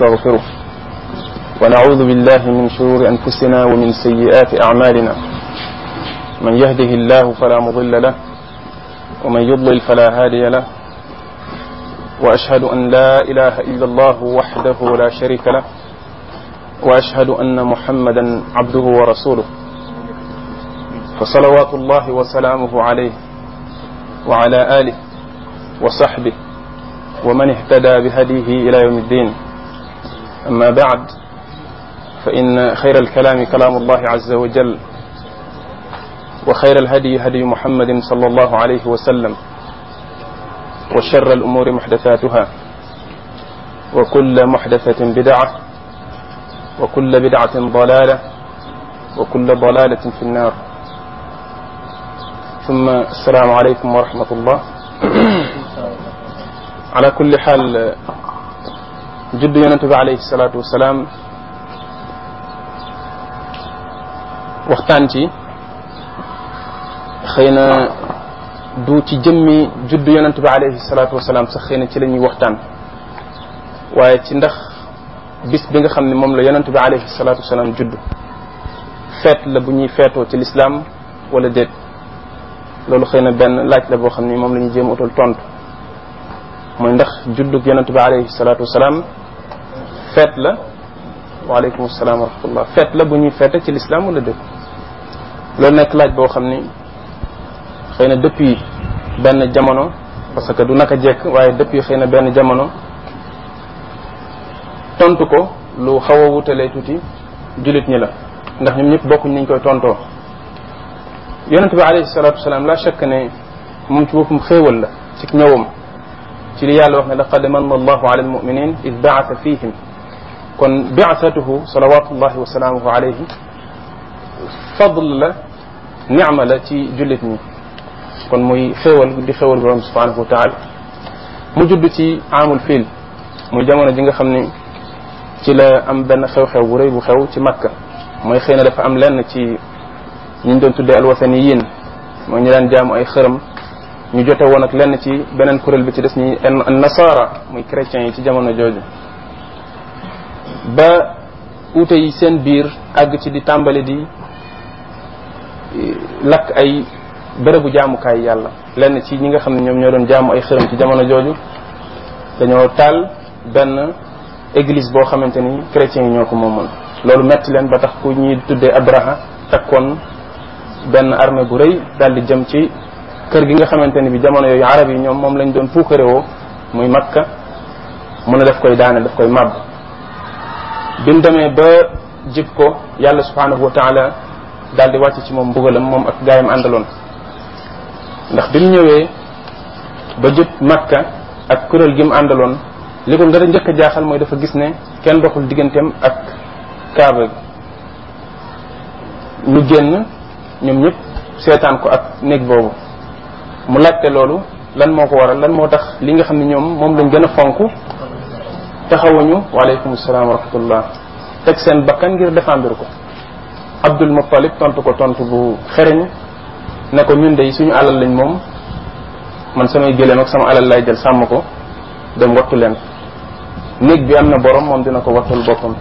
ونستغفره ونعوذ بالله من شرور أنفسنا ومن سيئات أعمالنا من يهده الله فلا مضل له ومن يضلل فلا هادي له وأشهد أن لا إله إلا الله وحده لا شريك له وأشهد أن محمدا عبده ورسوله فصلوات الله وسلامه عليه وعلى آله وصحبه ومن اهتدى بهديه إلى يوم الدين أما بعد فإن خير الكلام كلام الله عز وجل وخير الهدي هدي محمد صلى الله عليه وسلم وشر الأمور محدثاتها وكل محدثة بدعة وكل بدعة ضلالة وكل ضلالة في النار ثم السلام عليكم ورحمة الله على كل حال judd yonent bi alayhi salaatu salaam waxtaan ci xëy na du ci jëmmi judd yonent bi alayhi salaatu salaam sax xëy na ci lañuy waxtaan waaye ci ndax bis bi nga xam ne moom la yonent bi alayhi salaatu wasalaam judd feet la bu ñuy feetoo ci lislaam wala déet loolu xëy na benn laaj la boo xam ni moom la ñu jéem utal tontu mooy ndax juddug yonent bi alayhi salaatu salaam feet la waaleykum salaam wa rahmatullah feet la bu ñuy feete ci l'islam wala dëkk loolu nekk laaj boo xam ni xëy na yi benn jamono parce que du naka jekk waaye depuis xëy na benn jamono tontu ko lu xaw a wutalee tuuti jullit ñi la ndax ñoom ñëpp bokkuñ niñ koy tontoo yonent bi alayhi salatu wasalaam la shakk ne moom ci boppam xéewal la ci ñëwam ci li la wax ne laqad manna allahu ala almuminin id baasa fihim kon biasatuhu salawatullahi wa salaamuhu alayhi fadl la nicma la ci jullit ñi kon mooy xéewal di xéewal borom subhanahu wa taala mu judd ci amul fiil muy jamono ji nga xam ni ci la am benn xew-xew bu rëy bu xew ci makka mooy xëy na dafa am lenn ci ñu doon tuddee alwasaniyin mooy ñu daan jaamu ay xërëm ñu jote woon ak lenn ci beneen kuréel bi ci des ñi nasaara muy chrétiens yi ci jamono jooju ba uute yi seen biir àgg ci di tàmbali di e, lakk ay bërëbu jaamukaay yàlla lenn ci ñi nga xam ne ñoom ñoo doon jaamu ay xërëm ci jamono jooju dañoo taal benn église boo xamante ni chrétiens yi ñoo ko moomoon loolu metti leen ba tax ku ñuy tuddee Abraha takkoon benn armée bu rëy daal di jëm ci kër gi nga xamante ni bi jamono yooyu arab yi ñoom moom lañ doon puukarewoo muy Makka mun ne daf koy daane daf koy màbb bi mu demee ba jib ko yàlla subhaanahu wa taala daal di wàcc ci moom mbugalam moom ak gaayam àndaloon ndax bi mu ñëwee ba jib makka ak kuréel gi mu àndaloon li ko dara njëkk jaaxal mooy dafa gis ne kenn doxul digganteem ak kaaba gi ñu génn ñoom ñëpp seetaan ko ak néeg boobu mu laajte loolu lan moo ko waral lan moo tax li nga xam ne ñoom moom lañ gën a fonk taxawuñu waaleykum salaam wa rahmatullah teg seen bakkan ngir défendre ko Abdul Muttalib tontu ko tontu bu xereñ ne ko ñun de suñu alal lañ moom man samay gëléem ak sama alal lay jël sàmm ko dem wattu leen néeg bi am na borom moom dina ko wattul boppam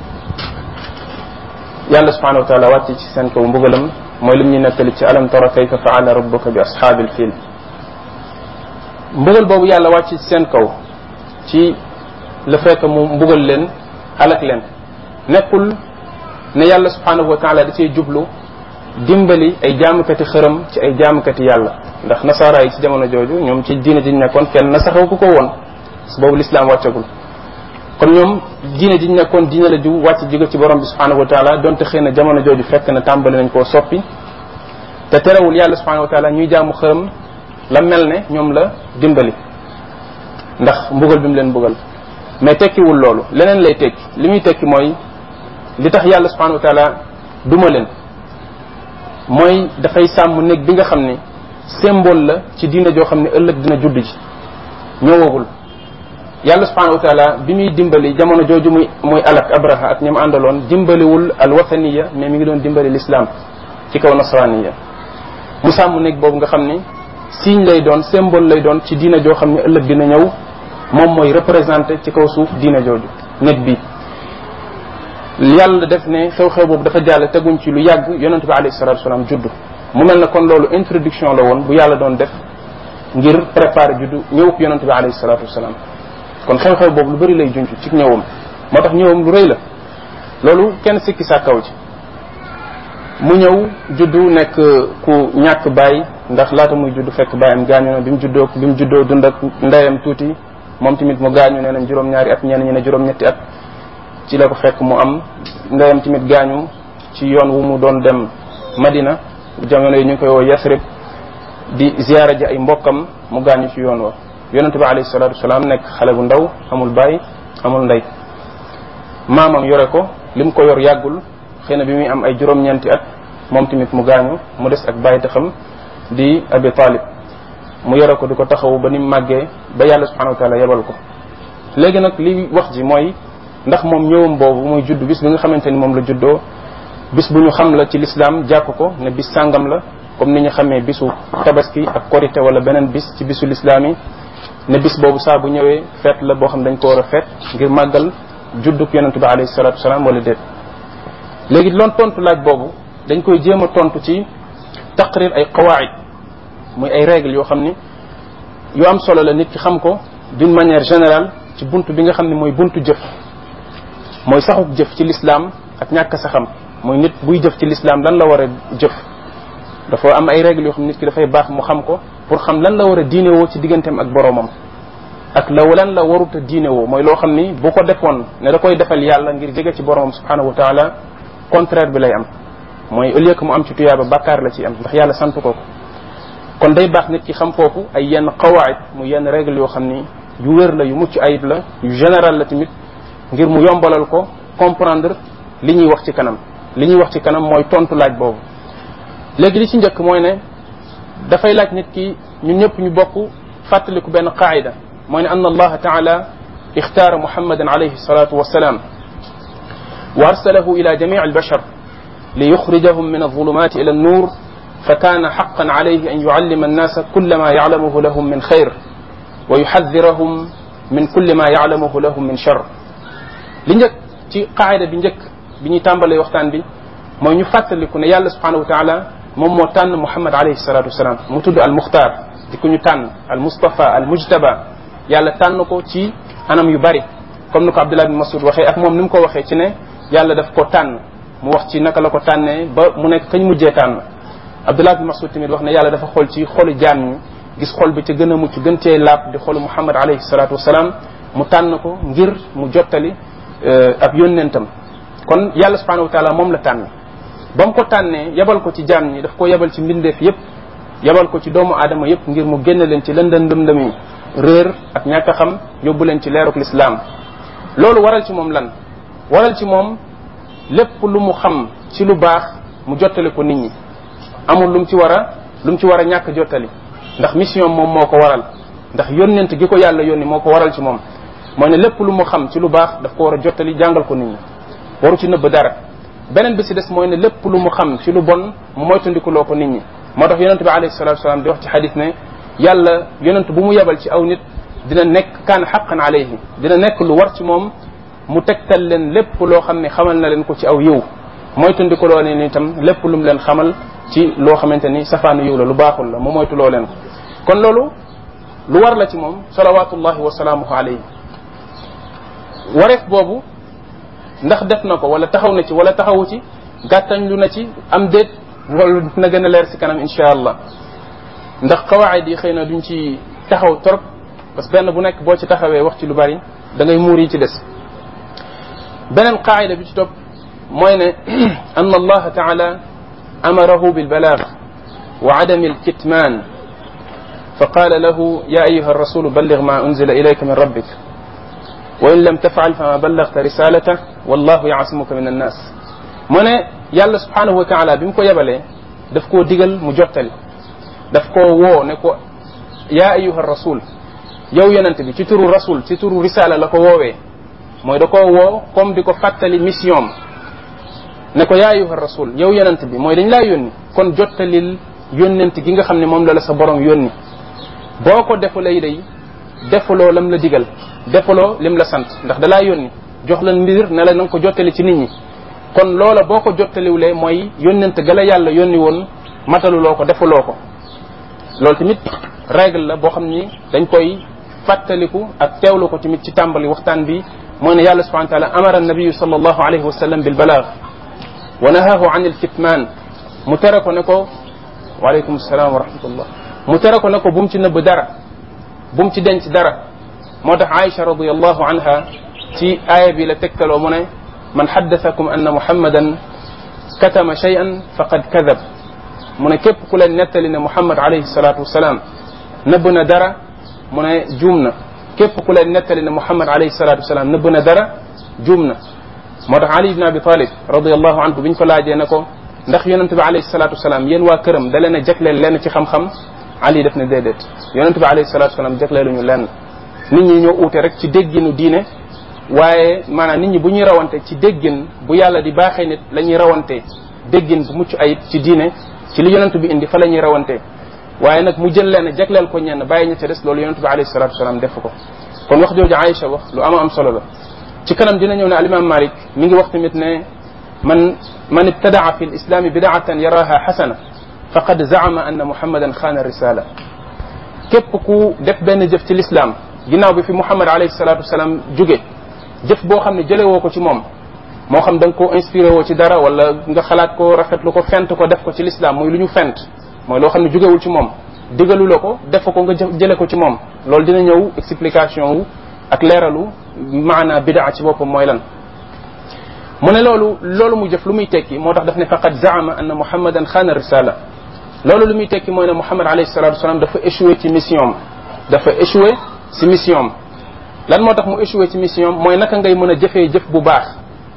yàlla subhanahu wa taala wàcc ci seen kaw mbugalam mooy lim ñu nettali ci alam tara kayfa faala rabbuka bi ashaabil fiil mbugal yàlla wàcc ci seen kaw le fekk que mu mbugal leen alak leen nekkul ne yàlla subhanahu wa taala da cee jublu dimbali ay jaamukati xëram ci ay jaamukati yàlla ndax nasaara yi ci jamono jooju ñoom ci diine ji ñu nekkoon kenn nasaxaw ku ko woon su boobu lislaam wàccagul kon ñoom diine ji nekkoon diine la ju wàcc jóge ci borom bi subhanahu wa taala donte xëy na jamono jooju fekk na tàmbali nañ koo soppi te terewul yàlla subhanahu wa taala ñuy jàmm xëram la mel ne ñoom la dimbali ndax mbugal bi leen mbugal mais tekkiwul loolu leneen lay tekki li muy tekki mooy li tax yàlla subhanahu wa duma leen mooy dafay sàmm néeg bi nga xam ne symbole la ci diina joo xam ne ëllëg dina judd ji ñëwagul yàlla subhanahu wa bi muy dimbali jamono jooju muy muy alak abraha ak ñoom àndaloon dimbaliwul alwathaniya mais mi ngi doon dimbali l'islam ci kaw nasraniya mu sàmm néeg boobu nga xam ne siiñ lay doon symbole lay doon ci diina joo xam ne ëllëg dina ñëw moom mooy représenté ci kaw suuf diine jooju nit bi yàlla def ne xew-xew boobu dafa jàll teguñ ci lu yàgg yonente bi alayhi salatu wasalaam juddu mu mel ne kon loolu introduction la woon bu yàlla doon def ngir préparer juddu ñëwub yonente bi alayhi salatu wasalaam kon xew-xew boobu lu bari lay junj ci ñëwam moo tax ñëwam lu rëy la loolu kenn sikki kaw ci mu ñëw juddu nekk ku ñàkk baay ndax laata muy juddu fekk bàyyam gaañu na bi mu juddoo mu juddoo dund ak ndeyam tuuti moom tamit mu gaañu nee nañ juróom-ñaari at ñenn ñi ne juróom-ñetti at ci la ko fekk mu am ndeyam tamit gaañu ci yoon wu mu doon dem Madina jamono yi ñu koy woo Yasrib di ziyaara ji ay mbokkam mu gaañu ci yoon wa yonente bi alayhi salatu wasalaam nekk xale bu ndaw amul baay amul ndey maamam yore ko lim ko yor yàggul xëy bi muy am ay juróom-ñeenti at moom tamit mu gaañu mu des ak baay te di Abi mu yore ko di ko taxawu ba ni mu màggee ba yàlla subhanahu wa taala yebal ko léegi nag li wax ji mooy ndax moom ñëwam boobu mooy judd bis bi nga xamante ni moom la juddoo bis bu ñu xam la ci lislaam jàpp ko ne bis sàngam la comme ni ñu xamee bisu tabaski ak korite wala beneen bis ci bisu lislaam yi ne bis boobu saa bu ñëwee feet la boo xam dañ ko war a feet ngir màggal judduk yonentu bi alayhi salatu wasalaam walla déet léegi loon tontu laaj boobu dañ koy jéem a tontu ci taqrir ay qawaid mooy ay règles yoo xam ni yu am solo la nit ki xam ko d'une manière général ci bunt bi nga xam ne mooy buntu jëf mooy saxuk jëf ci lislaam ak ñàkk a saxam mooy nit buy jëf ci lislaam lan la war a jëf dafa am ay règles yoo xam nit ki dafay baax mu xam ko pour xam lan la war a diine woo ci digganteem ak boroomam ak la lan la warut a diine woo mooy loo xam ni boo ko defoon ne da koy defal yàlla ngir jege ci boroomam subhanahu wa taala contraire bi lay am mooy au lieu am ci tuyaaba bàkkaar la ci am ndax yàlla sant ko ko kon day baax nit ki xam foofu ay yenn qawaid mu yenn règle yoo xam ni yu wér la yu mucc ayib la yu général la tamit ngir mu yombalal ko comprendre li ñuy wax ci kanam li ñuy wax ci kanam mooy tontu laaj boobu léegi li ci njëkk mooy ne dafay laaj nit ki ñun ñëpp ñu bokk fàttaliku benn qaida mooy ne anna allaha taala ixtaara muhammadan alayhi salatu wasalaam wa arsalahu ila jamii albashar li yuxrijahum min alzulumaati ila annuur fa kaana xaqan alayhi an yuallima annaasa kulla ma yaclamuhu lahum min xayr wa yuxadirahum min kulli ma yaclamuhu lahum min shar li njëkk ci qaayida bi njëkk bi ñuy tàmbalee waxtaan bi mooy ñu fàttaliku ne yàlla subhanahu wa taala moom moo tànn Muhammad alayhi salatu wasalaam mu tudd al muxtaar di ku ñu tànn al mustafa al mujtaba yàlla tànn ko ci anam yu bari comme ni ko Abdullah bin Masud waxee ak moom ni mu ko waxee ci ne yàlla daf ko tànn mu wax ci naka la ko tànnee ba mu nekk kañ mujjee tànn Abdullah bin Mas'ud tamit wax na yàlla dafa xool ci xolu jaam ñi gis xol bi ci gën a mucc gën cee laab di xolu Muhammad alayhi salaatu wasalaam mu tànn ko ngir mu jottali euh, ab yónnentam kon yàlla subhanahu wa moom la tànn ba mu ko tànnee yebal ko ci jaam yi daf ko yebal ci mbindeef yépp yebal ko ci doomu aadama yépp ngir mu génn leen ci lëndëm lëndëm yi réer ak ñàkk xam yóbbu leen ci leeruk lislaam loolu waral ci moom lan waral ci moom lépp lu mu xam ci lu baax mu jottale ko nit ñi amul lu mu ci war a lu mu ci war a ñàkk jottali ndax mission moom moo ko waral ndax yónnent gi ko yàlla yónni moo ko waral ci moom mooy ne lépp lu mu xam ci lu baax daf ko war a jottali jàngal ko nit ñi waru ci nëbb dara beneen bi ci des mooy ne lépp lu mu xam ci lu bon mu moytandikuloo ko nit ñi moo tax yonent bi alayhi salatu wasalaam di wax ci xadis ne yàlla yonent bu mu yebal ci aw nit dina nekk kaana xaqan alayhi dina nekk lu war ci moom mu tegtal leen lépp loo xam ne xamal na leen ko ci aw yiw moytandiku loo leen itam lépp lu mu leen xamal ci loo xamante ni safaanu yiw la lu baaxul la mu moytu looleen kon loolu lu war la ci moom salawatullahi wa salaamuhu alayhi wareef boobu ndax def na ko wala taxaw na ci wala taxawu ci gàttañ lu na ci am déet loolu dina gën a leer si kanam insha allah ndax qawaid yi xëy na duñ ci taxaw trop parce benn bu nekk boo ci taxawee wax ci lu bari dangay ngay muur yi ci des beneen qaayida bi ci topp mooy ne an allaha taala amarahu bilbalaag wa adami alkitmaan fa qaala lahu ya ayuha alrasulu ballig ma unzila ilayka min rabbik wa in lam tafal fama ballagta risalata wallahu yaasimuka min annas mu ne yàlla subhanahu wa taala bi mu ko yebalee daf koo digal mu jottali daf koo woo ne ko ya ayuha rasul yow yonent bi ci turu rasul ci turu risala la ko woowee mooy da koo woo comme di ko fàttali mission ne ko yaa ayuha rasul yow yonent bi mooy dañ laa yónni kon jottalil yónnent gi nga xam ne moom la la sa borom yónni boo ko defulee day defuloo lam la digal defuloo lim la sant ndax dalaa yónni jox lan mbir ne la na ko jottali ci nit ñi kon loola boo ko jottaliwulee mooy yónnent gala la yàlla yónni woon mataluloo ko defuloo ko loolu tamit règle la boo xam ni dañ koy fàttaliku ak teewlu ko tamit ci tàmbali waxtaan bi mooy ne yàlla subhanahu wa taala amara annabiyu sallallahu alayhi wa sallam bil balaag wa nahaahu an alkitmaan mu tere ko ne ko waaleykum salaam wa rahmatullah mu tere ko ne ko bu mu ci nëbb dara bu mu ci denc dara moo tax Aïcha radiallahu anha ci aaya bi la tegtaloo mu ne man xaddathakum anna muhammadan katama shay'an faqad kadab mu ne képp ku leen nettali ne muhammad alayhi salaatu wasalaam nëbb na dara mu ne juum na képp ku leen nettali ne muhammad alayhi salaatu wasalaam nëbb na dara juum na moo tax ali ibn abi talib radiallahu anhu biñ ko laajee ne ko ndax yonent bi alayhi salatu wasalaam yéen waa këram da leen a jagleel ci xam-xam ali def na déedéet yonent bi alayhi salatu wasalaam jagleeluñu lenn nit ñi ñoo uute rek ci dégginu diine waaye maanaam nit ñi bu ñuy rawante ci déggin bu yàlla di baaxee nit la ñuy rawante déggin bu mucc ayib ci diine ci li yonent bi indi fa la ñuy rawante waaye nag mu jël leen jagleel ko ñenn bàyyi ña ca des loolu yonent bi alayhi salatu wasalaam def ko kon wax jooju Aïcha wax lu ama am solo la ci kanam dina ñëw ne alimam malik mi ngi wax tamit ne man man ibtadaa fi lislami bidaatan yaraha xasana faqad zaama anna muhammadan xaana risala képp ku def benn jëf ci lislaam ginnaaw bi fi muhammad alayhi salatu wasalaam jóge jëf boo xam ne jële woo ko ci moom moo xam da ko inspiré woo ci dara wala nga xalaat ko rafetlu ko fent ko def ko ci lislaam muy lu ñu fent mooy loo xam ne jógewul ci moom digalu la ko def ko nga jële ko ci moom loolu dina ñëw explication wu ak leeralu maanaa bidaa ci boppam mooy lan mu ne loolu loolu mu jëf lu muy tekki moo tax daf ne faqad zaama anna muhammadan xaana risala loolu lu muy tekki mooy ne muhammad alayhi salatu wasalaam dafa échoué ci mission am dafa échoué ci mission lan moo tax mu échoué ci mission am mooy naka ngay mën a jëfee jëf bu baax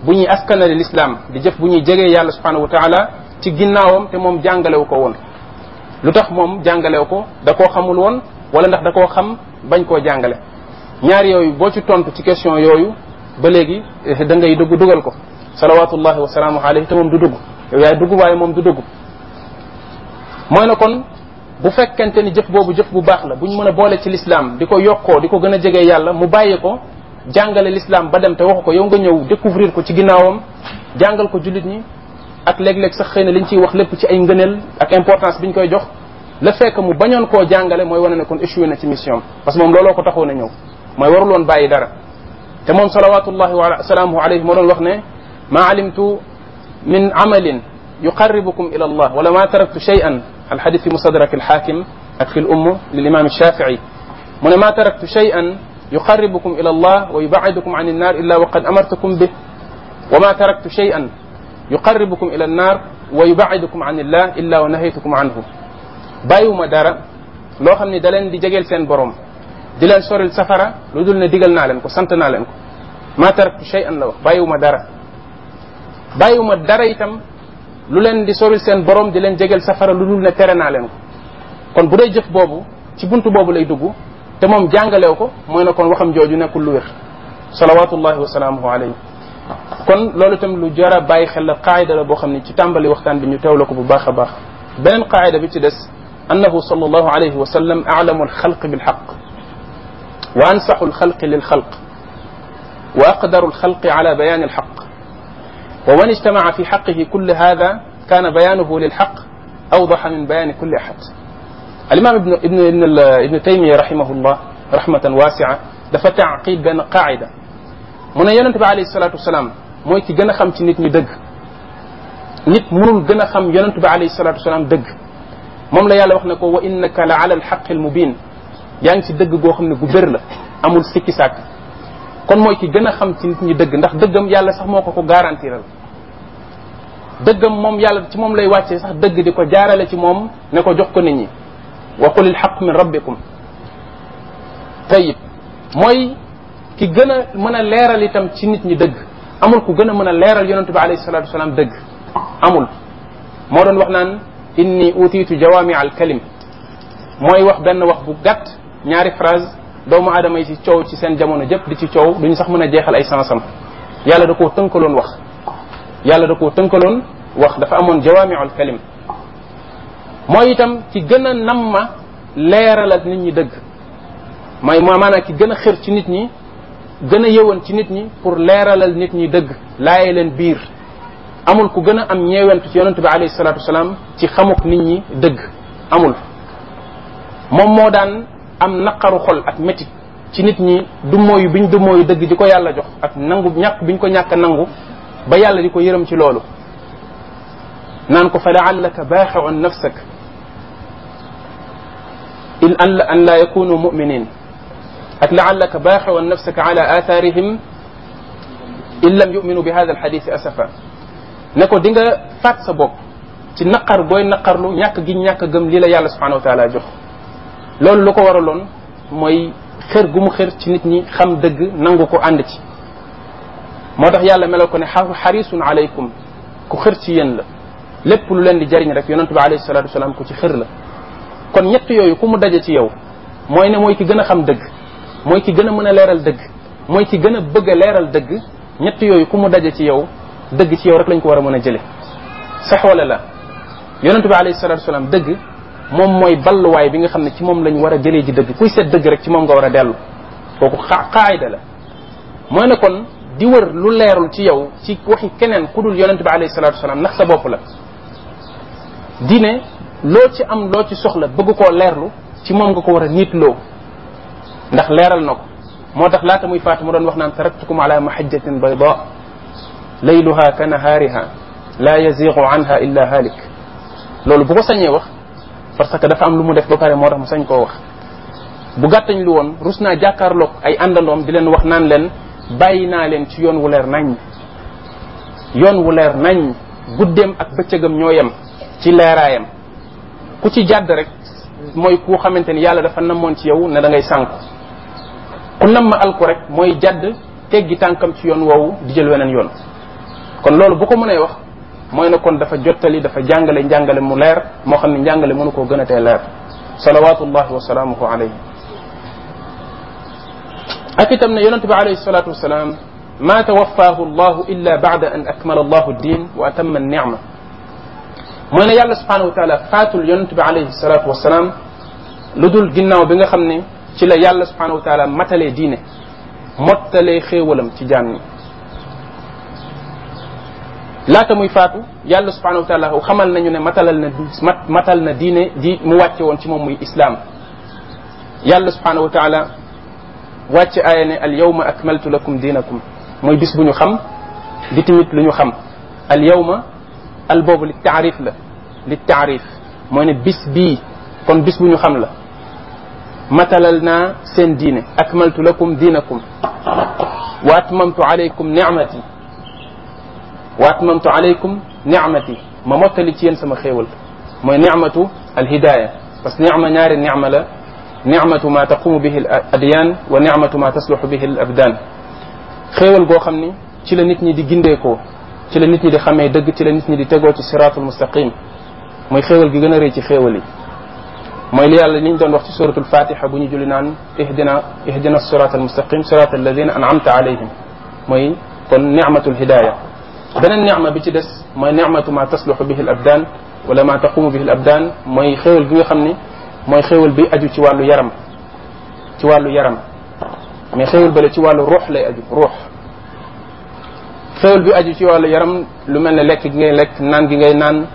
bu ñuy askanale l'islam di jëf bu ñuy jegee yàlla subhanahu wa taala ci ginnaawam te moom jàngalewu ko woon lu tax moom jàngalewu ko da koo xamul woon wala ndax da koo xam bañ koo jàngale ñaar yooyu boo ci tontu ci question yooyu ba léegi eh, da ngay dugg dugal ko salawatullahi wa salaamu alayhi te moom du dugg yow yaay dugg waaye moom du dugg mooy na kon bu fekkente ni jëf boobu jëf bu baax la bu ñu mën a boole ci lislaam di ko yokkoo di ko gën a jege yàlla mu bàyyi ko jàngale lislaam ba dem te waxu ko yow nga ñëw découvrir ko ci ginnaawam jàngal ko jullit ñi ak léeg-léeg sax xëy na liñ ciy wax lépp ci ay ngëneel ak importance biñ koy jox la fekk mu bañoon koo jàngale mooy wane ne kon échoué parce que moom looloo a ñëw mooy warul woon bàyyi dara te moom salawatullahi wa salaamuhu alayhi moo doon wax ne maa alimtu min amalin yuqarribukum ila allah wala ma taraktu shay'an alxadis fi mustadrak alxaakim ak fi lumm lilimam alshafii mu ne ma taraktu shay'an yuqarribukum ila allah wa yubaidukum an annar illa wa qad amartukum bih wa ma taraktu shay'an yuqarribukum ila annar wa yubaidukum an illah illa wa nahaytukum anhu bàyyiwuma dara loo xam ne da leen di jegeel seen borom di leen soril safara lu dul ne digal naa leen ko sant naa leen ko ma taraktu shay'an la wax bàyyiwuma dara bàyyiwuma dara itam lu leen di soril seen borom di leen jegeel safara lu dul ne tere naa leen ko kon bu dee jëf boobu ci buntu boobu lay dugg te moom jàngalew ko mooy na kon waxam jooju nekkul lu wér salawatullahi wasalaamuhu alayhi kon loolu itam lu jar a bàyyi xel la qaayida la boo xam ne ci tàmbali waxtaan bi ñu teew la ko bu baax a baax beneen qaayida bi ci des annahu sallallahu alayhi wa sallam aalamu alxalq bilxaq wa ansaxu alxalqi lilxalq wa aqdaru alxalqi ala bayani alxaq wa man ijtamaca fi xaqihi kulli hada kaana bayaanuhu lilxaq awdaxa min bayaani kulli axad alimam ibnu ibnu ibnu taymiya rahimahullah rahmatan waasica dafa taaqid benn qaacida mu ne yonente bi alayhi salaatu wasalaam mooy ki gën a xam ci nit ñi dëgg nit mënul gën a xam yonente bi alayhi salaatu wasalaam dëgg moom la yàlla wax ne ko wa innaka la ala alxaqi almubin yaa ngi ci dëgg goo xam ne gu bér la amul sikki sàkk kon mooy ki gën a xam ci nit ñi dëgg ndax dëggam yàlla sax moo ko ko garantiral dëggam moom yàlla ci moom lay wàccee sax dëgg di ko jaarale ci moom ne ko jox ko nit ñi wa qulil xaq min rabbikum mooy ki gën a mën a leeral itam ci nit ñi dëgg amul ku gën a mën a leeral yonente bi alayhi salatu wasalaam dëgg amul moo doon wax naan inni utiitu jawaami al mooy wax benn wax bu gàtt ñaari phrase doomu aadama yi ci coow ci seen jamono jëpp di ci coow duñu sax mën a jeexal ay sansam yàlla da koo tënkaloon wax yàlla da koo tënkaloon wax dafa amoon jawaamiul kalim mooy itam ci gën a nam ma leeralal nit ñi dëgg mooy moo maanaam ki gën a xër ci nit ñi gën a yëwan ci nit ñi pour leeralal nit ñi dëgg laaye leen biir amul ku gën a am ñeewentu ci yonente bi alayhi salatu wasalaam ci xamuk nit ñi dëgg amul moom moo daan am naqaru xol ak métti ci nit ñi dummóoyu biñ dummóoyu dëgg di ko yàlla jox ak nangu ñàkk biñ ko ñàkk nangu ba yàlla di ko yërëm ci loolu naan ko fa laallaka baaxiun nafsak in an an laa yakunu muminin ak laallaka baaxiun nafsaka ala athaarihim in lam yuminu bi hada alxadisi asafa ne ko di nga ci naqar booy naqarlu ñàkk gi ñàkk gëm li la yàlla subhanahu wa jox loolu lu ko waraloon mooy xër gu mu xër ci nit ñi xam dëgg nangu ko ànd ci moo tax yàlla meloo ko ne xarisun alaykum ku xër ci yéen la lépp lu leen di jariñ rek yonentu bi alayhi salatu wasalaam ku ci xër la kon ñett yooyu ku mu daje ci yow mooy ne mooy ki gën a xam dëgg mooy ki gën a mën a leeral dëgg mooy ki gën a bëgg a leeral dëgg ñett yooyu ku mu daje ci yow dëgg ci yow rek lañ ko war a mën a jële sax wala la yonentu bi alayhi salatu wasalaam dëgg moom mooy balluwaay bi nga xam ne ci moom lañ war a jëlee ji dëgg kuy seet dëgg rek ci moom a dellu kooku xaayda la mooy ne kon di wër lu leerul ci yow ci waxi keneen ku dul yonente bi alayhi salatu ndax sa bopp la diine loo ci am loo ci soxla bëgg koo leerlu ci moom nga ko war a nit loo ndax leeral na ko moo tax laata muy faatu mu doon wax naan taraktukum ala ma bayda layluha ka nahaariha la yazigu halik loolu bu sañee wax parce que dafa am lu mu def ba pare moo tax mu sañ koo wax bu gàttañ lu woon rus naa jàkkaarloog ay àndandoom di leen wax naan leen bàyyi naa leen ci yoon wu leer nañ yoon wu leer nañ guddeem ak bëccëgam ñoo yem ci leeraayam ku ci jàdd rek mooy ku xamante ni yàlla dafa namoon ci yow ne da ngay sànku ku nam ma rek mooy jàdd teggi tànkam ci yoon woowu di jël weneen yoon kon loolu bu ko mënee wax mooy ne kon dafa jottali dafa jàngale njàngale mu leer moo xam ne njàngale mënu koo gën a tee leer salawatullahi wa salaamuhu alayhi ak itam ne yonente bi alayhi salatu wasalaam ma tawaffahu llahu illa ba'da an akmala allahu ddin wa atamma nicma mooy ne yàlla subhanahu wa taala faatul yonente bi alayhi salatu wasalaam lu dul ginnaaw bi nga xam ne ci la yàlla subhanahu wa taala matalee diine mottalee xéewalam ci jaam ñi laata muy faatu yàlla subhanahu wa taala xamal nañu ne matalal na mat matal na diine di mu wàcce woon ci moom muy islaam yàlla subhanahu wa taala wàcce aaya ne al yawma akmaltu lakum diinakum mooy bis bu ñu xam di tamit lu ñu xam al yawma al boobu li taarif la li taarif mooy ne bis bii kon bis bu ñu xam la matalal naa seen diine akmaltu lakum diinakum wa atmamtu alaykum ni'mati wa atmamtu alaykum ni'mati ma mottali ci yéen sama xéewal mooy ni'matu alhidaaya parce que ni'ma ñaari ni'ma la ni'matu ma taqumu bihi al adyaan wa ni'matu ma tasluxu bihi al abdaan xéewal goo xam ni ci la nit ñi di gindeekoo ci la nit ñi di xamee dëgg ci la nit ñi di tegoo ci siraatul mustaqim mooy xéewal gi gën a rëy ci xéewal yi mooy li yàlla li ñu doon wax ci suratul fatiha bu ñu julli naan ihdina ihdina sirat al mustaqim sirat alladina an'amta alayhim mooy kon ni'matul hidaya beneen nema bi ci des mooy nematu ma tasluxu bihi al abdaan wala ma taqumu bihi al abdaan mooy xéewal bi nga xam ni mooy xéewal bi aju ci wàllu yaram ci wàllu yaram mais xéewal bële ci wàllu ruux lay aju ruux xéewal bi aju ci wàllu yaram lu mel ne lekk gi ngay lekk naan gi ngay naan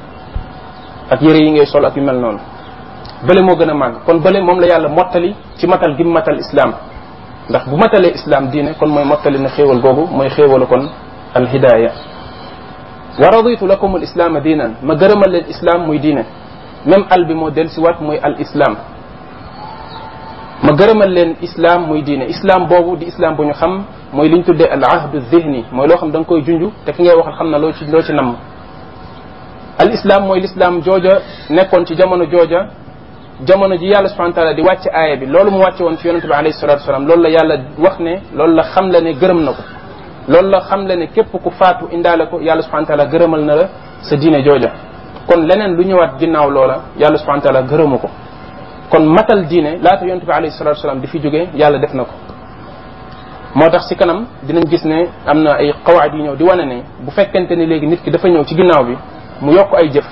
ak yëre yi ngay sol ak yu mel noonu bële moo gën a màgg kon bële moom la yàlla mottali ci matal gi matal islam ndax bu matalee islam diine kon mooy mottali na xéewal googu mooy xéewalu kon al hidaaya wa raditu lakum al islaama diinan ma gërëmal leen islam muy diine même al bi moo dellusiwaat muy al islam ma gërëmal leen islam muy diine islam boobu di islam bu ñu xam mooy li ñu tuddee al ahdu zihni mooy loo xam da nga koy junj te ki wax waxal xam na loo ci loo ci namm islam mooy l'islam jooja nekkoon ci jamono jooja jamono ji yàlla subhanahu wa di wàcc aaya bi loolu mu wàcce woon ci yonente bi loolu la yàlla wax ne loolu la xam la ne gërëm na ko loolu la xam le ne képp ku faatu indaale ko yàlla subhanahu taala gërëmal na la sa diine jooja kon leneen lu ñëwaat ginnaaw loola yàlla subhanahu taala gërëmu ko kon matal diine laata yontu bi alayhi salatu wasalaam di fi yàlla def na ko moo tax si kanam dinañ gis ne am na ay qawaid yu ñëw di wane ne bu fekkente ni léegi nit ki dafa ñëw ci ginnaaw bi mu yokk ay jëf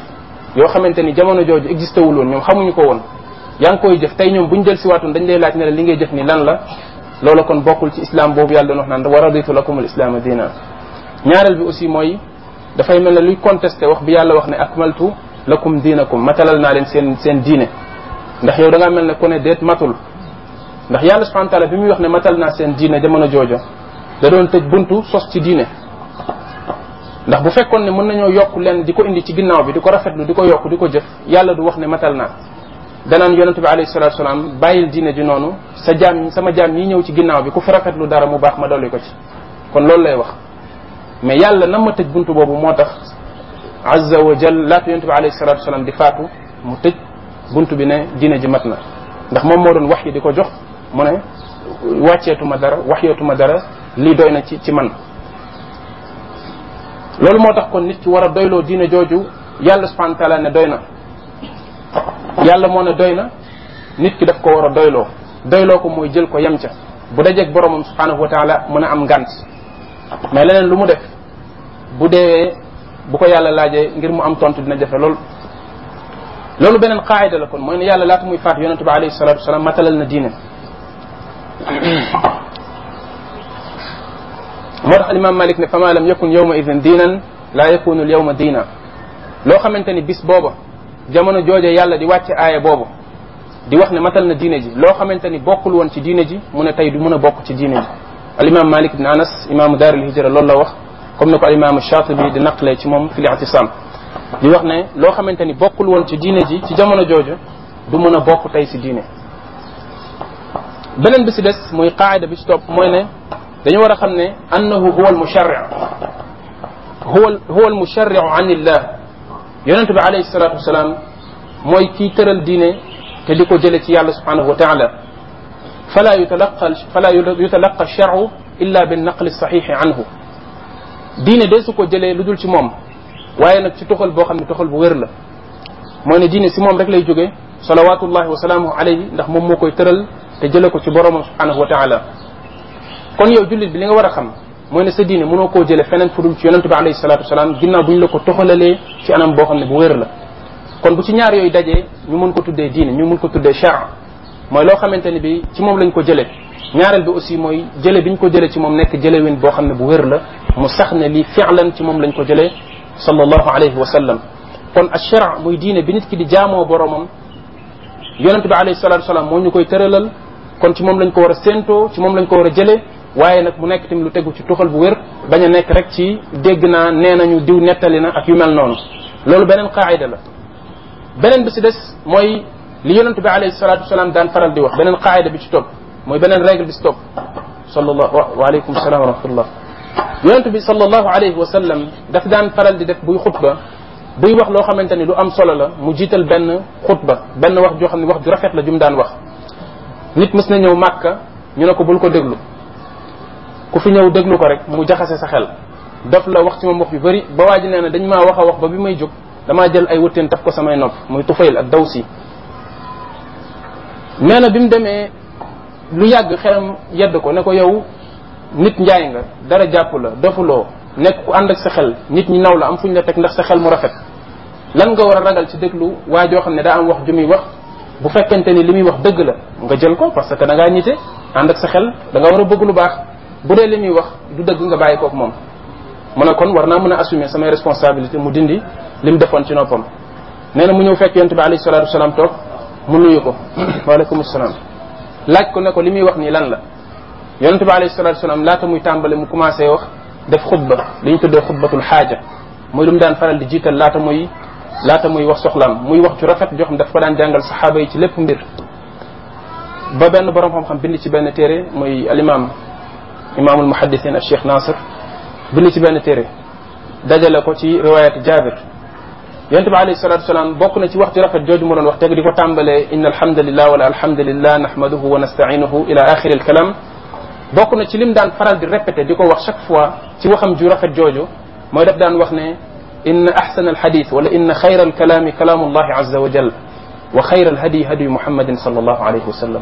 yoo xamante ni jamono jooju existé wul ñoom xamuñu ko woon yaa ngi koy jëf tey ñoom buñ jël si waatoon dañ lay laaj ne li ngay jëf ni lan la loola kon bokkul ci islam boobu yàlla doon wax naan wa raditu lakum al islaama diina ñaareel bi aussi mooy dafay mel ne luy contesté wax bi yàlla wax ne ak akmaltu lakum diinakum matalal naa leen seen seen diine ndax yow da mel ne ku ne déet matul ndax yàlla subhanahu wa bi muy wax ne matal naa seen diine jamono joojo da doon tëj buntu sos ci diine ndax bu fekkoon ne mën nañoo yokk leen di ko indi ci ginnaaw bi di ko rafetlu di ko yokk di ko jëf yàlla du wax ne matal naa danaan yonente bi alayhi salatu salaam bàyyil diine ji noonu sa jaam sama jaam yi ñëw ci ginnaaw bi ku fi lu dara mu baax ma dolli ko ci kon loolu lay wax mais yàlla na ma tëj bunt boobu moo tax azza wa jal laata yonente bi alayhi salaam di faatu mu tëj bunt bi ne diine ji mat na ndax moom moo doon wax yi di ko jox mu ne wàcceetuma dara waxeetuma dara lii doy na ci ci man loolu moo tax kon nit ki war a doyloo diine jooju yàlla subhanahu wa ne doy na yàlla moo ne doy na nit ki def ko war a doyloo doyloo ko mooy jël ko yem bu dajeeg boromam subhanahu wa taala mën a am ngant mais leneen lu mu def bu deewee bu ko yàlla laajee ngir mu am tontu dina jefe lool. loolu beneen qaayida la kon mooy ne yàlla laata muy faat yonente bi alayhi salatu wasalaam matalal na diine moo tax alimam malik ne fama lam yakun yawma idin diinan laa yakunu al yawma diina loo xamante ni bis booba jamono jooje yàlla di wàcce aaya boobu di wax ne matal na diine ji loo xamante ni bokkul woon ci diine ji mu ne tey du mën a bokk ci diine ji al imam malik ibn anas imaamu daaril hijra loolu la wax comme ni ko al imam shatibi di naqlee ci moom fil i'tisam di wax ne loo xamante ni bokkul woon ci diine ji ci jamono jooju du mën a bokk tey si diine beneen bi si des muy qaayida bi si topp mooy ne dañu war a xam ne annahu huwa al musharri huwa huwa al musharri an illah yonent bi alayhi salaatu wasalaam mooy kii tëral diine te di ko jële ci yàlla subhanahu wa taala fala yu fala yutalaqa charu illa bi naqli saxiixi anhu diine de su ko jëlee lu dul ci moom waaye nag ci toxal boo xam ne toxal bu wér la mooy ne diine si moom rek lay jóge salawatullahi wa salaamuhu alayhi ndax moom moo koy tëral te jële ko ci boroomam subhanahu wa taala kon yow jullit bi li nga war a xam mooy ne sa diine mënoo koo jële feneen fu dul ci yonente bi alayhi salatu ñu la ko toxalalee ci boo xam ne bu la kon bu ci ñaar yooyu dajee ñu mën ko tuddee diine ñu mun ko tuddee charia mooy loo xamante ne bi ci moom lañ ko jëlee ñaareel bi aussi mooy jële bi ko jëlee ci moom nekk jële win boo xam ne bu wér la mu sax ne lii fi'lan ci moom lañ ko jëlee sallallahu alayhi wa sallam kon ashara muy diine bi nit ki di jaamoo boromam yonente bi alayhi salatu wasalaam moo ñu koy tëralal kon ci moom lañ ko war a séentoo ci moom lañ ko war a jëlee waaye nag mu nekk tamit lu tegu ci tuxal bu wér bañ a nekk rek ci dégg naa nee nañu diw nettali na ak yu mel noonu loolu beneen qaayida la beneen bi si des mooy li yonent bi alayhi salatu wasalaam daan faral di wax beneen qaayida bi ci topp mooy beneen règle bi ci topp sallallahu waaleykum salaam wa rahmatullah yonent bi sallallahu alayhi wa sallam daf daan faral di def buy xutba buy wax loo xamante ni lu am solo la mu jiital benn xutba benn wax joo xam ne wax ju rafet la jum daan wax nit mës na ñëw màkka ñu ne ko bul ko déglu ku fi ñëw déglu ko rek mu jaxase sa xel daf la wax ci moom wax yu bëri ba waa nee na dañ maa wax a wax ba bi may jóg damaa jël ay wëtteen taf ko samay nopp muy tufayl ak dawsi nee na bi mu demee lu yàgg xelam yedd ko ne ko yow nit njaay nga dara jàpp la defuloo nekk ku ànd ak sa nit ñi naw la am fu ñu la teg ndax sa xel mu rafet lan nga war a ragal ci déglu waa joo xam ne daa am wax ju muy wax bu fekkente ni li muy wax dëgg la nga jël ko parce que da ngaa ñite ànd ak sa xel da nga war a bëgg lu baax bu dee li muy wax du dëgg nga bàyyi kook moom mu ne kon war naa mën a assumer samay responsabilité mu dindi li mu defoon ci noppam nee na mu ñëw fekk yonte bi alayhi salaatu wasalaam toog mu nuyu ko waaleykum salaam laaj ko ne ko li muy wax nii lan la yonente bi alayhi salaatu wasalaam laata muy tàmbale mu commencé wax def xutba li ñu tuddee xutbatul xaaja muy lu mu daan faral di jiital laata muy laata muy wax soxlaam muy wax ci rafet joo xam daf ko daan jàngal saxaaba yi ci lépp mbir ba benn borom xam-xam bind ci benn téere muy alimam imaamul muhaddisin ak Cheikh Nasir bind ci benn téere dajale ko ci riwayat Jabir yonent bi alayhi salatu wasalaam bokk na ci wax ju rafet jooju mu doon wax teg di ko tàmbalee inna alhamdulillah wala alhamdulillah nahmaduhu wa nasta'inuhu ila axiri alkalam bokk na ci lim daan faral di répété di ko wax chaque fois ci waxam ju rafet jooju mooy daf daan wax ne inna ahsana alhadith wala inna xayra alkalami kalaamullahi azza wa jal wa xayra alhadi hadiyu muhammadin sallallahu alayhi wa sallam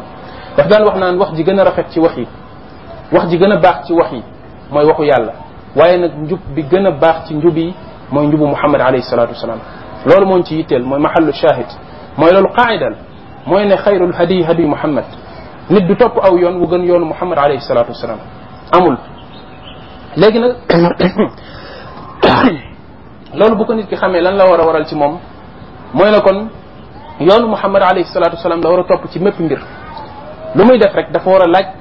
daf daan wax naan wax ji gën a rafet ci wax yi wax ji gën a baax ci wax yi mooy waxu yàlla waaye nag njub bi gën a baax ci njub yi mooy njubu muhammad alayhi salatu wasalaam loolu moom ci yitteel mooy mahallu shahid mooy loolu qaayidal mooy ne xayrul hadi hadi muhammad nit du topp aw yoon wu gën yoonu muhammad alayhi salatu wasalaam amul léegi nag loolu bu ko nit ki xamee lan la war a waral ci moom mooy ne kon yoonu muhammad alayhi salatu wasalaam la war a topp ci mépp mbir lu muy def rek dafa war a laaj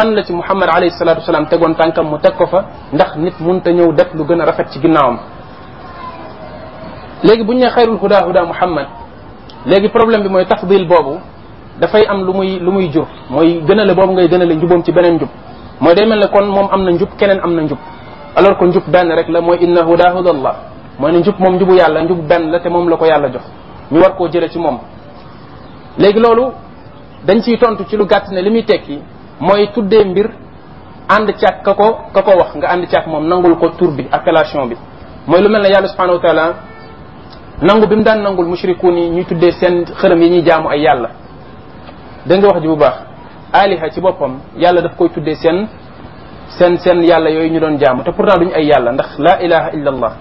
fan la ci Muhammad alayhi salaatu wasalaam tegoon tànkam mu teg ko fa ndax nit munta ñëw def lu gën a rafet ci ginnaawam léegi bu ñu nee xayrul huda huda Muhammad léegi problème bi mooy tafdil boobu dafay am lu muy lu muy jur mooy gënale boobu ngay gënale njuboom ci beneen njub mooy day mel ne kon moom am na njub keneen am na njub alors que njub benn rek la mooy inna huda huda Allah mooy ne moom njubu yàlla njub benn la te moom la ko yàlla jox ñu war koo jële ci moom léegi loolu dañ ciy tontu ci lu gàtt ne li muy tekki mooy tuddee mbir ànd càkk ka ko ka ko wax nga ànd càkk moom nangul ko tur bi appellation bi mooy lu mel ne yàlla subhanahu wa taala nangu bi mu daan nangul mushrikuun yi ñuy tuddee seen xërëm yi ñuy jaamu ay yàlla dégg nga wax ji bu baax aliha ci boppam yàlla daf koy tuddee seen seen seen yàlla yooyu ñu doon jaamu te pourtant duñu ay yàlla ndax la ilaha illa allah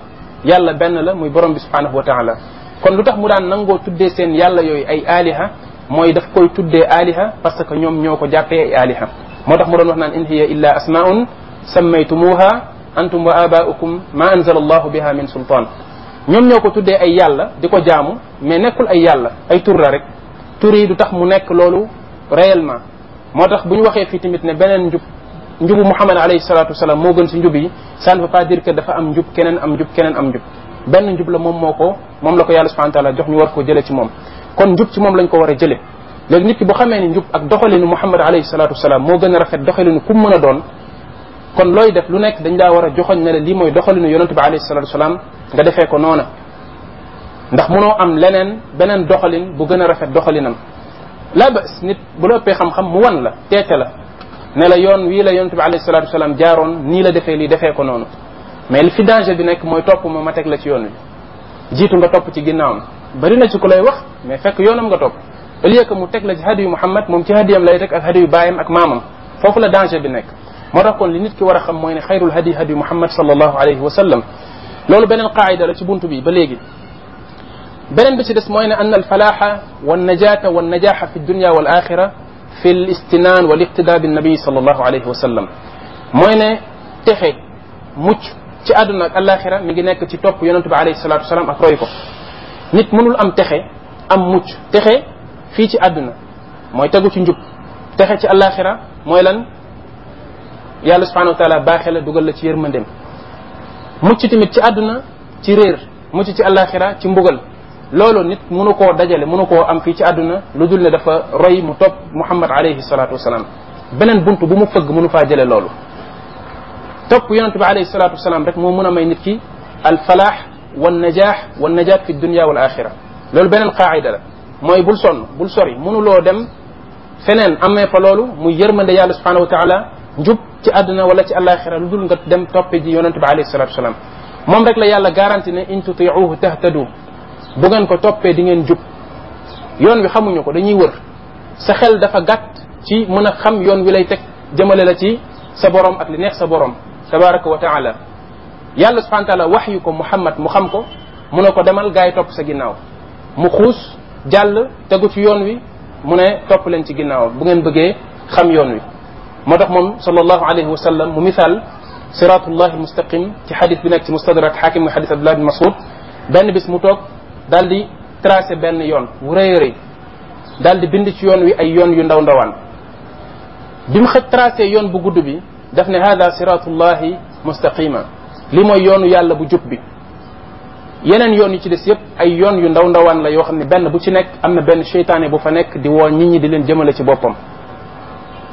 yàlla benn la muy borom bi subhanahu wa taala kon lu tax mu daan nangoo tuddee seen yàlla yooyu ay aliha mooy daf koy tuddee aliha parce que ñoom ñoo ko jàppee ay aliha moo tax mu doon wax naan in hiya illa asmaun sammaytumuha antum wa abaukum ma anzala allahu biha min sultaan ñoom ñoo ko tuddee ay yàlla di ko jaamu mais nekkul ay yàlla ay tur la rek tur yi du tax mu nekk loolu réellement moo tax bu ñu waxee fii tamit ne beneen njub njubu Muhammad alayhi salatu wasalaam moo gën si njub yi ça ne veut pas am njub keneen am njub keneen am njub benn njub la moom moo ko moom la ko yàlla subhanahu wa jox ñu war ko jëlee ci moom kon njub ci moom lañ ko war a jëlee léegi nit ki bu xamee ni njub ak doxalinu Muhammad alayhi salaatu wasalaam moo gën a rafet doxalinu ku mën a doon kon looy def lu nekk dañ daa war a joxoñ ne la lii mooy doxalinu yonente bi alayhi salaatu wasalaam nga defee ko noona ndax munoo am leneen beneen doxalin bu gën a rafet doxaliinam la bas nit bu la xam-xam mu wan la teete la ne la yoon wii la yonente bi alayhi salaatu wasalaam jaaroon nii la defee lii defee ko noonu mais li fi danger bi nekk mooy topp ma ma teg la ci yoon wi jiitu nga topp ci ginnaawam bari na ci ku lay wax mais fekk yoonam nga topp au lieu que mu teg la ci hadi yu Muhammad moom ci hadiyam lay teg ak hadi yu baayam ak maamam foofu la danger bi nekk moo tax kon li nit ki war a xam mooy ne xayrul hadi hadi Muhammad sallallahu alayhi wa sallam loolu beneen qaayida la ci buntu bi ba léegi beneen bi ci des mooy ne ann alfalaxa wannajata wannajaxa fi dunya wal axira fi l istinaan wal iqtida binnabi sallallahu alayhi wa sallam mooy ne texe mucc ci àdduna ak alaxira mi ngi nekk ci topp yonente bi alayhi salatu wasalaam ak roy ko nit mënul am texe am mucc texe fii ci àdduna mooy tegu ci njub texe ci àllaaxira mooy lan yàlla subhanahu wa taala baaxe la dugal la ci yërmandeem mucc tamit ci àdduna ci réer mucc ci àllaaxira ci mbugal loolu nit mënu koo dajale mënu koo am fii ci àdduna lu dul ne dafa roy mu topp muhammad alayhi salaatu wasalaam beneen bunt bu mu fëgg mënu faa jële loolu topp yonente bi alayhi salaatu wasalaam rek moo mën a may nit ki al wa najaax wa najaat fi dunia wal axira loolu beneen qaayida la mooy bul sonn bul sori mënuloo dem feneen amee fa loolu muy yërmande yàlla subhanahu wa taala njub ci àdduna wala ci alaxira lu dul nga dem toppe ji yonente bi alayhi salatu wasalaam moom rek la yàlla garanti ne in tutiuhu tahtadu bu ngeen ko toppee di ngeen jub yoon wi xamuñu ko dañuy wër sa xel dafa gàtt ci mën a xam yoon wi lay teg jëmale la ci sa borom at li neex sa borom tabaraka wa taala yàlla subhanahu taala wax yu ko Muhammad mu xam ko mu ne ko demal gaa yi topp sa ginnaaw mu xuus jàll tegu ci yoon wi mu ne topp leen ci ginnaaw bu ngeen bëggee xam yoon wi moo tax moom sallallahu alayhi wa sallam mu misaal siratullahi almustaqim ci xadis bi nekk ci mustadrak xaakim muy xadis abdullah bin masud benn bis mu toog daal di tracé benn yoon wu rëy rëy daal di bind ci yoon wi ay yoon yu ndaw ndawaan bi mu xëj tracé yoon bu gudd bi daf ne hada siratullahi mustaqima li mooy yoonu yàlla bu jub bi yeneen yoon yi ci des yépp ay yoon yu ndaw ndawaan la yoo xam ne benn bu ci nekk am na benn seytaane bu fa nekk di woo nit ñi di leen jëmale ci boppam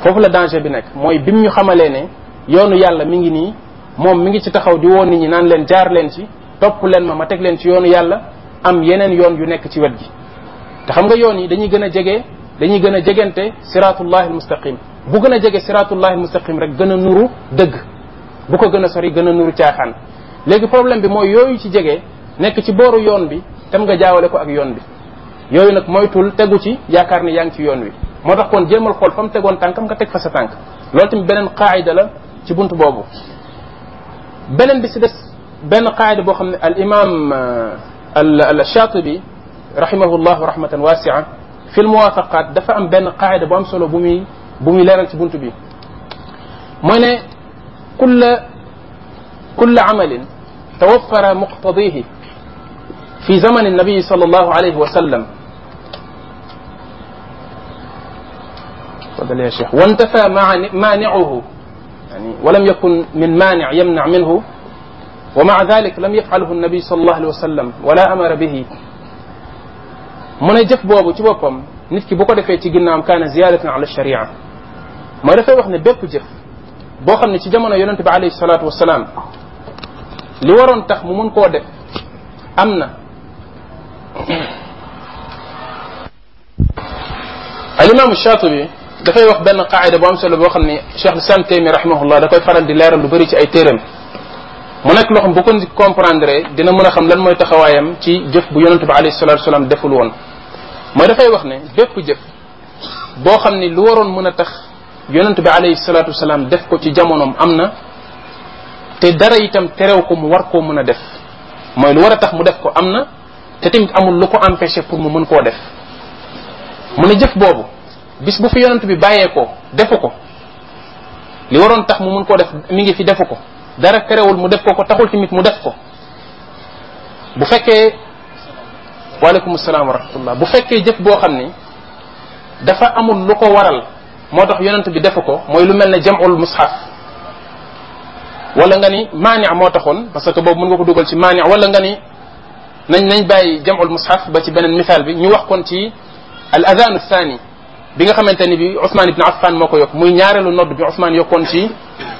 foofu la danger bi nekk mooy bim ñu xamalee ne yoonu yàlla mi ngi nii moom mi ngi ci taxaw di woo nit ñi naan leen jaar leen ci topp leen ma ma teg leen ci yoonu yàlla am yeneen yoon yu nekk ci wet gi te xam nga yoon yi dañuy gën a jege dañuy gën a jegante siratullahi almustaqim bu gën a jege siratullahi almustaqim rek gën a nuru dëgg bu ko gën a sori gën a nuru caaxaan léegi problème bi mooy yooyu ci jege nekk ci booru yoon bi tam nga jaawale ko ak yoon bi yooyu nag moytul tegu ci yaakaar ni yaa ngi ci yoon wi moo tax kon jéemal xool fa mu tegoon tànkam nga teg fa sa tànk loolu tamit beneen qaayida la ci bunt boobu beneen bi si des benn qaayida boo xam ne al imam euh, al al Shaatibi rahimahullahu rahmatan wasia fi l muwaafaqaat dafa am benn qaayida bu am solo bu muy bu muy leeral ci bunt bi كل كل عمل توفر مقتضيه في زمن النبي صلى الله عليه وسلم تفضل يا شيخ وانتفى مانعه يعني ولم يكن من مانع يمنع منه ومع ذلك لم يفعله النبي صلى الله عليه وسلم ولا أمر به mu ne jëf boobu ci boppam nit ki bu ko defee ci ginnaawam kaana ziyaadatan ala sharia mooy dafay wax ne bépp jëf boo xam ne ci jamono yonente bi alayhi salaatu wasalaam li waroon tax mu mën koo def am na alimamu Shatibi dafay wax benn qaayida boo am solo boo xam ne Cheikh Lislam Taymi rahimahullah da koy faral di leeral lu bëri ci ay téeram mu nekk loo xam bu ko comprendre dina mën a xam lan mooy taxawaayam ci jëf bu yonente bi alayhi salatu wasalaam deful woon mooy dafay wax ne bépp jëf boo xam ni lu waroon mën a tax yonant bi alayhi salaatu salaam def ko ci jamonoom am na te dara itam terew ko mu war koo mën a def mooy lu war a tax mu def ko am na te tamit amul lu ko empêché pour mu mën koo def mu ne jëf boobu bis bu fi yonant bi bàyyeekoo ko defu ko li waroon tax mu mën koo def mi ngi fi defu ko dara terewul mu def ko ko taxul tamit mu def ko bu fekkee waaleykum salaam wa bu fekkee jëf boo xam ni dafa amul lu ko waral moo tax yonent bi defu ko mooy lu mel ne jamul mushaf wala nga ni maani moo taxoon parce que boobu mën nga ko dugal ci maani wala nga ni nañ nañ bàyyi jamul mushaf ba ci beneen misaal bi ñu wax koon ci al adanu thani bi nga xamante ni bi Ousmane ibn Affan moo ko yokk muy ñaareelu nodd bi Ousmane yokkoon ci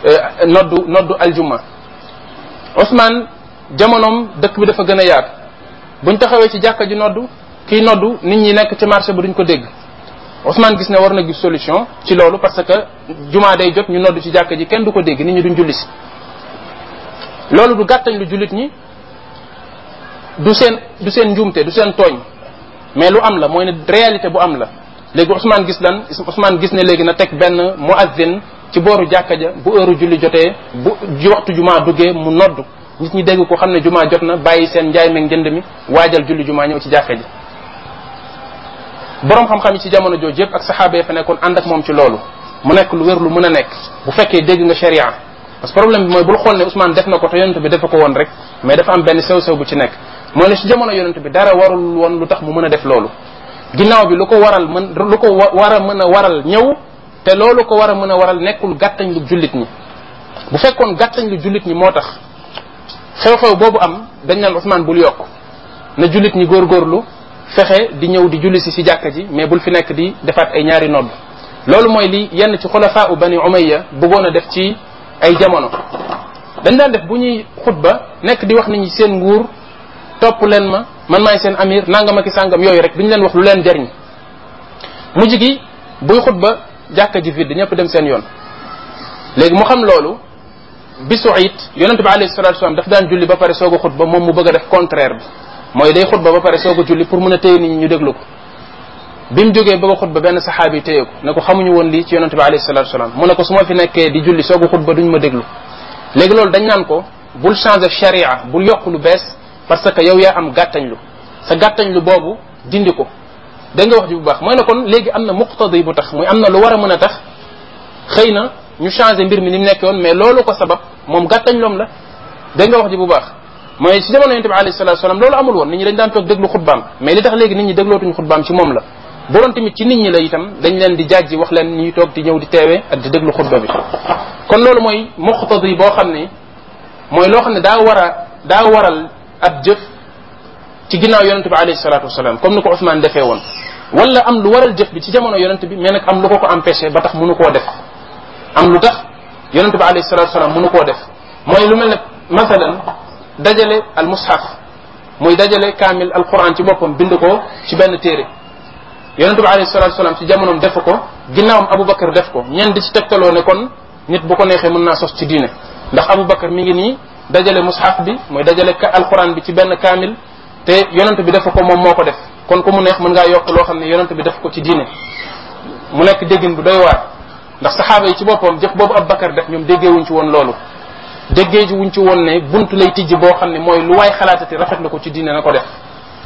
euh, noddu noddu aljuma Ousmane jamonoom dëkk bi dafa gën a yaatu buñ taxawee ci jàkka ji noddu kii noddu nit ñi nekk ci marché ba duñ ko dégg Ousmane gis ne war na gis solution ci loolu parce que jumaa day jot ñu nodd ci jàkka ji kenn du ko dégg nit ñi du julli si loolu du gàttañ lu jullit ñi du seen du seen njuumte du seen tooñ mais lu am la mooy ne réalité bu am la léegi Ousmane gis lan Ousmane gis ne léegi na teg benn mu muazzin ci booru jàkka ja bu heure julli jotee bu ji waxtu jumaa duggee mu nodd nit ñi dégg ko xam ne jumaa jot na bàyyi seen njaay meeg njënd mi waajal julli jumaa ñëw ci jàkka ji borom xam-xam yi ci jamono jooju yëpp ak saxaaba yi fa nekkoon ànd ak moom ci loolu mu nekk lu wér lu mën a nekk bu fekkee dégg nga sharia parce problème bi mooy bul xool ne Ousmane def na ko te yonent bi defe ko woon rek mais dafa am benn sew bu ci nekk mooy ne ci jamono bi dara warul woon lu tax mu mën a def loolu ginnaaw bi lu ko waral mën lu ko war a mën a waral ñëw te loolu ko war a mën a waral nekkul gàttañ lu jullit ñi bu fekkoon gàttañ lu jullit ñi moo tax xew boobu am dañ naan Ousmane bul yokk na jullit ñi góor góorlu fexe di ñëw di julli si si jàkka ji mais bul fi nekk di defaat ay ñaari nodd loolu mooy li yenn ci xulafaa u bani umayya bëggoon a def ci ay jamono dañ daan def bu ñuy xutba nekk di wax nit ñi seen nguur topp leen ma man maay seen amir nangam ak sàngam yooyu rek duñu leen wax lu leen jariñ mujj gi buy xutba jàkka ji vide ñëpp dem seen yoon léegi mu xam loolu bisu it yonente bi alayhi salatu daf daan julli ba pare soo a xutba moom mu bëgg def contraire bi mooy day xutba ba pare soo ko julli pour mun a téye nit ñu déglu ko bi mu jógee ba xutba benn saxaabi téye ko ne ko xamuñu woon lii ci yonente bi alayhi salatu wasalaam mu ne ko su ma fi nekkee di julli soo ko xutba duñ ma loolu dañ naan ko bul changer sharia bul yokk lu bees parce que yow yaa am gàttañ lu sa gàttañ lu boobu dindi ko dégg nga wax ji bu baax mooy ne kon léegi am na muqtadi bu tax muy am na lu war a mën a tax xëy na ñu changer mbir mi ni mu nekkoon mais loolu ko sabab moom gàttañ loom la dégg nga wax ji bu baax mooy si jamono yonent bi alayhi salatu salaam loolu amul woon nit ñi dañ daan toog déglu xutbaam mais li tax léegi nit la bu doon dañ leen di jàjji wax leen ñuy toog di ñëw di teewee ak di déglu xutba bi kon loolu mooy muqtadi boo xam ne mooy loo xam ne daa war a daa waral ab jëf ci ginnaaw yonente bi alayhi salatu wasalaam ni ko Ousmane defee woon wala am lu waral jëf bi ci jamono yonente bi mais nag am lu ko ko empêché ba tax mënu koo def am lu tax yonente bi alayhi salatu wasalaam mënu koo def mooy lu mel ne masalan dajale al mushaf mooy dajale kaamil alquran ci boppam bind ko ci benn téere yonente bi alayhi salatu wasalam ci jamonoom def ko abu Aboubacar def ko ñent di ci tegtaloo ne kon nit bu ko neexee mën naa sos ci diine ndax Aboubacar mi ngi nii dajale mushaf bi mooy dajale alquran bi ci benn kaamil te yonente bi def ko moom moo ko def kon ko mu neex mën ngaa yokk loo xam ne yonente bi def ko ci diine mu nekk déggin bu doy waar ndax saxaaba yi ci boppam jëf boobu Aboubacar def ñoom déggeewuñ ci woon loolu déggee ji wuñ ci woon ne buntu lay tijji boo xam ne mooy lu waay xalaatati rafet la ko ci diine na ko def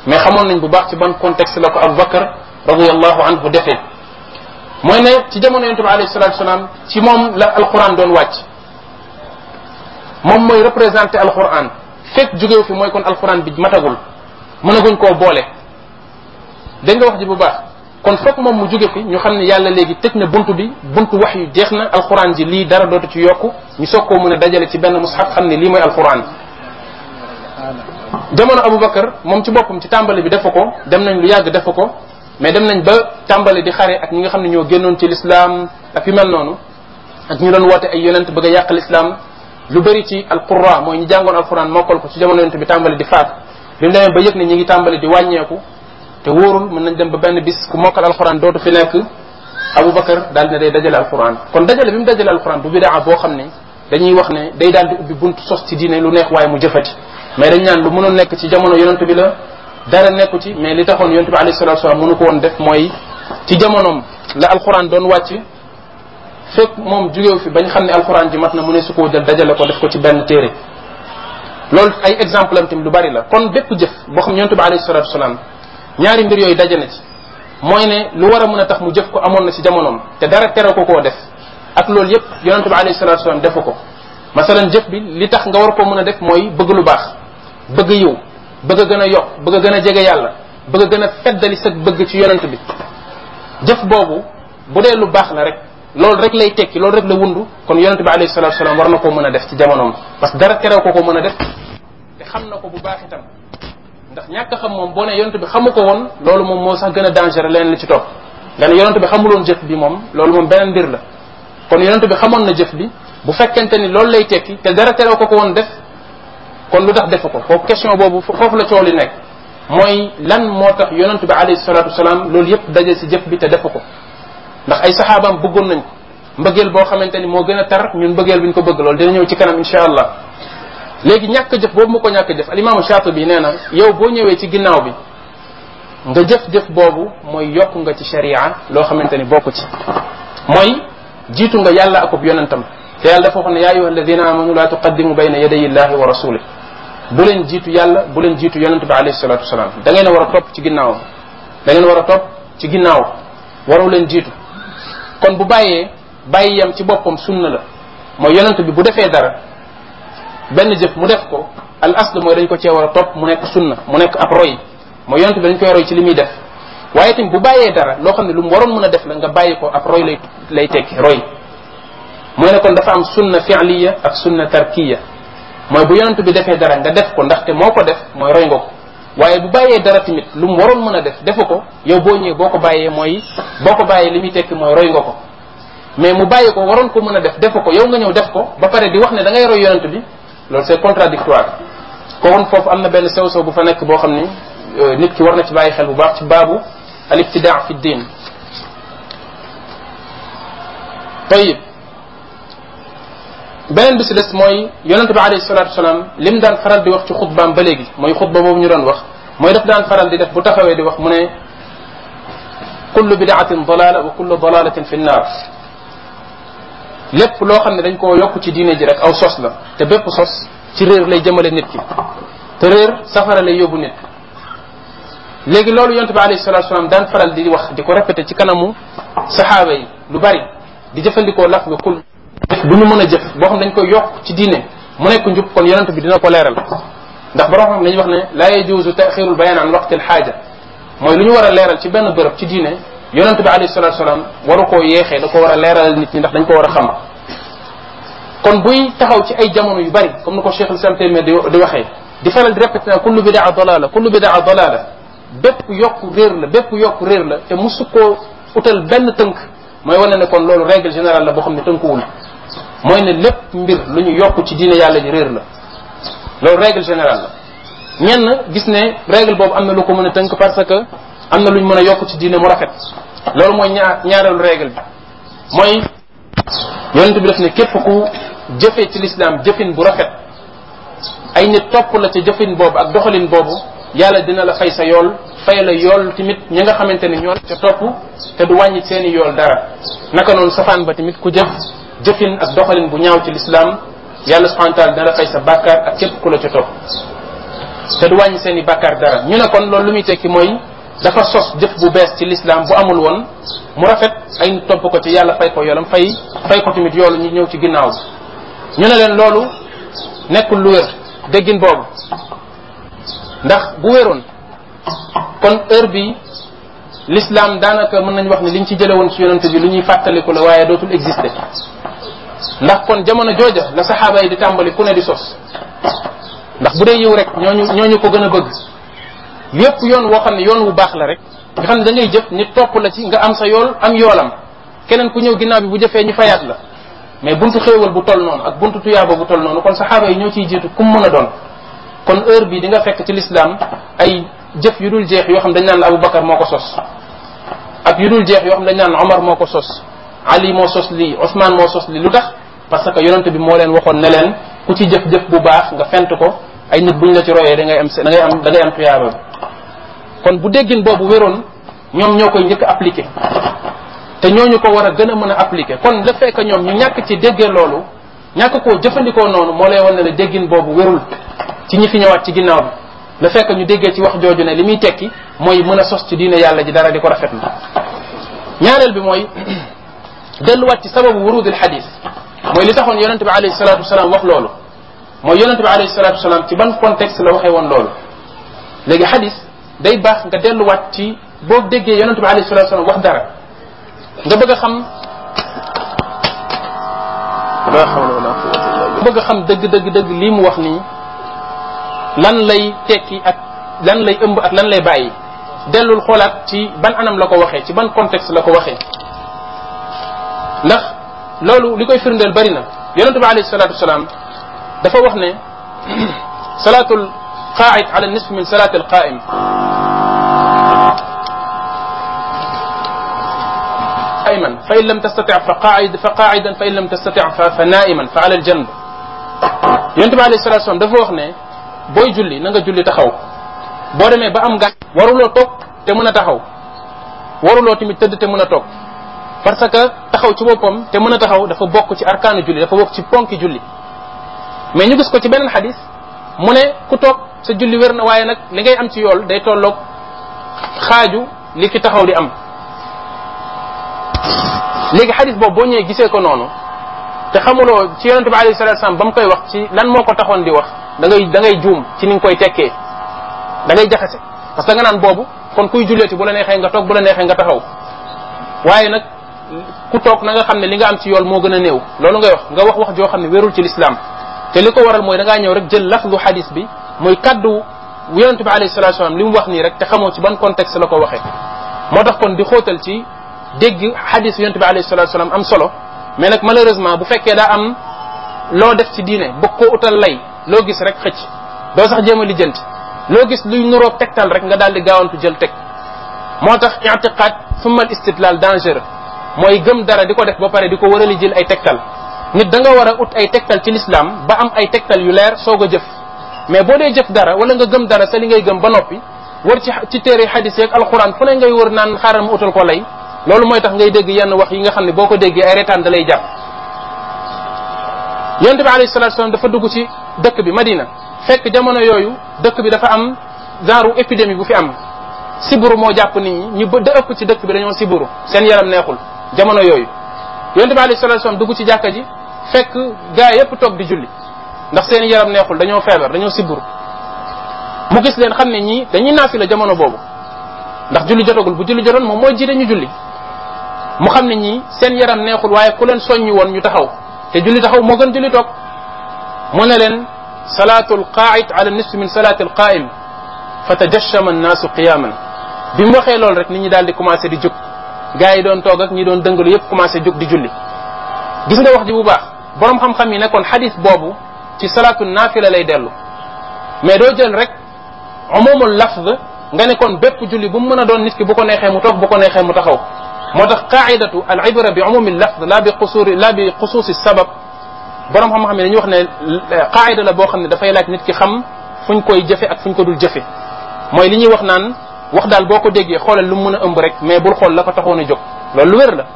mais xamoon nañ bu baax ci ban contexte la ko Abubakar radiallahu anhu defee mooy ne ci jamono yonent bi alayhi salatu wasalaam ci moom la alquran doon wàcc moom mooy représenté alquran fekk jógewu fi mooy kon alquran bi matagul mënaguñ koo boole dégg nga wax ji bu baax kon foog moom mu jóge ñu xam ne yàlla léegi tëj na buntu bi buntu wax yu jeex na alxuraan ji lii dara dootu ci yokku ñu soog koo mën a dajale ci benn mushaf xam ne lii mooy alxuraan jamono Aboubacar moom ci boppam ci tàmbali bi defa ko dem nañ lu yàgg defa ko mais dem nañ ba tàmbali di xare ak ñi nga xam ne ñoo génnoon ci lislaam ak yu mel noonu ak ñu doon woote ay yonent bëgg a yàq lislaam lu bari ci alqurra mooy ñu jàngoon alxuraan mokkal ko ci jamono yonent bi tàmbali di faat bi mu ngi tàmbali di wàññeeku te wóorul mën nañ dem ba benn bis ku mokkal alxuraan dootu fi nekk Aboubacar daal ne day dajale alxuraan kon dajale bi mu dajale alxuraan du bidaa boo xam ne dañuy wax ne day daal di ubbi buntu sos ci diine lu neex waaye mu jëfati mais dañ naan lu mënoon nekk ci jamono yonent bi la dara nekku ci mais li taxoon yonent bi alayhi salatu wasalam mënu ko woon def mooy ci jamonoom la alxuraan doon wàcc fekk moom jugeew fi bañ xam ne alxuraan ji mat na mu ne su koo jël dajale ko def ko ci benn téere loolu ay exemple am tamit lu bari la kon bépp jëf boo xam yonent bi alayhi salatu ñaari mbir yooyu daje na ci mooy ne lu war a mën a tax mu jëf ko amoon na ci jamonoom te dara tere koo def ak loolu yépp yonente bi alayhi defu ko masalan jëf bi li tax war koo mën a def mooy bëgg lu baax bëgg yiw bëgg gën a yokk bëgg gën a jege yàlla bëgg gën a feddali sa bëgg ci yonent bi jëf boobu bu dee lu baax la rek loolu rek lay tekki loolu rek la wundu kon yonente bi alayhi salatu war na koo mën a def ci parce que dara tere ko ko mën a def te xam na ko bu baax itam ndax ñàkk xam moom boo ne yonent bi xamu ko woon loolu moom moo sax gën a dangereux leneen li ci topp nga ne yonent bi xamuloon jëf bi moom loolu moom beneen bir la kon yonent bi xamoon na jëf bi bu fekkente ni loolu lay tekki te dara tere ko ko woon def kon lu tax defu ko foofu question boobu foofu la coow li nekk mooy lan moo tax yonent bi alayhi salatu wasalaam loolu yëpp daje si jëf bi te defu ko ndax ay saxaabaam bëggoon nañ ko mbëggeel boo xamante ni moo gën a tar ñun mbëggeel bi ñu ko bëgg loolu dina ñëw ci kanam incha allah léegi ñàkk jëf boobu mu ko ñàkk jëf alimaamu Shaatibi nee na yow boo ñëwee ci ginnaaw bi nga jëf-jëf boobu mooy yokk nga ci sharia loo xamante ni bokku ci mooy jiitu nga yàlla akub yonentam te yàlla dafa waxoon ne yaa ayuha alladina amanu laa tuqaddimu bayna yaday illahi wa rasulih bu leen jiitu yàlla bu leen jiitu yonent bi alayhi salatu wasalaam da ngeen war a topp ci ginnaaw da ngeen war a topp ci ginnaaw waru leen jiitu kon bu bàyyee bàyyi yam ci boppam sunna la mooy yonent bi bu defee dara benn jëf mu def ko al asl mooy dañ ko cee war a topp mu nekk sunna mu nekk ab roy mooy yonent bi dañ koy roy ci li muy def waaye tamit bu bàyyee dara loo xam ne lu mu waroon mën a def la bàyyi ko ab roy lay tekki roy mooy ne dafa am sunna fi'liya ak sunna tarkiya mooy bu yonent bi defee dara nga def ko ndaxte moo ko def mooy roy nga ko waaye bu bàyyee dara tamit lu mu waroon mën a def defu ko yow boo ñëwee boo ko bàyyee mooy boo ko bàyyee li muy tekki mooy roy nga ko mais mu bàyyi ko waroon ko mën a def defu ko yow nga ñëw def ko ba pare di wax ne da ngay roy yonent bi loolu c'est contradictoire kon foofu am na benn sew-sew bu fa nekk boo xam ni euh, nit ki war na ci bàyyi xel bu baax ci baabu al ibtidaa fi diin tayib beneen bi si des mooy yonente bi alayhi salatu wasalaam lim daan faral di wax ci xutbaam ba léegi mooy xutba boobu ñu doon wax mooy daf daan faral di def bu taxawee di wax mu ne kullu bidaatin dalala wa kullu dalalatin fi nnaar lépp loo xam ne dañ ko yokk ci dine ji rek aw sos la te bépp sos ci réer lay jëmale nit ki te réer safara lay yóbbu nit léegi loolu yonte bi alayhi salatu faral di wax di ko répété ci kanamu saxaaba lu bari di jëfandikoo laf lu kul jëf bu ñu mën a jëf boo xam dañ koy yokk ci diine mu nekk njub kon yonente bi dina ko leeral ndax borom xam dañuy wax ne la yajuzu taxiru l bayan an waqti l xaaja mooy lu ñu war a leeral ci benn bërëb ci diine yonent bi alayhi salatu waru koo yeexee da ko war a leeralal nit ñi ndax dañ ko war a xam kon buy taxaw ci ay jamono yu bari comme ko Cheikh al-Islam Taymiyya di waxee di faral di répété naan kullu bidaa dalaala kullu bidaa dalaala bépp yokku réer la bépp yokku réer la te musu koo utal benn tënk mooy wane ne kon loolu règle générale la boo xam ne tënkuwul mooy ne lépp mbir lu ñu yokk ci diine yàlla ji réer la loolu règle générale la ñenn gis ne règle boobu am na lu ko mën a tënk parce que am na lu ñu mën a yokk ci diine mu rafet loolu mooy ñaar ñaareelu règle bi mooy yonent bi def ne képp ku jëfee ci lislaam jëfin bu rafet ay nit topp la ca jëfin boobu ak doxalin boobu yàlla dina la fay sa yool fay la yool tamit ñi nga xamante ni ñoo ca topp te du wàññi seeni yool dara naka noonu safaan ba tamit ku jëf jëfin ak doxalin bu ñaaw ci lislaam yàlla subhanahu taala dina la fay sa bàkkaar ak képp ku la ca topp te du wàññi seeni bàkkaar dara ñu ne kon loolu lu muy tekki mooy dafa sos jëf bu bees ci lislaam bu amul woon mu rafet ay topp ko ci yàlla fay ko yoolam fay fay ko tamit yoolu ñu ñëw ci ginnaaw bi ñu ne leen loolu nekkul lu wér déggin boobu ndax bu wéroon kon heure bi l'islam daanaka mën nañ wax ne liñ ci jële woon ci yonente bi lu ñuy fàttaliku la waaye dootul exister ndax kon jamono jooja la saxaaba yi di tàmbali ku ne di sos ndax bu dee yiw rek ñoo ñooñu ko gën a bëgg lépp yoon woo xam ne yoon wu baax la rek nga xam ne da jëf nit topp la ci nga am sa yool am yoolam keneen ku ñëw ginnaaw bi bu jëfee ñu fayaat la mais buntu xéewal bu toll noonu ak buntu tuyaaba bu toll noonu kon saxaaba yi ñoo ciy jiitu kum mën a doon kon heure bi di nga fekk ci lislaam ay jëf yu dul jeex yoo xam dañ naan la Abu Bakar moo ko sos ak yu dul jeex yoo xam dañ naan Omar moo ko sos Ali moo sos lii Ousmane moo sos lii lu tax parce que yonent bi moo leen waxoon ne leen ku ci jëf-jëf bu baax nga fent ko ay nit buñ la ci royee da ngay am da ngay am da ngay am kon bu déggin boobu wéroon ñoom ñoo koy njëkk appliqué te ñoo ñu ko war a gën a mën a appliqué kon le fait que ñoom ñu ñàkk ci déggee loolu ñàkk koo jëfandikoo noonu moo lay wan ne ne déggin boobu wérul ci ñi fi ñëwaat ci ginnaaw bi le fait ñu déggee ci wax jooju ne li muy tekki mooy mën a sos ci diine yàlla ji dara di ko rafet na ñaareel bi mooy delluwaat ci sababu wurudil xadis mooy li taxoon yonente bi alayhi salatu wasalaam wax loolu mooy yonente bi alayhi salatu wasalaam ci ban contexte la waxee woon loolu léegi xadis day baax nga delluwaat ci boo déggee yonente bi alayhi salatu wax dara nga bëgg xam la hawla wala xam dëgg dëgg dëgg lii mu wax nii lan lay tekki ak lan lay ëmb ak lan lay bàyyi dellul xoolaat ci ban anam la ko waxee ci ban contexte la ko waxee ndax loolu li koy firndeel bari na yonente bi alayhi salatu wasalaam dafa wax ne salaatul qaa'id ala nisf min salaatil qaa'im ayman fa in lam tastati fa qaa'id fa qaa'idan fa in lam tastati fa fa naa'iman fa ala al janb yonent bi alayhi salaatu salaam dafa wax ne booy julli na nga julli taxaw boo demee ba am gaañ waruloo toog te mën a taxaw waruloo tamit tëdd te mën a toog parce que taxaw ci boppam te mën a taxaw dafa bokk ci arkaanu julli dafa bokk ci ponki julli mais ñu gis ko ci beneen xadis mu ne ku toog sa julli wér na waaye nag li ngay am ci yool day tolloog xaaju li ki taxaw di am léegi xadis boobu boo ñëwee gisee ko noonu te xamuloo ci yonente bi alayhi salatu ba mu koy wax ci lan moo ko taxoon di wax dangay ngay da juum ci ni nga koy tekkee dangay ngay jaxase parce que nga naan boobu kon kuy julleeti bu la neexee nga toog bu la neexee nga taxaw waaye nag ku toog na nga xam ne li nga am ci yool moo gën a néew loolu ngay wax nga wax joo xam ne wérul ci lislaam te li ko waral mooy da ñëw rek jël lafdu xadis bi muy kaddu yonente bi alayhi salatu wasalam li mu wax nii rek te xamoo ci ban contexte la ko waxee moo tax kon di xóotal ci dégg xadis yonente bi alayhi salatu am solo mais nag malheureusement bu fekkee daa am loo def ci diine bëgg ko utal lay loo gis rek xëcc doo sax jéem a lijjanti loo gis luy nuroog tegtal rek nga daal di gaawantu jël teg moo tax i'tiqad summa al istidlal dangereux mooy gëm dara di ko def ba pare di ko wërali jël ay tegtal nit da nga war a ut ay tegtal ci lislaam ba am ay tegtal yu leer soo ko jëf mais boo dee jëf dara wala nga gëm dara sa li ngay gëm ba noppi wër ci ci téere xadis yeeg alxuraan fu ne ngay wër naan xaaral mu utal ko lay loolu mooy tax ngay dégg yenn wax yi nga xam ne boo ko déggee ay retaan da lay jàpp yonent bi alayhi dafa dugg ci dëkk bi Madina fekk jamono yooyu dëkk bi dafa am genre épidémie bu fi am siburu moo jàpp nit ñi ba da ëpp ci dëkk bi dañoo siburu seen yaram neexul jamono yooyu yon bi alayhi salaatu ci jàkka ji fekk gaa yépp toog di julli ndax seen yaram neexul dañoo feebar dañoo sibur mu gis leen xam ne ñii dañuy naafi la jamono boobu ndax julli jotagul bu julli jotoon moom mooy jiite ñu julli mu xam ne ñii seen yaram neexul waaye ku leen soññi woon ñu taxaw te julli taxaw moo gën julli toog mu ne leen salaatu alqaa'id ala nisfi min salaati alqaa'im fa tajashama annaasu qiyaaman bi mu waxee loolu rek nit ñi daal di commencé di jóg gaa yi doon toog ak ñi doon dëngalu yëpp commencé di julli gis nga wax ji bu baax borom xam-xam yi kon xadis boobu ci salaatu naafila lay dellu mais doo jël rek umumul lafz nga ne kon bépp julli bu mu mën a doon nit ki bu ko neexee mu toog bu ko neexee mu taxaw moo tax qaidatu al ibra bi umumil lafz la bi xusuuri la bi xusuusi sabab borom xam-xam yi dañuy wax ne qaida la boo xam ne dafay laaj nit ki xam fuñ koy jëfe ak fuñ ko dul jëfe mooy li ñuy wax naan wax daal boo ko déggee xoolal lu mu mën a ëmb rek mais bul xool la ko taxoon a jóg loolu lu wér la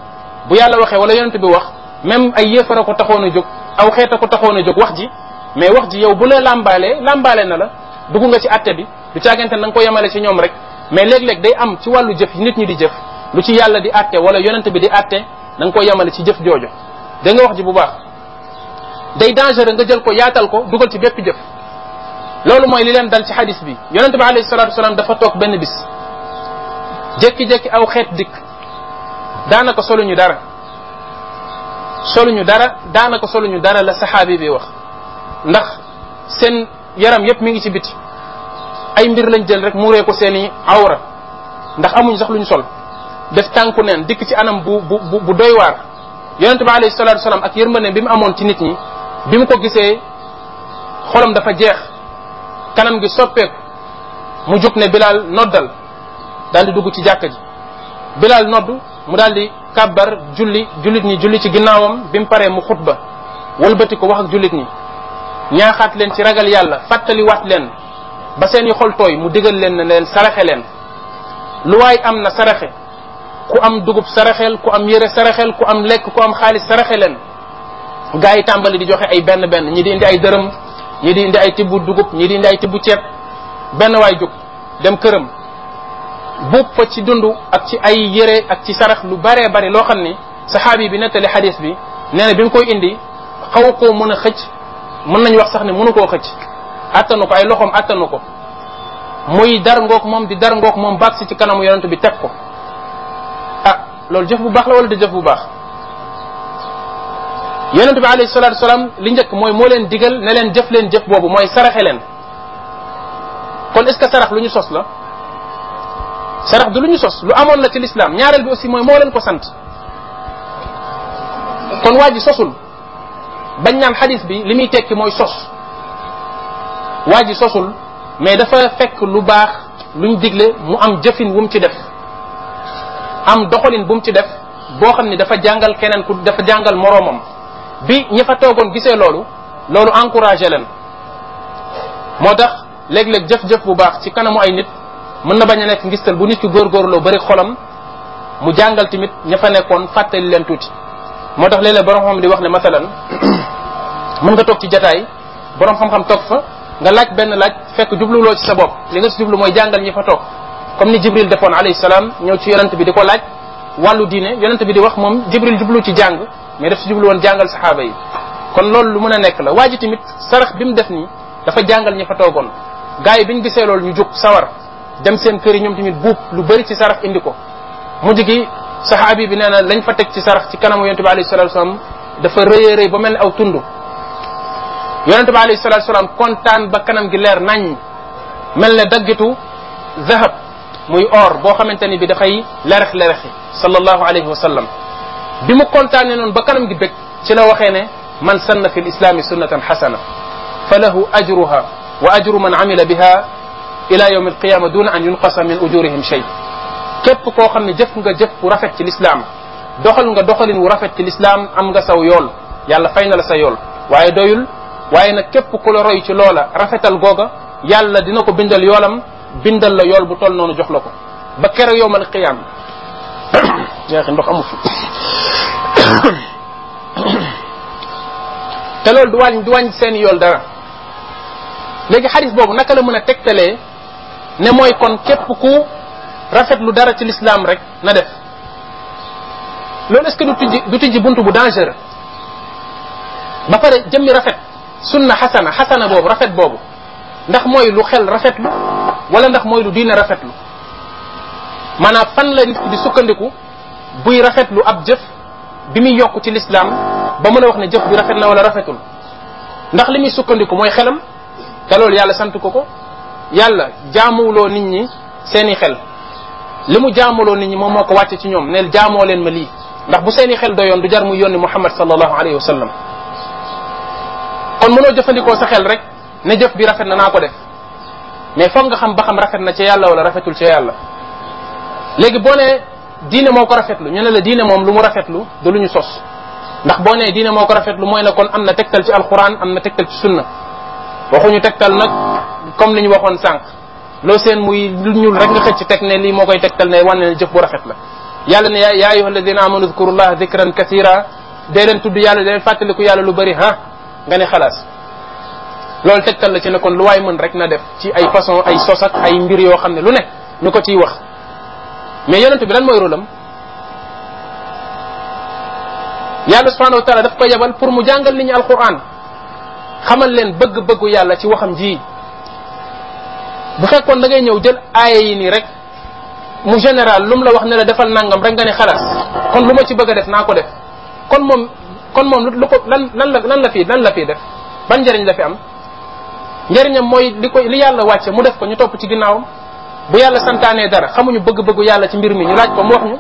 bu yàlla waxee wala yonent bi wax même ay yéefar a ko taxoon a jóg aw xeet a ko taxoon a jóg wax ji mais wax ji yow bu la làmbaalee làmbaale na la dugg nga ci atte bi du caagante na nga ko yemale ci ñoom rek mais léeg-léeg day am ci wàllu jëf yi nit ñi di jëf lu ci yàlla di atte wala yonent bi di atte na nga ko yemale ci jëf joojo danga wax ji bu baax day dangereux nga jël ko yaatal ko dugal ci bépp jëf loolu mooy li leen dal ci xadis bi yonente bi alayhi salatu wasalaam dafa toog benn bis jékki-jékki aw xeet dikk daanaka ñu dara soluñu dara daanaka ñu dara la saxaabi bi wax ndax seen yaram yépp mu ngi ci biti ay mbir lañ jël rek muuree ko seeni awra ndax amuñ sax ñu sol def tànku neen dikk ci anam bu bu bu doy waar yonente bi alayhi salatu wasalaam ak yërmande bi mu amoon ci nit ñi bi mu ko gisee xolam dafa jeex kanam gi soppeeku mu jug ne Bilal noddal daal di dugg ci jàkka ji Bilal nodd mu daal di kàbbar julli jullit ñi julli ci ginnaawam bi mu paree mu xutba wëlbati ko wax ak jullit ñi ñaaxaat leen ci ragal yàlla fàttaliwaat leen ba seen i xol tooy mu digal leen ne leen saraxe leen lu waay am na saraxe ku am dugub saraxel ku am yére saraxel ku am lekk ku am xaalis saraxe leen gaa yi tàmbali di joxe ay benn benn ñi di indi ay dërëm ñi di indi ay tibbu dugub ñi di indi ay tibbu ceeb benn waay jóg dem këram buub fa ci dund ak ci ay yére ak ci sarax lu baree bari loo xam ni saxaabi bi nettali xadis bi nee na bi mu koy indi xaw koo mën a xëcc mën nañu wax sax ne mënu koo xëcc attanu ko ay loxoom attanu ko muy dar ngoog moom di dar ngoog moom bàgg ci kanamu yonent bi teg ko ah loolu jëf bu baax la wala di jëf bu baax yonente bi alayhi salatu wasalaam li njëkk mooy moo leen digal ne leen jëf leen jëf boobu mooy saraxe leen kon est-ce sarax lu ñu sos la sarax du lu ñu sos lu amoon la ci l'islam ñaareel bi aussi mooy moo leen ko sant kon waa ji sosul bañ naan xadis bi li muy tekki mooy sos waa ji sosul mais dafa fekk lu baax luñ digle mu am jëfin wu ci def am doxalin bu ci def boo xam ni dafa jàngal keneen ku dafa jàngal moroomam bi ñi fa toogoon gisee loolu loolu encouragé leen moo tax léeg-léeg jëf-jëf bu baax ci kanamu ay nit mën na bañ a nekk ngistal bu nit ki góorgóorloo bari xolam mu jàngal tamit ña fa nekkoon fàttali leen tuuti moo tax leen léeg borom xam di wax ne masalan mën nga toog ci jataay borom xam-xam toog fa nga laaj benn laaj fekk jubluloo ci sa bopp li nga si jublu mooy jàngal ñi fa toog comme ni jibril defoon alayhi salaam ñëw ci yonent bi di ko laaj wàllu diine yonent bi di wax moom jibril jublu ci jàng mais daf si jublu woon jàngal saxaaba yi kon loolu lu mën a nekk la waa ji tamit sarax bi mu def nii dafa jàngal ñi fa toogoon gars yi bi ñu gisee loolu ñu jóg sawar dem seen kër ñoom tamit buub lu bëri ci sarax indi ko mujj gi saxaabi bi nee na lañ fa teg ci sarax ci kanamu yonente bi alayhi salatu wasalam dafa rëy rëy ba mel ni aw tund yonente bi alayhi salatu kontaan ba kanam gi leer nañ mel ne daggitu zahab muy or boo xamante ni bi dafay lerex lerexi sallallahu alayhi wa sallam bi mu kontaanee noonu ba kanam gi bëgg ci la waxee ne man sanna fi lislami sunnatan xasana fa lahu ajruha wa ajru man amila biha ila yawm alqiyama duna an yunqasa min ujurihim shay képp koo xam ne jëf nga jëf bu rafet ci lislaam doxal nga doxalin wu rafet ci lislaam am nga saw yool yàlla fay na la sa yool waaye doyul waaye nag képp ku ci loola rafetal googa yàlla dina ko bindal yoolam bindal la yool bu toll noonu jox la ko ba keroog yowmal qiyaama jeexe ndox amu fi te loolu du wàññi du wàññi seen yool dara léegi xadis boobu naka la mën a teg tegtalee ne mooy kon képp ku rafetlu dara ci l'islam rek na def loolu est-ce que du tijji du tijji bu dangereux ba pare jëmmi rafet sunna xasana xasana boobu rafet boobu ndax mooy lu xel rafet rafetlu wala ndax mooy lu diine rafetlu maanaam fan la nit ki di sukkandiku buy rafetlu ab jëf bi muy yokk ci lislaam ba mën a wax na jëf bi rafet na wala rafetul ndax li muy sukkandiku mooy xelam te loolu yàlla sant ko ko yàlla jaamuloo nit ñi seeni xel li mu jaamuloo nit ñi moom moo ko wàcce ci ñoom neel jaamoo leen ma lii ndax bu seeni xel yoon du jar muy yónni Muhammad sallallahu alayhi wa sallam kon mënoo jëfandikoo sa xel rek ne jëf bi rafet na naa ko def mais foog nga xam ba xam rafet na ca yàlla wala rafetul ca yàlla léegi boo nee diine moo ko rafet rafetlu ñu ne la diine moom lu mu rafetlu du lu ñu sos ndax boo nee diine moo ko rafetlu mooy ne kon am na tegtal ci alquran am na tegtal ci sunna waxuñu tegtal nag comme li ñu waxoon sànq loo seen muy lu ñuul rek nga xëcc teg ne lii moo koy tegtal ne wane ne jëf bu rafet la yàlla ne yaa ayuha alladina amanu dhkurullah dhikran kathira dee leen tudd yàlla dee leen fàttaliku yàlla lu bëri ah nga ne loolu tegtal la ci ne kon lu waay mën rek na def ci ay façon ay sos ak ay mbir yoo xam ne lu ne ñu ko ciy wax mais yonent bi lan mooy rôle am yàlla subhanahu wa taala daf ko yebal pour mu jàngal ñu ñi alquran xamal leen bëgg-bëggu yàlla ci waxam ji bu fekkoon da ngay ñëw jël aaya yi nii rek mu général lu mu la wax ne la defal nangam rek nga ne xalaas kon lu ma ci bëgg a def naa ko def kon moom kon moom lu ko lan lan la lan la fii lan la fii def ban njëriñ la fi am njëriñam mooy li ko li yàlla wàcce mu def ko ñu topp ci ginnaawam bu yàlla santaanee dara xamuñu bëgg-bëggu yàlla ci mbir mi ñu laaj ko mu wax ñu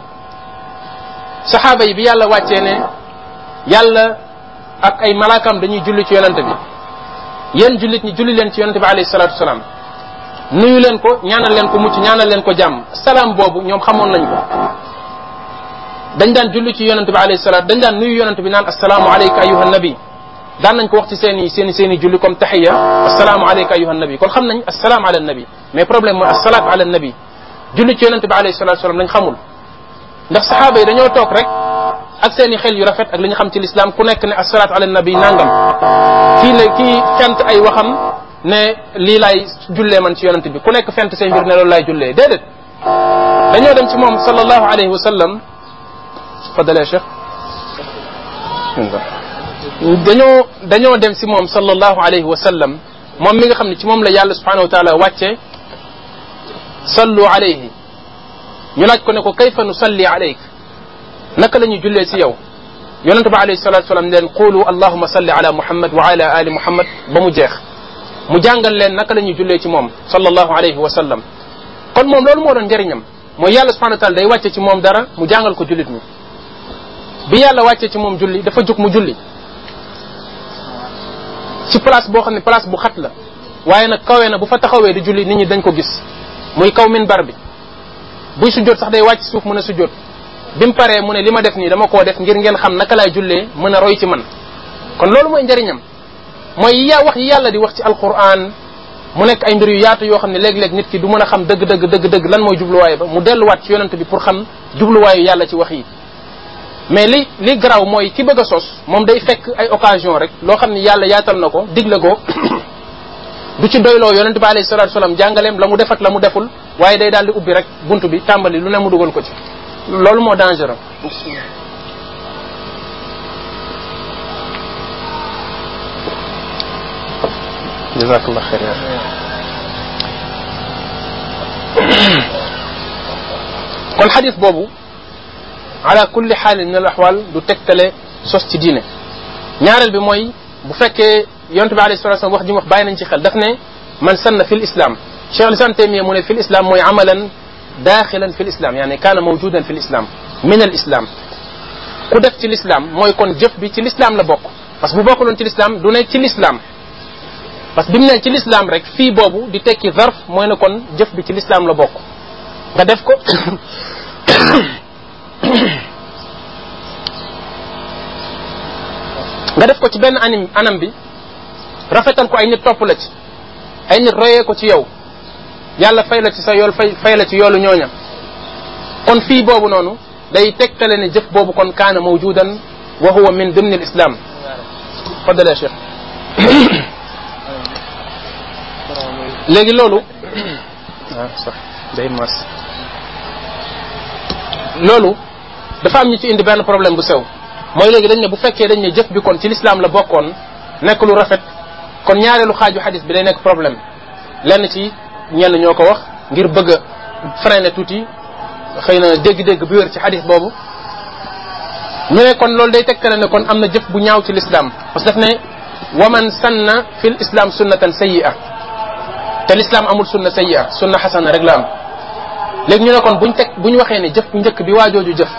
saxaaba yi bi yàlla wàccee ne yàlla ak ay malaakam dañuy julli ci yonante bi yéen jullit ñi julli leen ci yonante bi alayhi salatu wasalaam nuyu leen ko ñaanal leen ko mucc ñaanal leen ko jàmm salaam boobu ñoom xamoon nañ ko dañ daan julli ci yonante bi alayhi dañ daan nuyu yonante bi naan asalaamu alayka ayuha nabi daan nañ ko wax ci seen i seen i seen i julli comme taxiya asalaamu aleyka ayuha nabi kon xam nañ asalaam ala nabi mais problème mooy asalaatu ala nabi julli ci yonente bi alayhi salatu salaam lañ xamul ndax saxaaba yi dañoo toog rek ak seen i xel yu rafet ak li ñu xam ci lislaam ku nekk ne asalaatu ala nabi nangam kii ne kii fent ay waxam ne lii laay jullee man ci yonente bi ku nekk fent seen mbir ne loolu laay jullee déedéet dañoo dem ci moom sallallahu alayhi wa sallam fadale cheikh dañoo dañoo dem si moom sallallahu alayhi wa sallam moom mi nga xam ne ci moom la yàlla subhanahu wa taala wàcce sallu alayhi ñu laaj ko ne ko kayfa nusalli alayk naka la ñuy jullee si yow yonente bi alayhi salatu wasalam leen qulu allahuma salli ala muhammad wa ala ali muhammad ba mu jeex mu jàngal leen naka la ñuy jullee ci moom sallallahu alayhi wa sallam kon moom loolu moo doon njëriñam mooy yàlla subhanahu wa taala day wàcce ci moom dara mu jàngal ko jullit ñi bi yàlla wàccee ci moom julli dafa jóg mu julli ci place boo xam ne place bu xat la waaye nag kawee na bu fa taxawee di julli nit ñi dañ ko gis muy kaw minbar bi buy sujjóot sax day wàcc suuf mën a sujjóot bi mu paree mu ne li ma def nii dama koo def ngir ngeen xam naka laay jullee mën a roy ci man kon loolu mooy njariñam mooy yi wax yi yàlla di wax ci alquran mu nekk ay mbir yu yaatu yoo xam ne léeg-léeg nit ki du mën a xam dëgg dëgg dëgg lan mooy jubluwaay ba mu delluwaat ci yonent bi pour xam jubluwaayu yàlla ci wax yi mais li li garaw mooy ki bëgg a sos moom day fekk ay occasion rek loo xam ne yàlla yaatal na ko digle ko du ci doyloo yonent bi alayhi salatu salaam jàngaleem la mu defat la mu deful waaye day daal ubbi rek bunt bi tàmbali lu ne mu dugal ko ci loolu moo dangereux jazakallah xayr kon xadis boobu ala kulli xaalin min al axwaal du tegtale sos ci diine ñaareel bi mooy bu fekkee yonte bi alayhi salatu wasallam wax ji wax bàyyi nañ ci xel daf ne man sanna fi l islam cheikh lislam taymia mu ne fi mooy amalan daaxilan fi l islam yaani kaana mawjudan fi l islam min al def ci l'islam mooy kon jëf bi ci l'islam la bokk parce que bu bokkuloon ci l'islam du ne ci l'islam parce que bi mu ne ci l'islam rek fii boobu di tekki zarf mooy ne kon jëf bi ci l'islam la bokk nga def ko nga def ko ci benn anim anam bi rafetal ko ay nit topp la ci ay nit royee ko ci yow yàlla fay la sa yool fay la ci yoolu ñooña kon fii boobu noonu day tegtale ne jëf boobu kon kaana mawjudan wa huwa min dimni lislam faddal dafa am ñu ci indi benn problème bu sew mooy léegi dañ ne bu fekkee dañ ne jëf bi kon ci lislaam la bokkoon nekk lu rafet kon ñaareelu xaaju xadis bi day nekk problème lenn ci ñenn ñoo ko wax ngir bëgg a ne tuuti xëy na dégg-dégg bu wér ci xadis boobu ñu ne kon loolu day tegtale ne kon am na jëf bu ñaaw ci lislaam parce que daf ne waman sanna fi l islam sunnatan sayyi'a te lislaam amul sunna sayyi'a sunna xasana rek la am léegi ñu ne kon buñ teg buñ waxee ne jëf bu njëkk bi waajooju jëf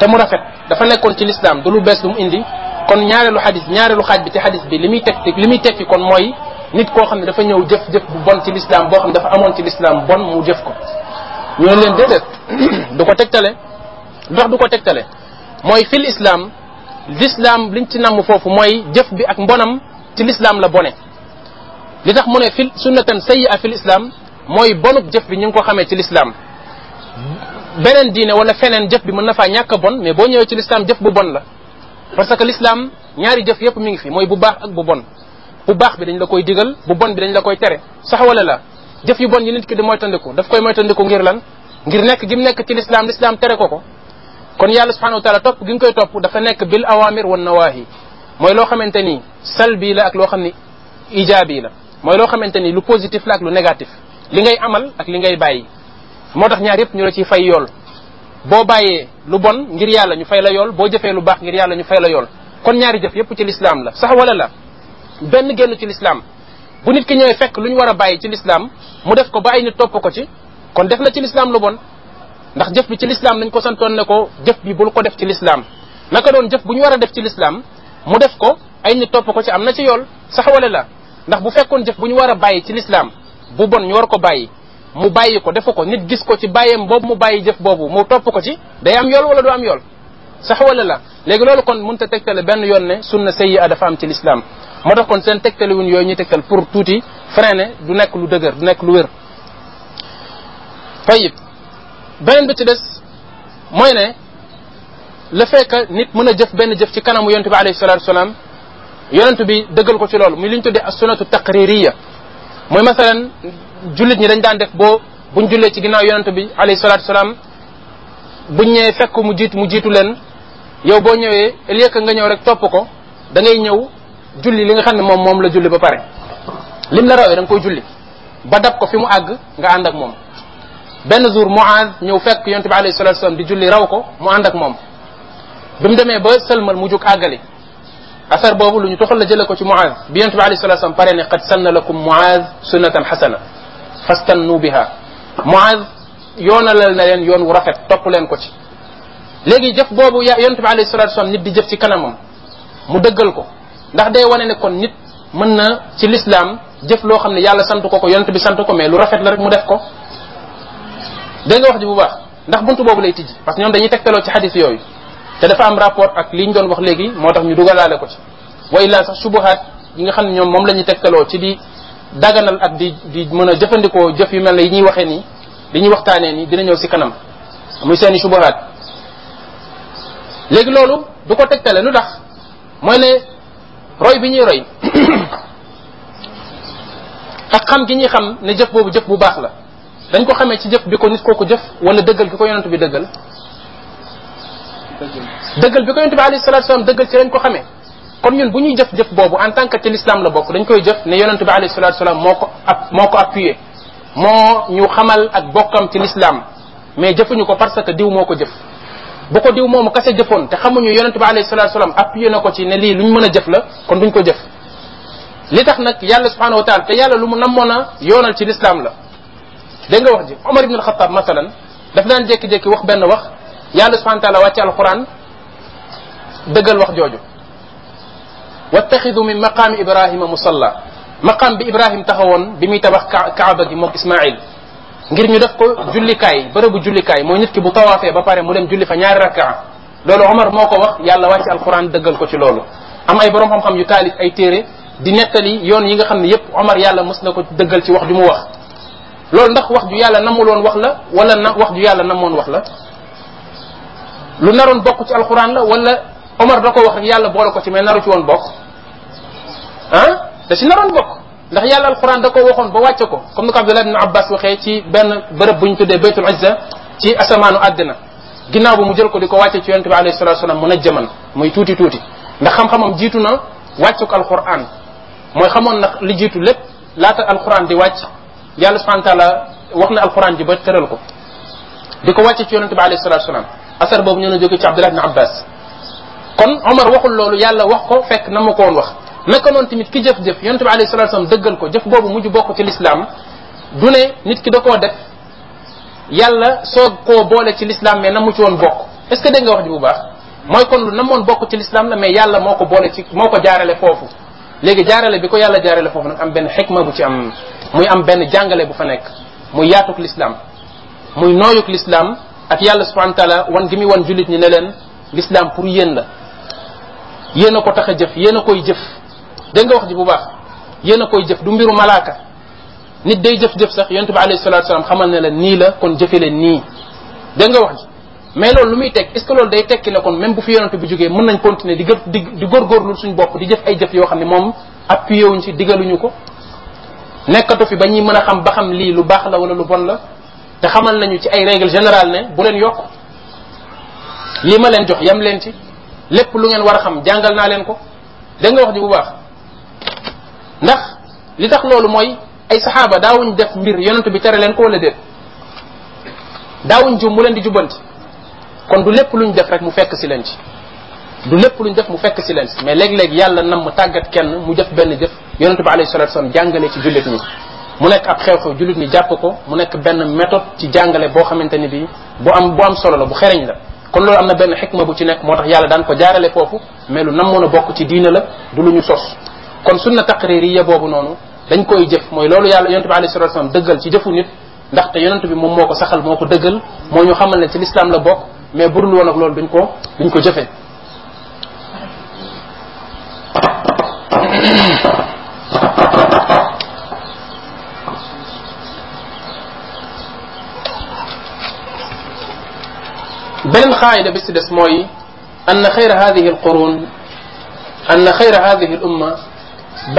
te mu rafet dafa nekkoon ci lislaam du lu bees lu mu indi kon ñaareelu xadis ñaareelu xaaj bi ci xadis bi li muy tekki li muy tekki kon mooy nit koo xam ne dafa ñëw jëf-jëf bu bon ci lislaam boo xam ne dafa amoon ci lislaam bon mu jëf ko ñoo leen déedéet du ko tegtale dox du ko tegtale mooy fil islam l'islam liñ ci namm foofu mooy jëf bi ak mbonam ci lislaam la bone li tax mu ne fi fil sunnatan sayyi'a fil islam mooy bonub jëf bi ñu ngi ko xamee ci lislaam beneen diine wala feneen jëf bi mën na faa ñàkk bon mais boo ñëwee ci l'islam jëf bu bon la parce que lislaam ñaari jëf yëpp mi ngi fii mooy bu baax ak bu bon bu baax bi dañ la koy digal bu bon bi dañ la koy tere sax wala la jëf yu bon yi nit ki di moytandiku daf koy moytandiku ngir lan ngir nekk gi mu nekk ci l'islam l'islam tere ko ko kon yàlla subhanahu wa taala topp gi nga koy topp dafa nekk bil awamir wan nawahi mooy loo xamante ni salbi la ak loo xam ni ijaabi la mooy loo xamante ni lu positif la lu négatif li ngay amal ak li ngay bàyyi moo tax ñaar yëpp ñu la ciy fay yool boo bàyyee lu bon ngir yàlla ñu fay la yool boo jëfee lu baax ngir yàlla ñu fay la yool kon ñaari jëf yëpp ci lislaam la sax wala la benn génn ci lislaam bu nit ki ñëwee fekk lu ñu war a bàyyi ci lislaam mu def ko ba ay nit topp ko ci kon def na ci lislaam lu bon ndax jëf bi ci lislaam nañ ko santoon ne ko jëf bi bul ko def ci lislaam naka doon jëf bu ñu war a def ci lislaam mu def ko ay nit topp ko ci am na ci yool sax wala la ndax bu fekkoon jëf bu ñu war a bàyyi ci lislaam bu bon ñu war ko bàyyi mu bàyyi ko defu ko nit gis ko ci bàyyeem boobu mu bàyyi jëf boobu mu topp ko ci day am yool wala du am yool sax wala la léegi loolu kon mënut a tegtale benn yoon ne sunna sayyi'a dafa am ci l'islam moo tax kon seen tegtale wuñ yooyu ñuy tegtal pour tuuti freiner du nekk lu dëgër du nekk lu wér beneen bi ci des mooy ne le fait nit mën a jëf benn jëf ci kanamu yonent bi alayhi salatu wasalaam bi dëggal ko ci loolu muy li ñu tuddee as sunnatu taqririya mooy masalan jullit ñi dañ daan def boo buñ jullee ci ginnaaw yonent bi alayhi salaatu salaam buñ ñëwee fekk mu jiitu mu jiitu leen yow boo ñëwee au lieu nga ñëw rek topp ko dangay ñëw julli li nga xam ne moom moom la julli ba pare lim la rawee da nga koy julli ba dab ko fi mu àgg nga ànd ak moom benn mu Muaaz ñëw fekk yonent bi alayhi salatu wasallam di julli raw ko mu ànd ak moom bi mu demee ba sëlmal mu jug àggali affaire boobu lu ñu toxal la jële ko ci Muaaz bi yonent bi alayhi salatu wasallam pare ne qad sanna lakum Muaaz sunnatan xasana fastannu biha Muaz yoonalal na leen yoon wu rafet topp leen ko ci léegi jëf boobu yaa yonent bi alayhi salatu wasallam nit di jëf ci kanamam mu dëggal ko ndax day wane ne kon nit mën na ci lislaam jëf loo xam ne yàlla sant ko ko yonent bi sant ko mais lu rafet la rek mu def ko dégg nga wax ji bu baax ndax buntu boobu lay tijji parce que ñoom dañuy teg tegtaloo ci xadis yooyu te dafa am rapport ak li ñu doon wax léegi moo tax ñu dugalaale ko ci wa illaa sax subuhaat nga xam ne ñoom moom la ñuy tegtaloo ci di dagganal ak di di mën a jëfandikoo jëf yu mel ne yi ñuy waxee nii li ñuy waxtaanee nii dina ñëw si kanam muy seeni subahaat léegi loolu du ko tegtale lu tax mooy ne roy bi ñuy roy ak xam gi ñuy xam ne jëf boobu jëf bu baax la dañ ko xamee ci jëf bi ko nit kooku jëf wala dëggal gi ko yonent bi dëggal dëggal bi ko yonent bi alayhi salatu wasallam dëggal ci lañ ko xamee kon ñun bu ñuy jëf jëf boobu en tant que ci l'islam la bokk dañ koy jëf ne yonente bi alayhi salatu moo ko ap moo ko appuyé moo ñu xamal ak bokkam ci l'islam mais jëfuñu ko parce que diw moo ko jëf bu ko diw moomu kase jëfoon te xamuñu yonente bi alayhi salatu wasalam appuyé na ko ci ne lii luñ mën a jëf la kon duñ ko jëf li tax nag yàlla subhanahu wa te yàlla lu mu namoon a yoonal ci l'islam la dégg nga wax ji Omar ibn al-Khattab masalan daf daan jékki-jékki wax benn wax yàlla subhanahu wa taala wàcce alquran wax jooju wattaxidu min maqaami ibrahima musalla maqaam bi ibrahim taxawoon bi muy tabax kaaba gi mook ismail ngir ñu def ko jullikaay bërëbu jullikaay mooy nit ki bu tawaafee ba pare mu dem julli fa ñaari rakaa loolu omar moo ko wax yàlla wàcce alquran dëggal ko ci loolu am ay borom xam-xam yu taalif ay téere di nettali yoon yi nga xam ne yépp omar yàlla mos na ko dëggal ci wax ju mu wax loolu ndax wax ju yàlla namuloon wax la wala na wax ju yàlla namoon wax la lu naroon bokk ci alquran la wala omar da ko wax rek yàlla boole ko ci mais naru ci woon bokk ah da si naroon bokk ndax yàlla alquran da ko waxoon ba wàcce ko comme ni ko Abdullah ibn Abbas waxee ci benn bërëb bu ñu tuddee baytul izza ci asamaanu àddina ginnaaw bi mu jël ko di ko wàcce ci yonente bi alayhi salatu wasalam a jëman muy tuuti tuuti ndax jiitu na wàccu ko alquran mooy xamoon nag li lépp laata alquran di wàcc yàlla subhanahu taala wax na alquran ji ba tëral ko di ko wàcce ci yonente bi alayhi salatu wasalam asar ñoo ñu na jóge ci Abdullah ibn Abbas kon Omar waxul loolu yàlla wax ko fekk na ma ko woon wax naka noonu tamit ki jëf-jëf yonent bi alayhi salatu wasallam dëggal ko jëf boobu mujj bokk ci lislaam du ne nit ki da def yàlla soog boole ci lislaam mais na mu woon bokk est-ce que dégg nga wax ji bu baax mooy namoon bokk ci lislaam la mais yàlla moo ko boole ci moo ko jaarale foofu léegi jaarale bi ko yàlla jaarale foofu nag am benn xikma bu ci am muy am benn jàngale bu fa nekk muy yaatuk lislaam muy nooyuk lislaam ak yàlla subhanahu wa taala wan gi muy wan jullit ñi ne leen lislaam pour yéen la yéen a ko tax a jëf yéen a koy jëf dégg wax ji bu baax yéen a koy jëf du mbiru malaaka nit day jëf-jëf sax yonent bi alayhi salatu salaam xamal na leen nii la kon jëfe leen nii dégg nga wax ji mais loolu lu muy teg est loolu day tekki ne kon même bu fi yonent bi jógee mën nañ continuer di gë di di góorgóorlu suñ bopp di jëf ay jëf yoo xam ne moom appuyé wuñ ci digaluñu ko nekkatu fi ba ñuy mën a xam ba xam lii lu baax la wala lu bon la te xamal nañu ci ay règle générale ne bu leen yokk lii ma leen jox yam leen ci lépp lu ngeen war a xam jàngal naa leen ko dégg nga wax ji bu baax ndax li tax loolu mooy ay saxaaba daawuñ def mbir yonent bi tere leen ko wala daawuñ jum mu leen di jubbanti kon du lépp luñ def rek mu fekk si leen ci du lépp luñ def mu fekk si leen mais léeg-léeg yàlla nam mu tàggat kenn mu def benn jëf yonent bi alayhi salatu wasallam jàngale ci jullit ñi mu nekk ab xew-xew jullit ñi jàpp ko mu nekk benn méthode ci jàngale boo xamante ni bi bu am bu am solo la bu xereñ la kon loolu am na benn xikma bu ci nekk moo tax yàlla daan ko jaarale foofu mais lu nam moon bokk ci diina la du lu ñu sos kon sunna taqririya boobu noonu dañ koy jëf mooy loolu yàlla yonent bi alayhi salatu wasallam dëggal ci jëfu nit ndaxte yonent bi moom mooko saxal moo ko dëggal moo ñu xamal ne ci lislaam la bokk mais burul woon ak loolu duñ ko duñ ko jëfee beneen xaayida bi si mooy anna xayra hadihi alqurun anna xayra hadihi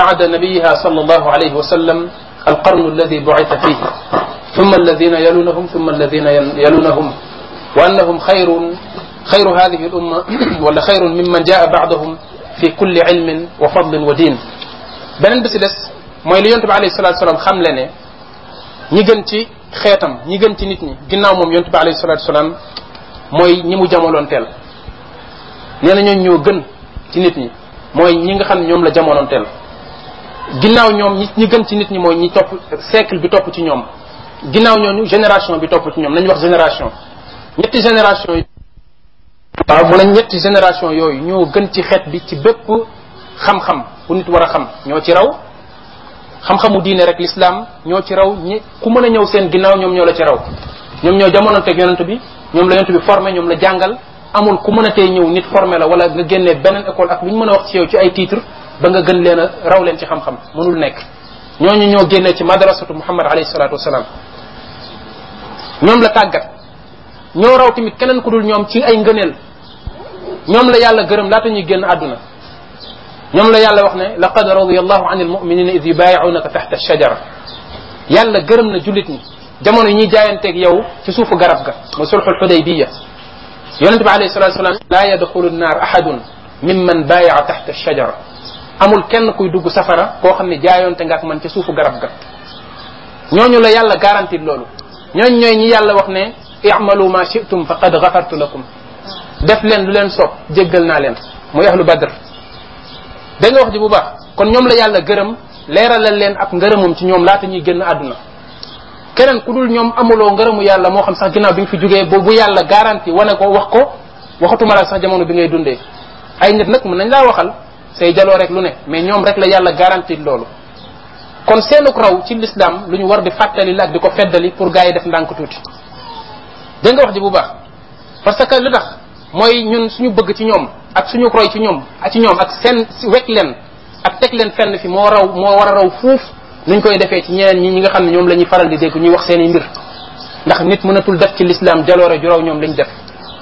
بعد نبيها صلى الله عليه وسلم القرن الذي بعث فيه ثم الذين يلونهم ثم الذين يلونهم وأنهم خير خير هذه الأمة ولا خير ممن جاء بعدهم في كل علم وفضل ودين beneen bi si des mooy li yontu bi alayhi salatu salaam xam le ne ñi gën ci xeetam ñi gën ci nit ñi ginnaaw moom yontu bi alayhi salatu salaam mooy ñi mu jamonoon teel nee na ñooñu ñoo gën ci nit ñi mooy ñi nga xam ne ñoom la jamonoon teel ginnaaw ñoom ñi gën ci nit ñi mooy ñi topp siècle bi topp ci ñoom ñoo ñooñu génération bi topp ci ñoom nañu wax génération ñetti génération yi waaw mu ne ñetti génération yooyu ñoo gën ci xeet bi ci bépp xam-xam bu nit war a xam ñoo ci raw xam-xamu diine rek l'islam ñoo ci raw ñi ku mën a ñëw seen ginnaaw ñoom ñoo la ci raw ñoom ñoo jamono teg yonent bi ñoom la yonent bi forme ñoom la jàngal amul ku mën a tey ñëw nit formé la wala nga génne beneen école ak lu ñu mën a wax ci yow ci ay titre ba nga gën leen a raw leen ci xam-xam mënul nekk ñooñu ñoo génne ci madrasatu muhammad alayhi salatu wasalaam ñoom la tàggat ñoo raw tamit keneen ku dul ñoom ci ay ngëneel ñoom la yàlla gërëm laata ñuy génn àdduna ñoom la yàlla wax ne laqad radiyallahu anil muminina id yubayi'unaka taxta shajara yàlla gërëm na jullit ñi jamono yi ñuy jaayanteeg yow ci suufu garab ga mooy sulxul xudaybiya yonente bi alayhi salatu wasalam la yadxulu nnaar ahadun mimman baaya'a taxta shajara amul kenn kuy dugg safara koo xam ne jaayonte nga ak man ca suufu garab ga ñooñu la yàlla garanti loolu ñooñ ñooy ñi yàlla wax ne amalu ma shi'tum faqad ghafartu lakum def leen lu leen soob jéggal naa leen muy ahlu badr da nga wax ji bu baax kon ñoom la yàlla gërëm leeralal leen ak ngërëmam ci ñoom laata ñuy génn àdduna keneen ku dul ñoom amuloo ngërëmu yàlla moo xam sax ginnaaw bi nga fi jógee boobu yàlla garanti wane ko wax ko waxatuma la sax jamono bi ngay dundee ay nit nag mën nañ laa waxal say jaloo rek lu ne mais ñoom rek la yàlla garantie loolu kon seenuk raw ci l'islam lu ñu war di fàttali la ak di ko feddali pour gars yi def ndànk tuuti dégg wax ji bu baax parce que lu tax mooy ñun suñu bëgg ci ñoom ak suñu roy ci ñoom ak ñoom ak seen wekk leen ak teg leen fenn fi moo raw moo war a raw fuuf nuñ koy defee ci ñeneen ñi ñi nga xam ne ñoom la ñuy faral di dégg ñuy wax seen i mbir ndax nit mënatul def ci l'islam jaloore ju raw ñoom lañ def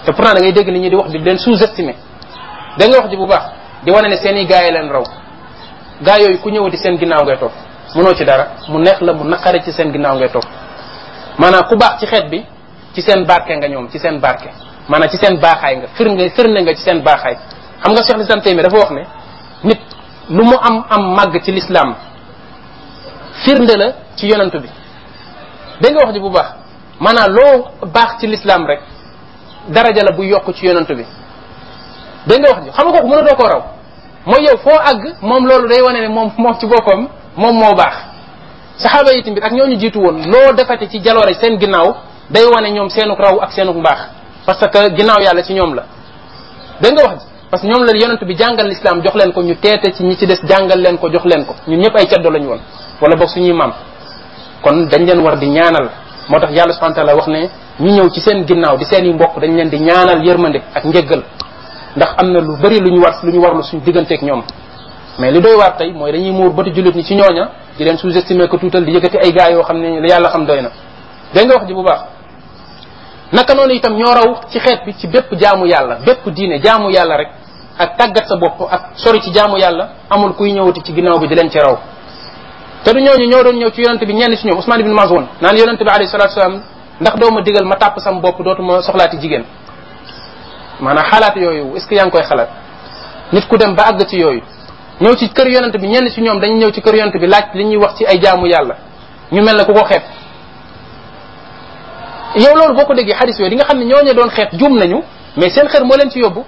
te pourtant da ngay dégg nit ñi di wax di leen sous-estimer da nga wax di wane ne seen i gaa yi leen raw gaa yooyu ku di seen ginnaaw ngay topp mënoo ci dara mu neex la mu naqare ci seen ginnaaw ngay topp maanaam ku baax ci xeet bi ci seen barke nga ñoom ci seen barke maanaam ci seen baaxaay nga firnde firnde nga ci seen baaxaay xam nga Cheikh lislam taymi dafa wax ne nit lu mu am am màgg ci l'islam firnde la ci yonent bi da nga wax ji bu baax maanaa loo baax ci lislaam rek daraja la bu yokk ci yonent bi dégg nga wax ji xam nga a mënatoo koo raw mooy yow foo àgg moom loolu day wane ne moom moom ci boppam moom moo baax saxaaba yi tamit ak ñoo ñu jiitu woon loo defate ci jaloore seen ginnaaw day wane ñoom seenuk raw ak seenuk mbaax parce que ginnaaw yàlla ci ñoom la dégg nga wax parce que ñoom la yonent bi jàngal l'islam jox leen ko ñu teete ci ñi ci des jàngal ko jox leen ko ñun ñëpp ay caddo lañu woon wala boog suñuy maam kon dañ leen war di ñaanal moo tax yàlla subhanahu wa wax ne ñi ñëw ci seen ginnaaw di seen mbokk dañ leen di ñaanal yërmande ak njëggal ndax am na lu bëri lu ñu war lu ñu war warlu suñu digganteek ñoom mais lu doy waar tey mooy dañuy muur bëti jullit ñi ci ñooña di leen sous-estimer ko tuutal di yëkkati ay gars yoo xam ne li yàlla xam doy na dégg nga wax ji bu baax naka noonu itam ñoo raw ci xeet bi ci bépp jaamu yàlla bépp diine jaamu yàlla rek ak tàggat sa bopp ak sori ci jaamu yàlla amul kuy ñëwati ci ginnaaw bi di leen ci raw te du ñooñu ñoo doon ñëw ci yonente bi ñenn ci ñoom Usmaan ibn Mazun naan yonente ndax doo ma digal ma tàpp sam bopp dootuma soxlaati jigéen maanaam xalaat yooyu est-ce que yaa koy xalaat nit ku dem ba àgg ci yooyu ñëw ci kër yonent bi ñenn ci ñoom dañu ñëw ci kër yonent bi laaj li ñuy wax ci ay jaamu yàlla ñu mel ne ku ko xeeb yow loolu boo ko déggee xadis yooyu di nga xam ne ñooñu doon xeeb juum nañu mais seen xër moo leen ci yóbbu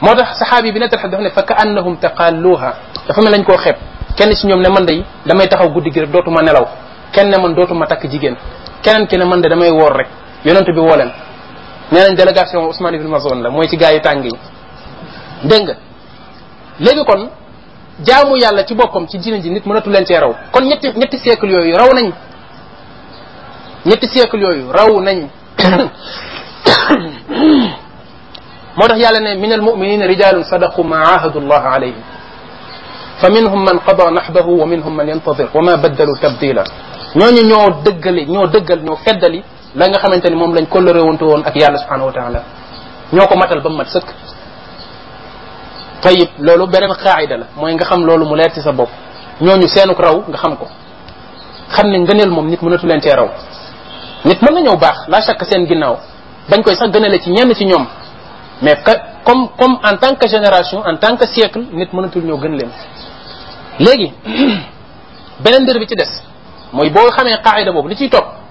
moo tax saxaab yi bi ne nettali dafa ne fa ka annahum taqalluha dafa mel lañ koo xeeb kenn ci ñoom ne man day damay taxaw guddi gi rek dootuma nelaw kenn ne man dootuma takk jigéen keneen ki ne man de damay woor rek yonent bi woo leen nee nañ délégation Ousmane Ibn Mas'ud la mooy ci gaa yu tàng yi dégg nga léegi kon jaamu yàlla ci boppam ci diine ji nit mënatu leen cee raw kon ñetti ñetti siècle yooyu raw nañ ñetti siècle yooyu raw nañ moo tax yàlla ne min almuminina rijalun sadaqu ma ahadu llah alayhi fa minhum man qada nahbahu wa minhum man yantadir wa ma baddalu tabdila ñoo dëggale ñoo dëggal ñoo feddali la nga xamante ni moom lañ coloré wonte woon ak yàlla subhanahu wa taala ñoo ko matal ba mu mat sëkk tayib loolu beneen xaayida la mooy nga xam loolu mu leer ci sa bopp ñooñu seenuk raw nga xam ko xam ne ngëneel moom nit mënatu leen cee raw nit mën na ñëw baax la chaque seen ginnaaw bañ koy sax gënale ci ñenn ci ñoom mais comme comme en tant que génération en tant que siècle nit mënatul ñëw gën leen léegi beneen mbir bi ci des mooy boo xamee xaayida boobu li ciy topp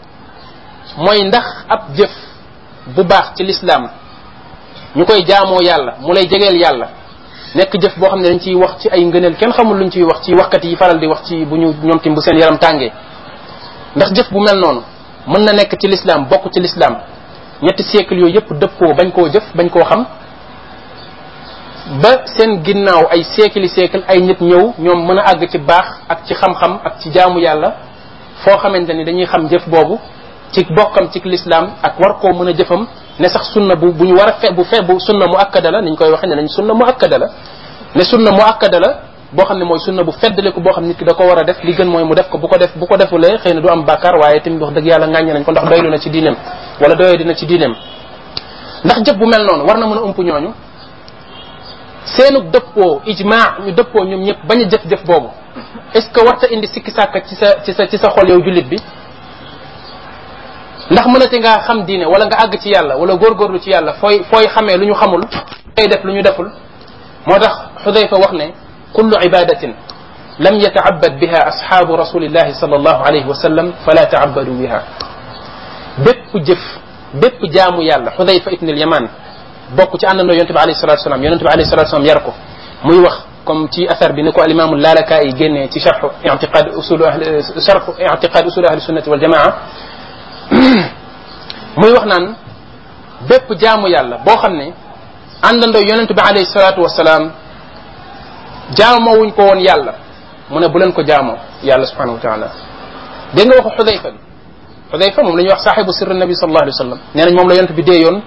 mooy ndax ab jëf bu baax ci lislaam ñu koy jaamoo yàlla mu lay jegeel yàlla nekk jëf boo xam ne dañ ciy wax ci ay ngëneel kenn xamul luñ ciy wax ci waxkat yi faral di wax ci bu ñu ñoom tim bu seen yaram ndax jëf bu mel noonu mën na nekk ci lislaam bokk ci lislaam ñetti siècle yooyu yëpp dëppoo bañ koo jëf bañ koo xam ba seen ginnaaw ay siècle ay nit ñëw ñoom mën a àgg ci baax ak ci xam ak ci jaamu yàlla foo xamante ni dañuy xam jëf boobu ci bokkam ci lislaam ak war koo mën a jëfam ne sax sunna bu bu ñu war a fe bu fe bu sunna mu akkada la ni ñu koy waxee ne nañ sunna mu akkada la ne sunna mu akkada la boo xam ne mooy sunna bu feddaliku boo xam nit ki da ko war a def li gën mooy mu def ko bu ko def bu ko defulee xëy na du am bàkkaar waaye tamit wax dëgg yàlla ngàññi nañ ko ndax doylu na ci diineem wala doyee dina ci diineem ndax jëf bu mel noonu war na mën a ëmp ñooñu seenug dëppoo ijmaa ñu dëppoo ñoom ñëpp bañ a jëf-jëf boobu est ce que warta indi sikki sàkka ci sa ci sa ci sa xol yow bi ndax mënati ngaa xam diine wala nga àgg ci yàlla wala góorgóorlu ci yàlla fooy fooy xamee lu ñu xamul fooy def lu ñu deful moo tax xudayfa wax ne kullu ibadatin lam yataabad biha asxaabu rasulillahi sal allahu alayhi wa sallam fala taabadu biha bépp jëf bépp jaamu yàlla xudayfa ibn al yaman bokk ci àndandoo yonente bi alayhi salatu salaam yonente bi alayhi salatu salaam yar ko muy wax comme ci asar bi ni ko alimamu laalaka yi génnee ci charxu itiqad usul ahli charxu itiqad usul ahli sunnati waljamaa muy wax naan bépp jaamu yàlla boo xam ne àndandoo yonent bi alayhi salaatu wasalaam wuñ ko woon yàlla mu ne bu leen ko jaamoo yàlla subhanahu wa taala dégg nga waxu xudayfa moom la ñuy wax saaxibu sirri nabi sallallahu alayhi wa sallam nee nañ moom la yonent bi dee yoon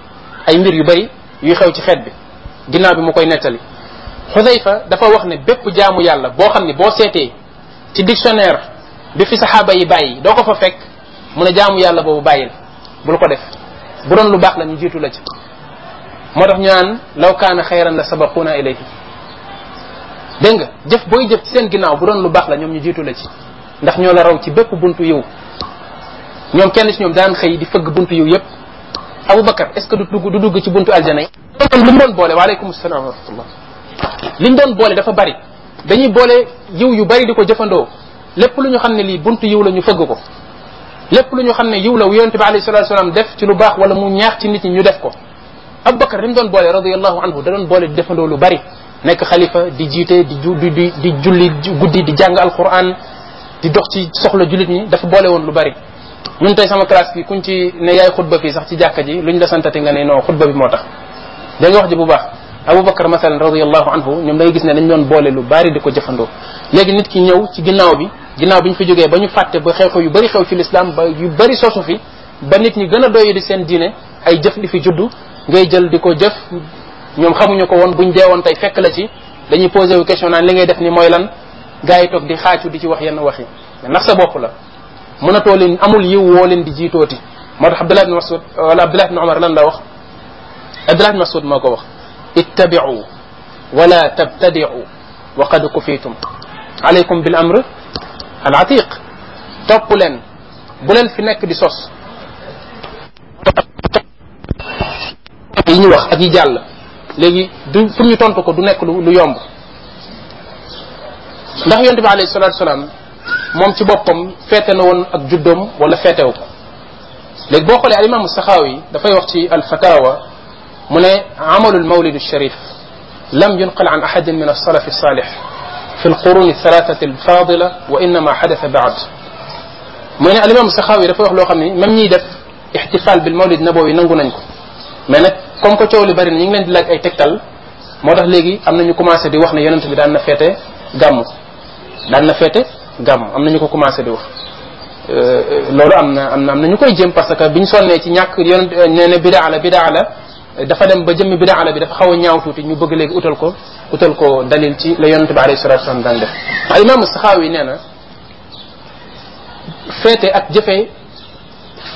ay mir yu bari yu xew ci xeet bi ginnaaw bi mu koy nettali xudayfa dafa wax ne bépp jaamu yàlla boo xam ne boo seetee ci dictionnaire bi fi saxaaba yi bàyyi doo ko fa fekk mu ne jaamu yàlla boobu bàyyil bul ko def bu doon lu baax la ñu jiitu la ci moo tax ñaan naan law kaana xayran la sabaquuna ilayhi dégg nga jëf booy jëf ci seen ginnaaw bu doon lu baax la ñoom ñu jiitu la ci ndax ñoo la raw ci bépp buntu yiw ñoom kenn ci ñoom daan xëy di fëgg buntu yiw yépp Abu Bakar est du dugg du dugg ci buntu aljana yi li mu doon boole waaleykum salaam wa rahmatullah li ñu doon boole dafa bari dañuy boole yiw yu bari di ko jëfandoo lépp lu ñu xam ne lii buntu yiw la ñu fëgg ko lépp lu ñu xam ne yiw la yonent bi alayhi salatu wasalam def ci lu baax wala mu ñaax ci nit ñi ñu def ko Abubakar li mu doon boole radiallahu anhu da doon boole di defandoo lu bari nekk xalifa di jiite di ju di di julli guddi di jàng alquran di dox ci soxla jullit ñi dafa boole woon lu bari ñun tey sama classe bi kuñ ci ne yaay xutba fii sax ci jàkka ji luñ la santati nga ne non xutba bi moo tax dañ wax ji bu baax abubakar masalan radiallahu anhu ñoom da gis ne dañ doon boole lu bari di ko jëfandoo léegi nit ki ñëw ci ginnaaw bi ginnaaw bi ñu fi jógee ba ñu fàtte ba xew-xew yu bëri xew ci lislaam ba yu bëri sosu fi ba nit ñi gën a di seen diine ay jëf li fi juddu ngay jël di ko jëf ñoom xamuñu ko woon buñ deewoon tey fekk la ci dañuy posé wu naan li ngay def ni mooy lan gars yi toog di xaacu di ci wax yenn wax yi ndax sa bopp la mënatoo leen amul yiw woo leen di jiitooti moo tax Abdullah ibn Masud wala Abdullah ibn Umar lan la wax Abdullah ibn Masud moo ko wax ittabiu wala tabtadiu wa qad kufitum alaykum bil amr al atiq topp leen bu leen fi nekk di sos yi ñu wax ak yi jàll léegi du pour ñu tontu ko du nekk lu lu yomb ndax yonte bi alayhi salatu salaam moom ci boppam feete na woon ak juddoom wala feetewu ko léegi boo xoolee alimaamu saxaawi dafay wax ci alfatawa mu ne amalul mawlidu sharif lam yunqal an ahadin min alsalaf salih fi alquruni thalathati alfadila wa innama xadata baad mooy ne alimam saxaawi dafa wax loo xam ni même ñiy def ixtifaal bil mawlid nabawi nangu nañ ko mais nag comme que coow li bari ñu ngi leen di laaj ay tegtal moo tax léegi am na ñu commencé di wax ne yonent bi daan na feete gàmm daan na feete gàmm am na ñu ko commencé di wax. Euh, euh, loolu am na am na am ñu koy jëm parce que bi ñu sonnee ci ñàkk yonent nee na bidaa la bidaa la dafa dem ba jëmmi bidaa la bi dafa xaw a ñaaw tuuti ñu bëgg léegi utal ko utal ko dalil ci la yonente bi alayhi salatu wasalam daan def al imam saxaawi nee na feete ak jëfe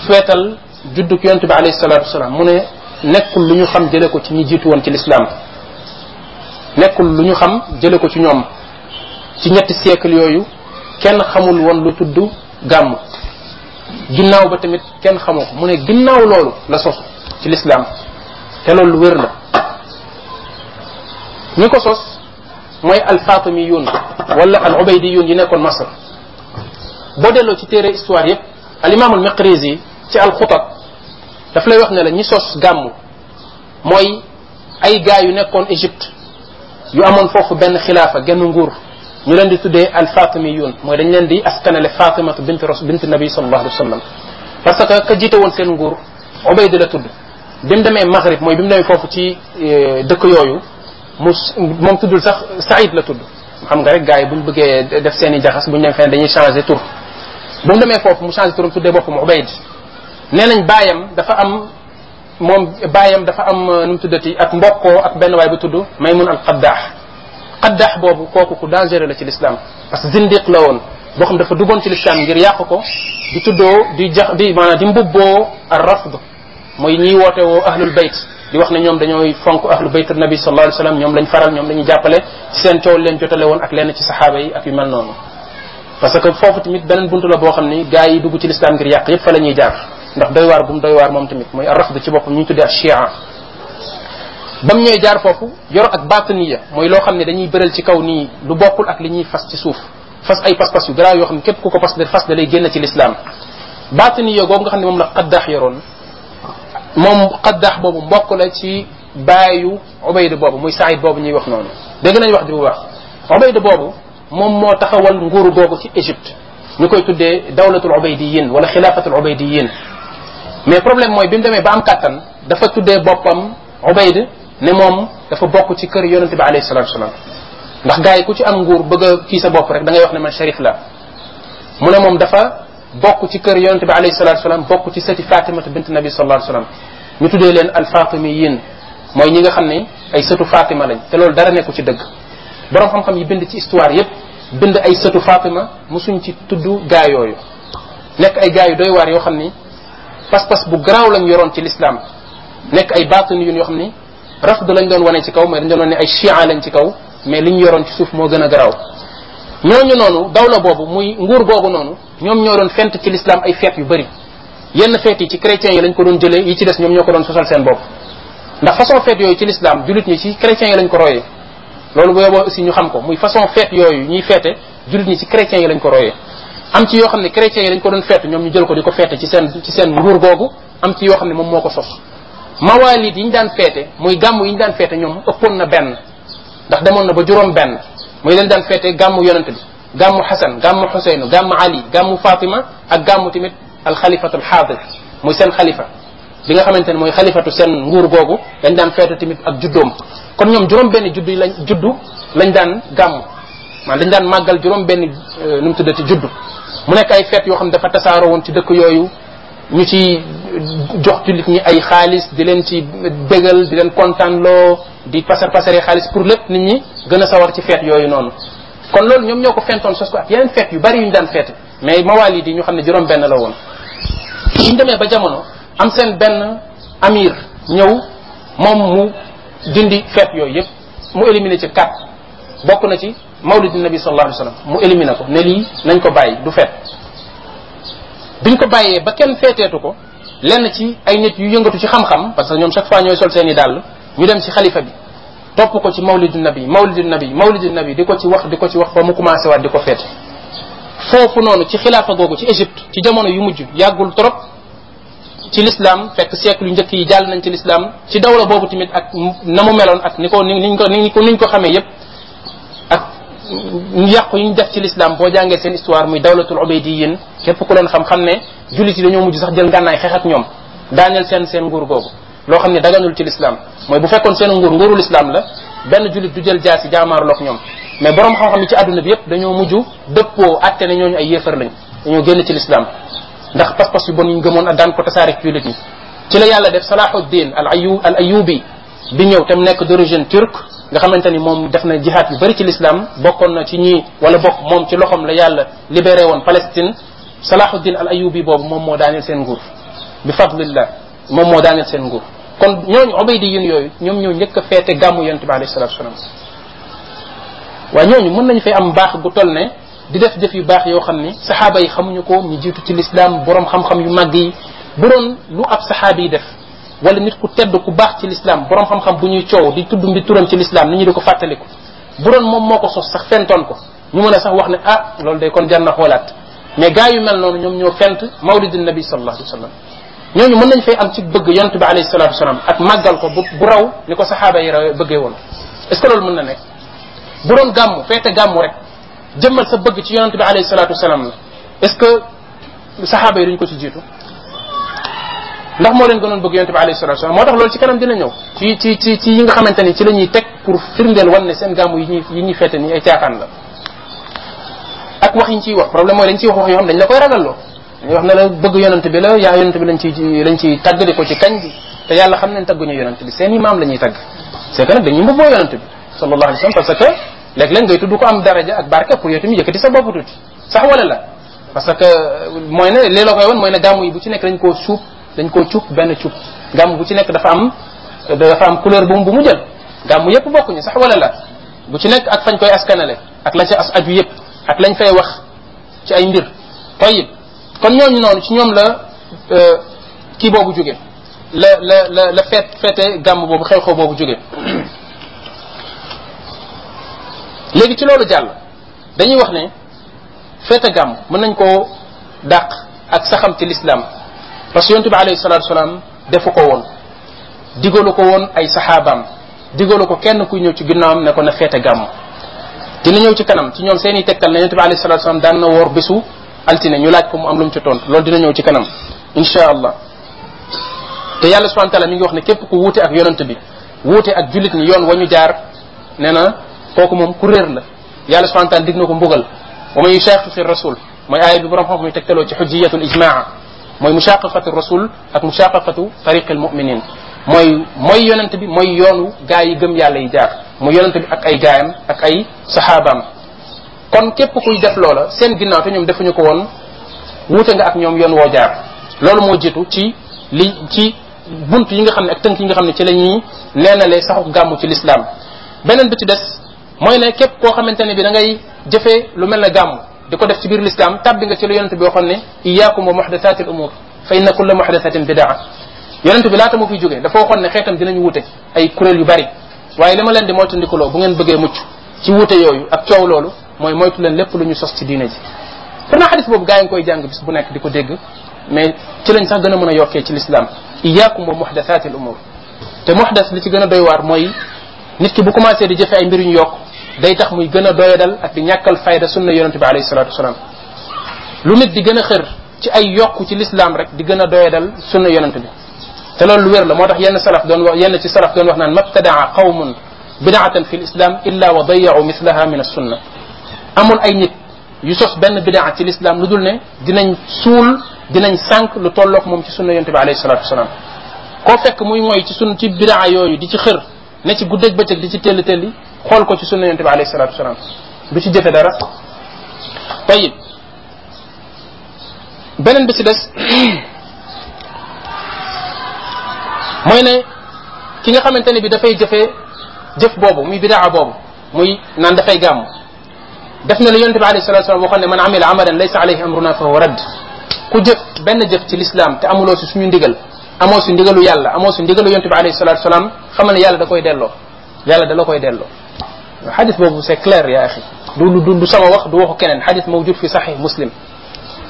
feetal judduk yont bi alayhi salatu wasalam mu ne nekkul lu ñu xam jële ko ci ñi jiitu woon ci lislaam nekkul lu ñu xam jële ko ci ñoom ci ñetti siècle yooyu kenn xamul woon lu tudd gàmm ginnaaw ba tamit kenn xamoo mu ne ginnaaw loolu la sosu ci lislaam te lu wér la ñi ko sos mooy al fatimiyun wala al ubaydiyun yi nekkoon Masr boo delloo ci téere histoire yépp al imam al Maqrizi ci al xutat daf lay wax ne la ñi sos gàmmu mooy ay gaa yu nekkoon Égypte yu amoon foofu benn xilaafa genn nguur ñu leen di tuddee al fatimiyun mooy dañ leen di askanale fatimatu bint bint nabi sallallahu alayhi wa sallam parce que ka jiite woon seen nguur Ubayd la tudd bi mu demee Maghrib mooy bi mu demee foofu ci eh, dëkk yooyu mu moom tuddul sax Saïd la tudd xam nga rek gars yi bu ñu bëggee def seen i jaxas bu ñu dem feneen dañuy changé tur bu mu demee foofu mu changé turam tuddee boppam Ubayd nee nañ baayam dafa am moom baayam dafa am euh, nu mu tuddati ak mbokkoo ak benn waay bu tudd Maymun al Qaddax Qaddax boobu kooku ku dangereux la ci l'islam parce que zindiq la woon boo xam dafa duggoon ci l'islam ngir yàq ko di tuddoo di jax di maanaam di mbubboo ar rafd mooy ñiy woote woo ahlul bayt di wax ne ñoom dañooy fonk ahlu bayt nabi sallallahu alayhi wasallam ñoom lañ faral ñoom lañuy jàppale ci seen coow leen jotale woon ak lenn ci saxaaba yi ak yu mel noonu parce que foofu tamit beneen buntu la boo xam ni gars yi dugg ci lislaam ngir yàq yépp fa la ñuy jaar ndax doy waar gum doy waar moom tamit mooy rafd ci boppam ñu ñu tuddee ak chia bam ñooy jaar foofu yor ak batiniya mooy loo xam ne dañuy bëral ci kaw nii lu bokkul ak li ñuy fas ci suuf fas ay pas-pas yu garaaw yoo xam ne képp ku ko pas de fas da lay génn ci lislaam batiniya googu nga xam ne moom la qaddaax yoroon moom qaddax boobu mbokk la ci baayu ubayda boobu muy saïd boobu ñuy wax noonu dégg nañ wax ji bu baax ubayda boobu moom moo taxawal nguuru googu ci Égypte ñu koy tuddee dawlatul ubaydiyin wala xilaafatul ubaydiyin mais problème mooy bi mu demee ba am kàttan dafa tuddee boppam ubayd ne moom dafa bokk ci kër yonente bi alayhi salatu wasalam ndax gars yi ku ci am nguur bëgg kii sa bopp rek da ngay wax ne man sharif la mu moom dafa bokk ci kër yonte bi alayhi salatu salaam bokk ci seti fatimata bint nabi sallallahu alayhi wa sallam ñu tuddee leen alfatimiyin mooy ñi nga xam ne ay sëtu fatima lañ te loolu dara nekku ci dëgg borom xam-xam yi bind ci histoire yépp bind ay sëtu fatima mosuñ ci tudd gaa yooyu nekk ay gaa yu doy waar yoo xam ni pas-pas bu garaaw lañ yoroon ci l'islam nekk ay baatin yun yoo xam ni rafd lañ doon wane ci kaw mais dañ doon wane ay chia lañ ci kaw mais liñ yoroon ci suuf moo gën a garaaw ñooñu noonu dawla boobu muy nguur googu noonu ñoom ñoo doon fent ci l'islam ay feet yu bëri yenn feet yi ci chrétiens yi lañ ko doon jëlee yi ci des ñoom ñoo ko doon sosal seen bopp ndax façon feet yooyu ci yi lañ ko royee loolu bu yoboo aussi ñu xam ko muy façon feet yooyu ñuy feete jullit ñi ci chrétiens yi lañ ko royee am ci yoo xam ne chrétiens yi dañ ko doon feet ñoom ñu jël ko di ko feete ci seen ci seen nguur googu am ci yoo xam ne moom moo ko sos mawaalid yi ñu daan feete muy gàmm yi ñu daan feete ñoom ëppoon na benn ndax demoon na ba juróom benn mooy lañ daan feete gàmmu yonent bi gàmmu Xasan gàmmu Xuseynu gàmmu Ali gàmmu Fatima ak gàmmu tamit alxalifatu alxaadir mooy seen xalifa bi nga xamante ne mooy xalifatu seen nguur googu dañ daan feete tamit ak juddoom kon ñoom juróom-benn juddu lañ juddu lañ daan gàmmu man dañ daan màggal juróom-benn euh, nu mu tuddati juddu mu nekk ay feet yoo xam dafa tasaaroo woon ci dëkk yooyu ñu ci jox jullit ñi ay xaalis di leen ci bégal di leen kontaanloo di pasar pasare xaalis pour lépp nit ñi gën a sawar ci feet yooyu noonu kon loolu ñoom ñoo ko fentoon sos ko ak yeneen feet yu bari yu ñu daan feete mais mawaalid yi ñu xam ne juróom benn la woon ñu demee ba jamono am seen benn amir ñëw moom mu dindi feet yooyu yëpp mu éliminer ci quatre bokk na ci mawlid nabi sallallahu alayhi wasallam mu éliminer ko ne lii nañ ko bàyyi du feet biñ ko bàyyee ba kenn feeteetu ko lenn ci ay nit yu yëngatu ci xam-xam parce que ñoom chaque fois ñooy sol seen i dàll ñu dem ci xalifa bi topp ko ci mawlidu nabi mawlidu nabi mawlidu nabi di ko ci wax di ko ci wax ba mu commencé waat di ko feete foofu noonu ci xilaafa googu ci Égypte ci jamono yu mujj yàggul trop ci l'islam fekk siècle yu njëkk yi jàll nañ ci l'islam ci dawla boobu tamit ak na mu meloon ak ni ko ni niñ ko niñ ko niñ ko xamee yépp ak yàqu yi ñu def ci l'islam boo jàngee seen histoire muy dawlatul ubaydiyin képp ku leen xam-xam ne jullit yi dañoo mujj sax jël ngànnaay xeex ak ñoom daaneel seen seen nguur googu loo xam ne daganul ci l'islam mooy bu fekkoon seen nguur nguuru l'islam la benn jullit du jël jaasi jaamaarloog ñoom mais borom xam-xam yi ci àdduna bi yëpp dañoo mujj dëppoo atte ne ñooñu ay yéefar lañ dañoo génn ci l'islam ndax pas-pas yu bon ñu gëmoon ak daan ko tasaare ci jullit ñi ci la yàlla def salahuddin al ayu al ayubi bi ñëw tam nekk d'origine turque nga xamante ni moom def na jihaad yu bari ci l'islam bokkoon na ci ñii wala bokk moom ci loxoom la yàlla libéré woon Palestine salahuddin al ayubi boobu moom moo daaneel seen nguur bi fadlillah moom moo daaneel seen nguur kon ñooñu ubaydiyun yooyu ñoom ñoo njëkk a feete gàmmu yonent bi alayhi salatu wasalam waaye ñooñu mën nañu fay am baax gu toll ne di def jëf yu baax yoo xam ni saxaaba yi xamuñu ko ñu jiitu ci lislaam borom xam-xam yu mag yi bu doon lu ab saxaabi yi def wala nit ku tedd ku baax ci lislaam borom xam-xam bu ñuy coow di tudd mbi turam ci lislaam ni ñu di ko fàttaliku bu doon moom moo ko sos sax fentoon ko ñu mën a sax wax ne ah loolu day kon jar na xoolaat mais gaa yu mel noonu ñoom ñoo fent mawlidin nabi sallallahu alayhi wa sallam ñooñu mën nañ fay am ci bëgg yonent bi alayhi salatu ak màggal ko bu raw ni ko saxaaba yi raw bëggee woon est que loolu mën na nekk bu doon gàmmu feete gàmmu rek jëmmal sa bëgg ci yonent bi alayhi salatu wasalaam la est ce que saxaaba yi duñ ko ci jiitu ndax moo leen gënoon bëgg yonent bi alayhi salatu wasalaam moo tax loolu ci kanam dina ñëw ci ci ci ci yi nga xamante ci la ñuy teg pour firndeel wan ne seen gàmmu yi ñuy yi ñuy feete ni ay caaxaan la ak wax yi ñu ci wax problème mooy dañ ciy wax wax dañ la koy ragalloo dañuy wax ne la bëgg yonent bi la yaa yonent bi lañ ci lañ ciy tagg di ko ci kañ bi te yàlla xam ne tagguñu yonent bi seen i maam la ñuy tagg c'est que nag dañuy mbubboo yonent bi sallallahu alayhi wa sallam parce que léeg-léeg ngay tudd ko am daraja ak barke pour yow tamit yëkkati sa bopp tuuti sax wala la parce que euh, mooy ne lii la woon mooy ne gàmm yi bu ci nekk dañ koo suub dañ koo cuub benn cuub gàmm bu ci nekk dafa am dafa am couleur bu mu bu mu jël gàmm yépp bokkuñu sax wala la bu ci nekk ak fañ koy askanale ak la ca as aju yépp ak lañ fay wax ci ay mbir tayib kon ñooñu noonu ci ñoom la euh, kii boobu jóge la la la la feet feete gàmm boobu xew-xew boobu jóge léegi ci loolu jàll dañuy wax ne feete gàmm mën nañ koo dàq ak saxam ci lislaam parce que yontu bi alayhi salatu salaam defu ko woon digalu ko woon ay saxaabaam digalu ko kenn kuy ñëw ci ginnaawam ne ko na feete gàmm dina ñëw ci kanam ci ñoom seen i tegtal ne yontu bi alayhi salaam daan na woor bésu altine ñu laaj ko mu am lu mu ci tontu loolu dina ci kanam incha allah te yàlla subhanahu wa taala ngi wax ne képp ku wuute ak yonent bi wuute ak jullit ñi yoon wa ñu jaar nee na kooku moom ku réer la yàlla subhanahu wa taala dig na ko mbugal wa man yushaqiqi rasul mooy aaya bi borom xam-xam yi tegtaloo ci xujjiyatul ijmaa mooy mushaqaqatu rasul ak mushaqaqatu tariqil muminin mooy mooy yonent bi mooy yoonu gaa yi gëm yàlla yi jaar mooy yonent bi ak ay gaayam ak ay saxaabaam kon képp kuy def loola seen ginnaaw te ñoom defuñu ko woon wuute nga ak ñoom yoon woo jaar loolu moo jiitu ci li ci bunt yi nga xam ne ak tënk yi nga xam ne ci la ñuy neenalee saxu gàmmu ci lislaam beneen bi ci des mooy ne képp koo xamante ne bi da ngay jëfee lu mel na gàmmu di ko def ci biir lislaam tàbbi nga ci lu yonente bi waxoon ne iyaakum wa muhdathatil umur fa inna kulla muhdathatin bidaa yonente bi laata mu fiy jógee dafa waxoon ne xeetam dinañ wute ay kuréel yu bari waaye li leen di moytandikuloo bu ngeen bëggee mucc ci wute yooyu ak coow loolu mooy moytu leen lépp lu ñu sos ci diine ji pourtant xadis boobu gaa yi ngi koy jàng bis bu nekk di ko dégg mais ci lañ sax gën a mën a yokkee ci l'islam iyaakum wa muhdathati al umur te muhdas li ci gën a doy waar mooy nit ki bu commencé di jëfe ay mbir ñu yokk day tax muy gën a doyadal ak di ñàkkal fayda sunna yonente bi alayhi salatu wasalaam lu nit di gën a xër ci ay yokk ci l'islam rek di gën a doyadal sunna yonente bi te loolu lu wér la moo tax yenn salaf doon wax yenn ci salaf doon wax naan mabtadaa qawmun bidaatan fi l islam illa wa dayacu mislaha min as sunna amul ay nit yu sos benn bidaa ci lislaam lu dul ne dinañ suul dinañ sànq lu tollook moom ci sunna yonte bi alayhi salatu wasalaam koo fekk muy mooy ci sun ci bidaa yooyu di ci xër ne ci guddeeg bëccëg di ci telli telli xool ko ci sunna yonte bi alayhi salatu wasalaam du ci jëfe dara tayib beneen bi ci des mooy ne ki nga xamante ne bi dafay jëfe jëf boobu muy bidaa boobu muy naan dafay gàmm def na lu yonent bi alayhi salatu wasallam waxoon ne man amila amalan laysa alayhi amruna fa huwa radd ku jëf benn jëf ci l'islam te amuloo si suñu ndigal amoo si ndigalu yàlla amoo si ndigalu yonent bi alayhi salatu wasallam xamal ne yàlla da koy delloo yàlla da la koy delloo xadis boobu c'est clair yaa axi du du du sama wax du waxu keneen xadis mawjud fi saxih muslim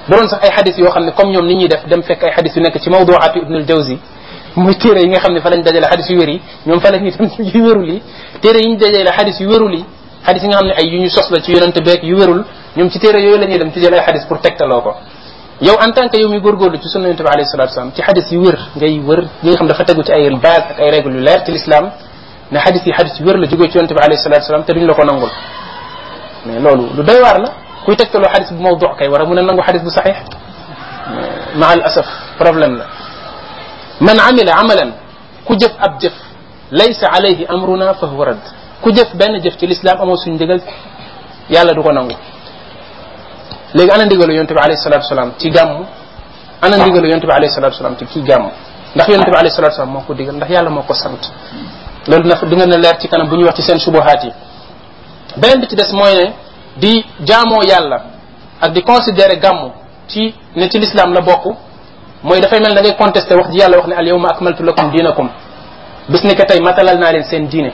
bu doon sax ay xadis yoo xam ne comme ñoom ni ñuy def dem fekk ay xadis yu nekk ci mawduwaatu ibn al jawzi muy téere yi nga xam ne fa lañ dajale xadis yu wér yi ñoom fa lañ ñu dem yu wérul yi téere yi ñu dajale xadis yu wérul yi xadis yi nga xam ne ay yu ñu sos la ci yonente beeg yu wérul ñoom ci téere yooyu la ñuy dem ci jël ay xadis pour tegtaloo ko yow en tant que yow mi góorgóorlu ci sunna yonente bi alayhi salatu wasalam ci xadis yu wér ngay wër yi nga xam dafa tegu ci ay base ak ay règle yu leer ci l'islam ne xadis yi xadis yu wér la jógee ci yonente bi alayhi salatu wasalam te duñ la ko nangul mais loolu lu doy waar la kuy tegtaloo xadis bu mawdu kay war a mun a nangu xadis bu saxiix ma al asaf problème la man amila amalan ku jëf ab jëf laysa alayhi amruna fa huwa radd ku jëf benn jëf ci lislaam amoo suñ ndigal yàlla du ko nangu léegi ana ndigalu yonte bi alayhi salatu wasalaam ci gàmm ana ndigalu yonte bi alayhi salatu ci kii gàmm ndax yonente bi alayhi salatu moo ko digal ndax yàlla moo ko sant loolu dina dina na leer ci kanam bu ñuy wax ci seen subuhaat yi beneen bi ci des mooy ne di jaamoo yàlla ak di considérer gàmm ci ne ci l'islam la bokk mooy dafay mel na ngay contester wax ji yàlla wax ne al yawma akmaltu lakum diinakum bis ni que tey matalal naa leen seen diine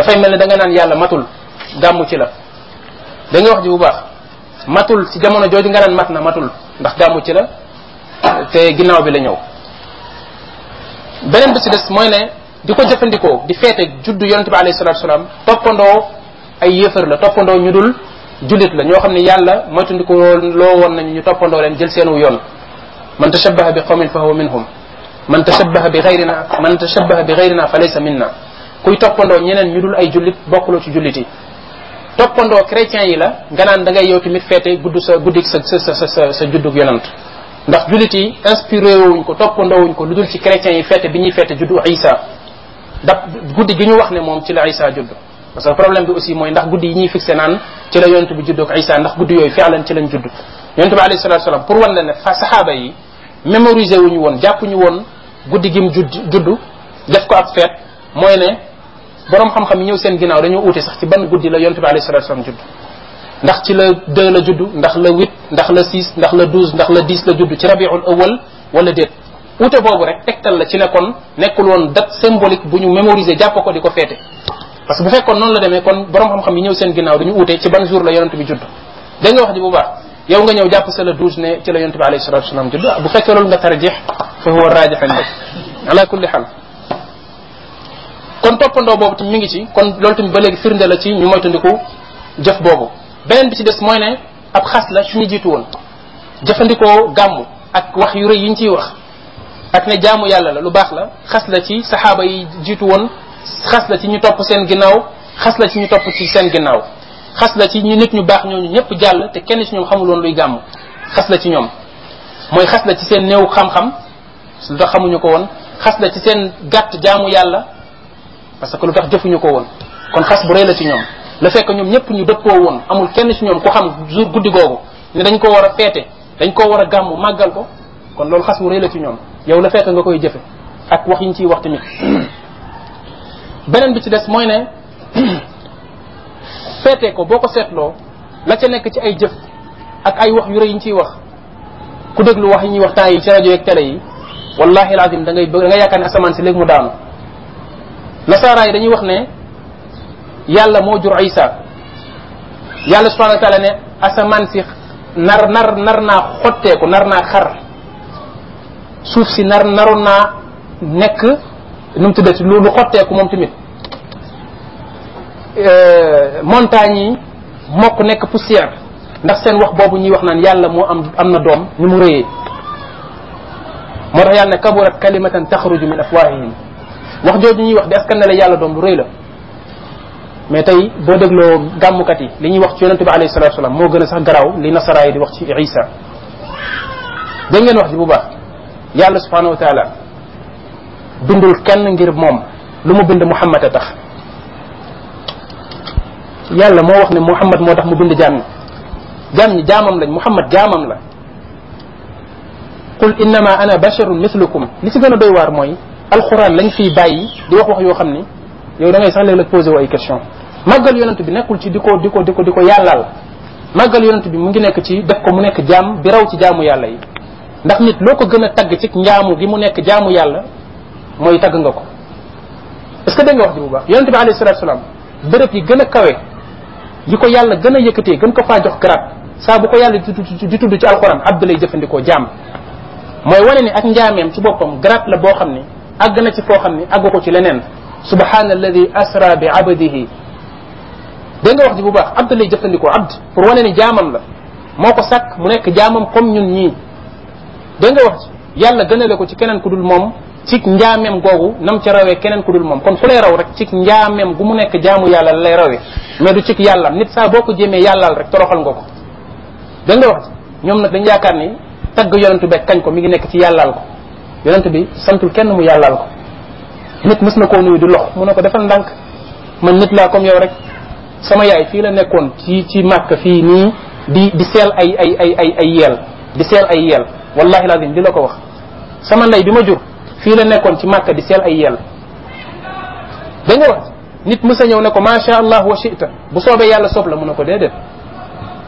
dafay mel ne da nga naan yàlla matul gàmmu ci la da wax ji bu baax matul si jamono jooju nga naan mat na matul ndax gàmmu ci la te ginnaaw bi la ñëw beneen bi ci des mooy ne di ko jëfandikoo di feete juddu yonente bi alayhi salatu toppandoo ay yéefar la toppandoo ñu dul jullit la ñoo xam ne yàlla moytandiko loo woon nañu ñu toppandoo leen jël seenu yoon man tashabbaha bi qawmin fa huwa minhum man tashabbaha bi ghayrina man tashabbaha bi ghayrina fa laysa minna kuy toppandoo ñeneen ñu dul ay jullit bokkuloo ci jullit yi toppandoo chrétiens yi la nga naan dangay ngay tamit feete gudd sa guddik sa sa sa sa sa juddug yonant ndax jullit yi inspiré wuñ ko toppandoo wuñ ko lu dul ci chrétiens yi feete bi ñuy feete juddu Isa da guddi gi ñu wax ne moom ci la Isa judd parce que problème bi aussi mooy ndax guddi yi ñuy fixé naan ci la yonent bi juddoo ak Isa ndax guddi yooyu fi'lan ci lañ judd yonent bi alayhi salatu wasalam pour wan la ne fa saxaaba yi wu ñu woon ñu woon guddi gi mu judd def ko ab feet mooy ne borom xam-xam yi ñëw seen ginnaaw dañoo uute sax ci ban guddi la yonent bi alayhi salatu wasallam judd ndax ci ndax la huit ndax la six ndax la douze ndax la dix la judd ci rabiul awal boobu rek tegtal la ci ne kon woon date symbolique bu ñu mémoriser jàpp ko di ko féete parce que la demee kon borom xam-xam yi ñëw seen ginnaaw dañu uute ci ban jour la yonent bi judd da nga wax ji bu baax yow nga ñëw jàpp sa la douze ne ci la yonent bi alayhi salatu wasallam bu fekkee loolu nga tarjix fa huwa rajix indak ala kulli xaal kon toppandoo boobu tam mi ngi ci kon loolu tamit ba léegi firnde la ci ñu moytandiku jëf boobu beneen bi ci des mooy ne ab xas la su ñu woon jëfandikoo gàmm ak wax yu yi ñu ciy wax ak ne jaamu yàlla la lu baax la xas la ci saxaaba yi jiitu woon xas la ci ñu topp seen ginnaaw xas la ci ñu topp ci seen ginnaaw xas la ci ñu nit ñu baax ñooñu ñëpp jàll te kenn ci ñoom xamul woon luy gàmm xas la ci ñoom mooy xas la ci seen néew xam-xam lu ko woon xas la ci seen gàtt jaamu yàlla parce que lu tax jëfuñu ko woon kon xas bu rëy la ci ñoom le fekk ñoom ñëpp ñu dëppoo woon amul kenn ci ñoom ku xam jour guddi googu ne dañ koo war a feete dañ koo war a gàmmu màggal ko kon loolu xas bu rëy la ci ñoom yow la fait nga koy jëfe ak wax yi ñu ciy wax tamit beneen bi ci des mooy ne feete ko boo ko seetloo la ca nekk ci ay jëf ak ay wax yu rëy yi ñu ciy wax ku lu wax yi ñuy wax yi ci rajo yeeg télé yi wallahi alazim da ngay da nga yaakaar ne asamaan si léegi mu daanu nasaaraa yi dañuy wax ne yàlla moo jur Isa yàlla subhanahu wa taala ne asamaan si nar nar nar naa xotteeku nar naa xar suuf si nar naroon naa nekk nu mu tuddati lu lu xotteeku moom tamit euh, montagne yi mokk nekk poussière ndax seen wax boobu ñuy wax naan yàlla moo am am na doom ni mu rëyee moo tax yàlla ne kaburat kalimatan taxruju min afwahihim wax jooju ñuy wax di askan la yàlla doom lu rëy la mais tey boo dégloo gàmmukat yi li ñuy wax ci yonente bi alayhi salatu wasalam moo gën a sax garaaw li nasara di wax ci isa dégg ngeen wax ji bu baax yàlla subhanahu wa taala bindul kenn ngir moom lu mu bind muhammad a tax yàlla moo wax ne muhammad moo tax mu bind jaam ñi jaam ñi jaamam lañ muhammad jaamam la qul innama ana basharun mithlukum li ci gën a doy waar mooy alxuraan lañ fiy bàyyi di wax wax yoo xam ni yow da ngay la léeg ay question màggal yonent bi nekkul ci di ko di ko di ko di ko yàllal màggal yonent bi mu ngi nekk ci def ko mu nekk jaam bi raw ci jaamu yàlla yi ndax nit loo ko gën a tagg ci njaamu gi mu nekk jaamu yàlla mooy tagg nga ko est ce que da nga wax ji bu baax yonent bi alayhi salaam béréb yi gën a kawe yi ko yàlla gën a yëkkatee gën ko faa jox garab saa bu ko yàlla di tudd ci alxuraan abd lay jëfandikoo jaam mooy wane ni ak njaameem ci boppam garab la boo xam ni àgg na ci foo xam ne àgg ko ci leneen subhana alladi asra bi abadihi dégg nga wax ji bu baax abd lay jëfandikoo abd pour wane ni jaamam la moo ko sàkk mu nekk jaamam comme ñun ñii dégg nga wax ji yàlla gënale ko ci keneen ku dul moom cig njaameem googu nam ci rawee keneen ku dul moom kon ku lay raw rek cig njaameem gu mu nekk jaamu yàlla lay rawee mais du cig yàlla nit saa boo ko jéemee yàllaal rek toroxal nga ko dégg nga wax ji ñoom nag dañ yaakaar ni tagg yonentu beeg kañ ko mi ngi nekk ci yàllaal yonent bi santul kenn mu yàllaal ko nit mës na koo nuyu di lox mu ne ko defal ndànk man nit laa kom yow rek sama yaay fii la nekkoon ci ci màkk fii nii di di seel ay ay ay ay ay yeel di seel ay yeel wallahi lazim di la ko wax sama ndey bi ma jur fii la nekkoon ci màkk di seel ay yeel da nga wax a ñëw ne ko macha allah wa shita bu soobee yàlla soob la mun ne ko déedéet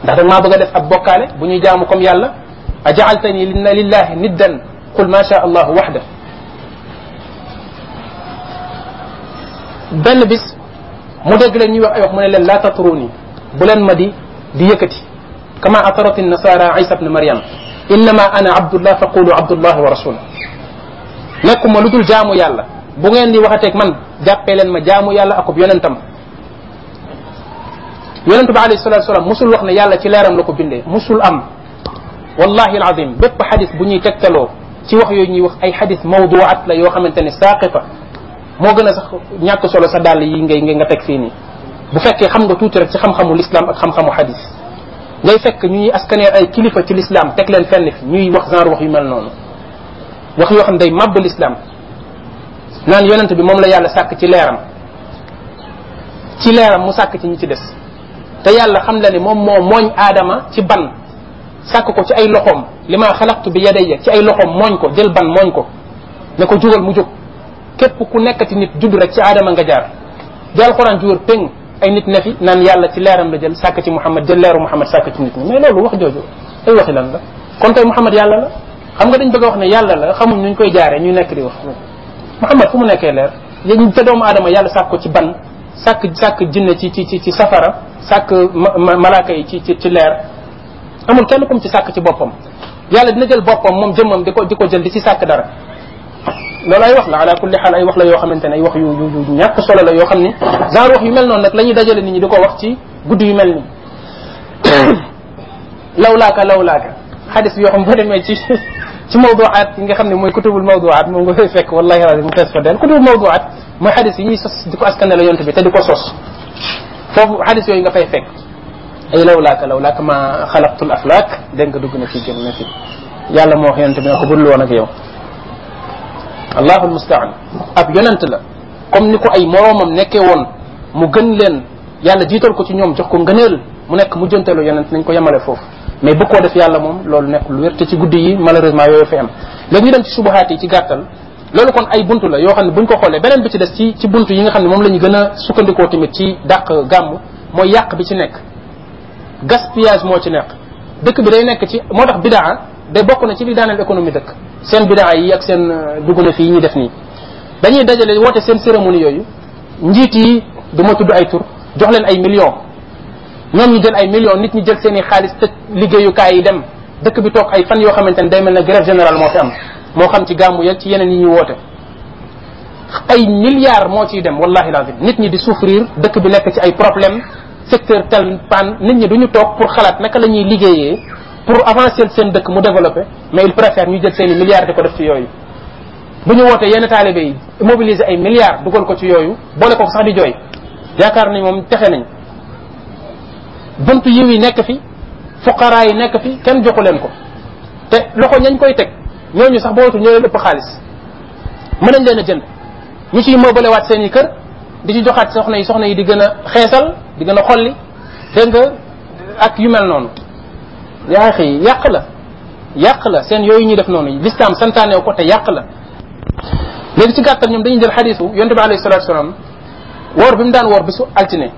ndax dag maa bëgg a def ab bokkaale bu ñuy jaamu comme yàlla a jaaltani lillahi niddan qul ma sha allah waxda benn bis mu dégg leen ñuy wax ay wax mu ne leen la ni bu leen ma di di yëkkati kama atarat nasara isa bne mariam innama ana abdullah fa qulu abdullah wa rasul nekkuma lu dul jaamu yàlla bu ngeen di waxateeg man jàppee leen ma jaamu yàlla akub yonentam yonent bi alayhi salatu wasalam musul wax ne yàlla ci leeram la ko bindee musul am wallahi alazim bépp xadis bu ñuy tegtaloo ci wax yooyu ñuy wax ay xadis mawduwaat la yoo xamante ne saaqita moo gën a sax ñàkk solo sa dàll yi ngay nga teg fii nii bu fekkee xam nga tuuti rek ci xam-xamu l'islam ak xam-xamu xadis ngay fekk ñu ñuy askaneer ay kilifa ci l'islam teg leen fenn fi ñuy wax genre wax yu mel noonu wax yoo xam day màbb l'islam naan yonant bi moom la yàlla sàkk ci leeram ci leeram mu sàkk ci ñu ci des te yàlla xam la ne moom moo mooñ aadama ci ban sàkk ko ci ay loxoom li ma xalaqtu bi yadayya ci ay loxoom mooñ ko jël ban mooñ ko ne ko jógal mu jóg képp ku nekkati nit judd rek ci aadama nga jaar di alxuraan ju wër péng ay nit ne naan yàlla ci leeram la jël sàkk ci Muhammad jël leeru mu Muhammad sàkk ci nit ñi loolu wax jooju ay waxi lan la kon tey Muhammad yàlla la xam nga dañ bëgg a wax ne yàlla la xamuñ nuñ koy jaaree ñu nekk di wax Muhammad fu mu nekkee leer yéen te doomu aadama yàlla sàkk ko ci ban sàkk sàkk jinne ci ci ci ci safara sàkk malaaka yi ci ci ci leer amul kenn kum ci sàkk ci boppam yàlla dina jël boppam moom jëmmam di ko di ko jël ci sàkk dara loolu ay wax la ala kulli ay wax la yoo xamante ne ay wax yu yu ñàkk solo la yoo xam ni genre wax yu mel noonu nag la ñuy dajale nit ñi di ko wax ci guddi yu mel nii lawlaaka lawlaaka xadis yoo xam boo demee ci ci mawduwaat yi nga xam ne mooy kutubul mawduwaat moom nga fay fekk wallahi rabi mu fees fa del kutubul mawduwaat mooy xadis yi ñuy sos di ko askanale yonent bi te di ko sos foofu xadis nga fay fekk ay lawlaaka lawlaaka ma xalaqtul aflaak dégg nga dugg na ci génn na ci yàlla moo wax yonente bi ne ko budul woon ak yow allahul mustaan ab yonent la comme ni ko ay moroomam nekkee woon mu gën leen yàlla jiital ko ci ñoom jox ko ngëneel mu nekk mu jënteelu yonent nañ ko yemale foofu mais bu koo def yàlla moom loolu nekk lu wér te ci guddi yi malheureusement yooyu fa am léegi ñu dem ci subahaat yi ci gàttal loolu kon ay buntu la yoo xam ne buñ ko xoolee beneen b ci des ci ci buntu yi nga xam ne moom la ñu gën a sukkandikoo tamit ci dàq gàmm mooy yàq bi ci nekk gaspillage moo ci nekk dëkk bi day nekk ci moo tax bidaa day bokk na ci li daaneel économie dëkk seen bidaa yi ak seen euh, dugg na fii ñuy def nii dañuy dajale woote seen cérémonie yooyu njiit yi du tudd ay tur jox leen ay millions ñoom ñu jël ay million nit ñi jël seen i xaalis te liggéeyukaay yi dem dëkk bi toog ay fan yoo xamante ne day mel ne grève générale moo fi am moo xam ci gàmmu yeeg ci yeneen yi ñuy woote ay milliards moo ciy dem wallahi lazim nit ñi di souffrir dëkk bi nekk ci ay problème secteur tel pan nit ñi duñu toog pour xalaat naka la ñuy liggéeyee pour avancer seen dëkk mu développé mais ils préfèrent ñu jël seen i milliards di ko def ci yooyu bu ñu wootee yenn taalibe yi mobiliser ay milliards dugal ko ci yooyu boole ko sax di jooy yaakaar nañ moom texe nañ buntu yiw yi nekk fi fuqaraa yi nekk fi kenn joxu leen ko te loxo ñañ koy teg ñooñu sax bootu ñoo leen ëpp xaalis mën nañ leen a jënd ñu ciy mëbalewaat seen i kër di ci joxaat soxna yi soxna yi di gën a xeesal di gën a xolli dégg nga ak yu mel noonu yaa xëy yàq la yàq la seen yooyu ñuy def noonu lislaam santaane ko te yàq la léegi ci gàttal ñoom dañuy jël xadiisu yonte bi alayhi salatu salaam woor bi mu daan woor bisu altine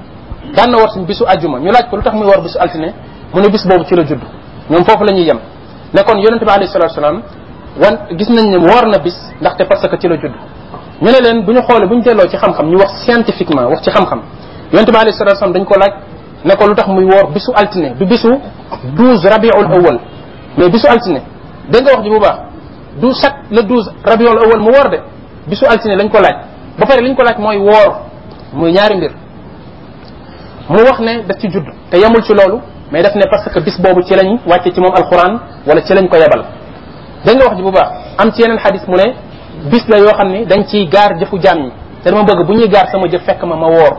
daan na woor suñ bisu ajjuma ñu laaj ko lu tax muy woor bisu altine mu ne bis boobu ci la judd ñoom foofu la ñuy yem ne kon yonente bi alayhi salatu wan gis nañ ne woor na bis ndaxte parce que ci la ñu ne leen bu ñu xoolee bu ñu delloo ci xam-xam ñu wax scientifiquement wax ci xam-xam yonte bi alayhi salatu wasalam dañ ko laaj ne lu tax muy woor bisu altine du bisu douze rabiul awal mais bisu altine dégg nga wax ji bu baax du chaque le douze rabiul awal mu woor de bisu altine lañ ko laaj ba pare liñ ko laaj mooy woor muy ñaari mbir mu wax ne daf ci juddu te yemul ci loolu mais def ne parce que bis boobu ci lañ wàcce ci moom alquran wala ci lañ ko yebal dañ nga wax ji bu baax am ci yeneen xadis mu ne bis la yoo xam ne dañ ciy gaar jëfu jaam ñi te dama bëgg bu ñuy gaar sama jëf fekk ma ma woor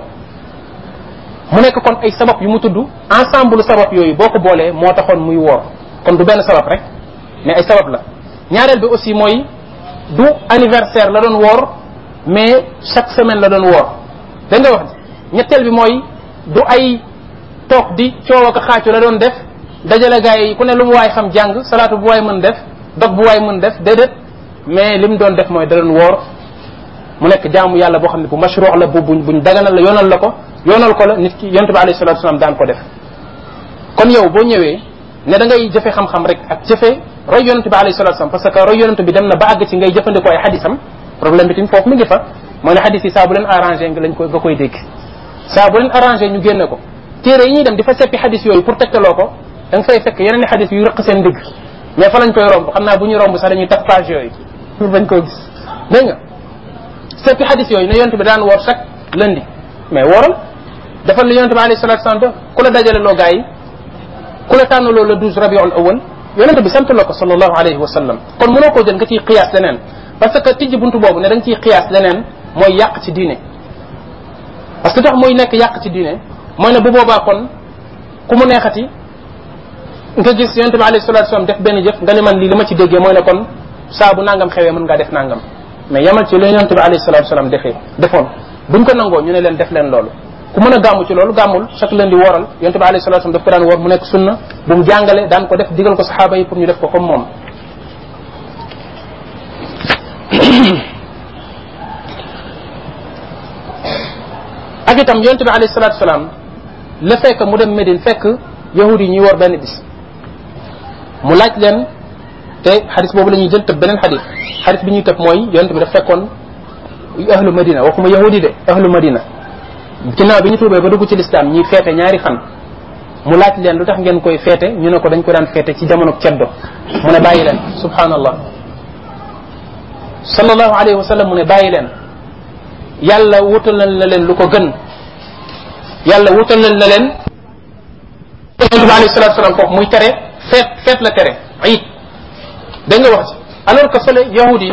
mu nekk kon ay sabab yu mu tudd ensemble sabab yooyu boo ko boolee moo taxoon muy woor kon du benn sabab rek mais ay sabab la ñaareel bi aussi mooy du anniversaire la doon woor mais chaque semaine la doon woor dañ nga wax ñetteel bi mooy du ay toog di coow ak xaacu la doon def dajale gars yi ku ne lu mu waay xam jàng salaatu bu waay mën def dog bu waay mën def déedéet mais li mu doon def mooy da doon woor mu nekk jaamu yàlla boo xam ne bu mashruu la bu buñ buñ daganal la yoonal la ko yoonal ko la nit ki yonent bi alayhi salatu wasalam daan ko def kon yow boo ñëwee ne da ngay jëfe xam-xam rek ak jëfe roy yonent bi alayhi salatu wasalam parce que roy yonent bi dem na ba àgg ci ngay jëfandikoo ay xadisam problème bi tamit foofu mi ngi fa mooy ne xadis yi saa bu leen arrangé nga lañ koy nga koy dégg saa bu leen arrangé ñu génne ko téere yi ñuy dem di fa seppi xadis yooyu pour tegtaloo ko da nga fay fekk yeneen i xadis yu rëq seen digg mais fa lañ koy romb xam naa bu ñu romb sax dañuy tax page yooyu pour bañ koo gis dégg nga seppi xadis yooyu ne yonent bi daan woor chaque lundi mais wooral defal li yonent bi alayhi salatu wasalam ku la dajale loo gaa yi ku la tànnaloo le douze rabiul awal yonent bi sant la ko sallallahu alayhi wa sallam kon mënoo koo jël nga ciy xiyaas leneen parce que tijji buntu boobu ne da nga leneen mooy yàq ci diine que tax mooy nekk yàq ci diine mooy ne bu boobaa kon ku mu neexati nga gis yonent bi alayhi salatu wasalam def benn jëf nga ne man lii li ma ci déggee mooy ne kon saa bu nangam xewee mën ngaa def nangam mais yamal ci la yonente bi alayhi salatu wasalaam defee defoon buñ ko nangoo ñu ne leen def leen loolu ku mën a gàmmu ci loolu gàmmul chaque leen di yonente bi alayhi salatu wasalaam daf ko daan woor mu nekk sunna bu mu jàngale daan ko def digal ko saxaaba yi pour ñu def ko comme moom ak itam yonente bi alayhi salatu la fekk mu dem Médine fekk yahudi yi ñuy wor benn bis mu laaj leen te xadis boobu la ñuy jël tëb beneen xadis xadis bi ñuy tëb mooy yonent bi daf fekkoon ahlu madina waxuma yahudi de ahlu madina ginnaaw bi ñu tuubee ba dugg ci lislaam ñuy feete ñaari fan mu laaj leen lu tax ngeen koy feete ñu ne ko dañ ko daan feete ci jamono ceddo mu ne bàyyi leen subhanallah sallallahu alayhi wa sallam mu ne bàyyi leen yàlla wutal na leen lu ko gën yàlla wutal na leen yonent bi muy tere feet feet la tere da nga wax ci alors que fële yahud yi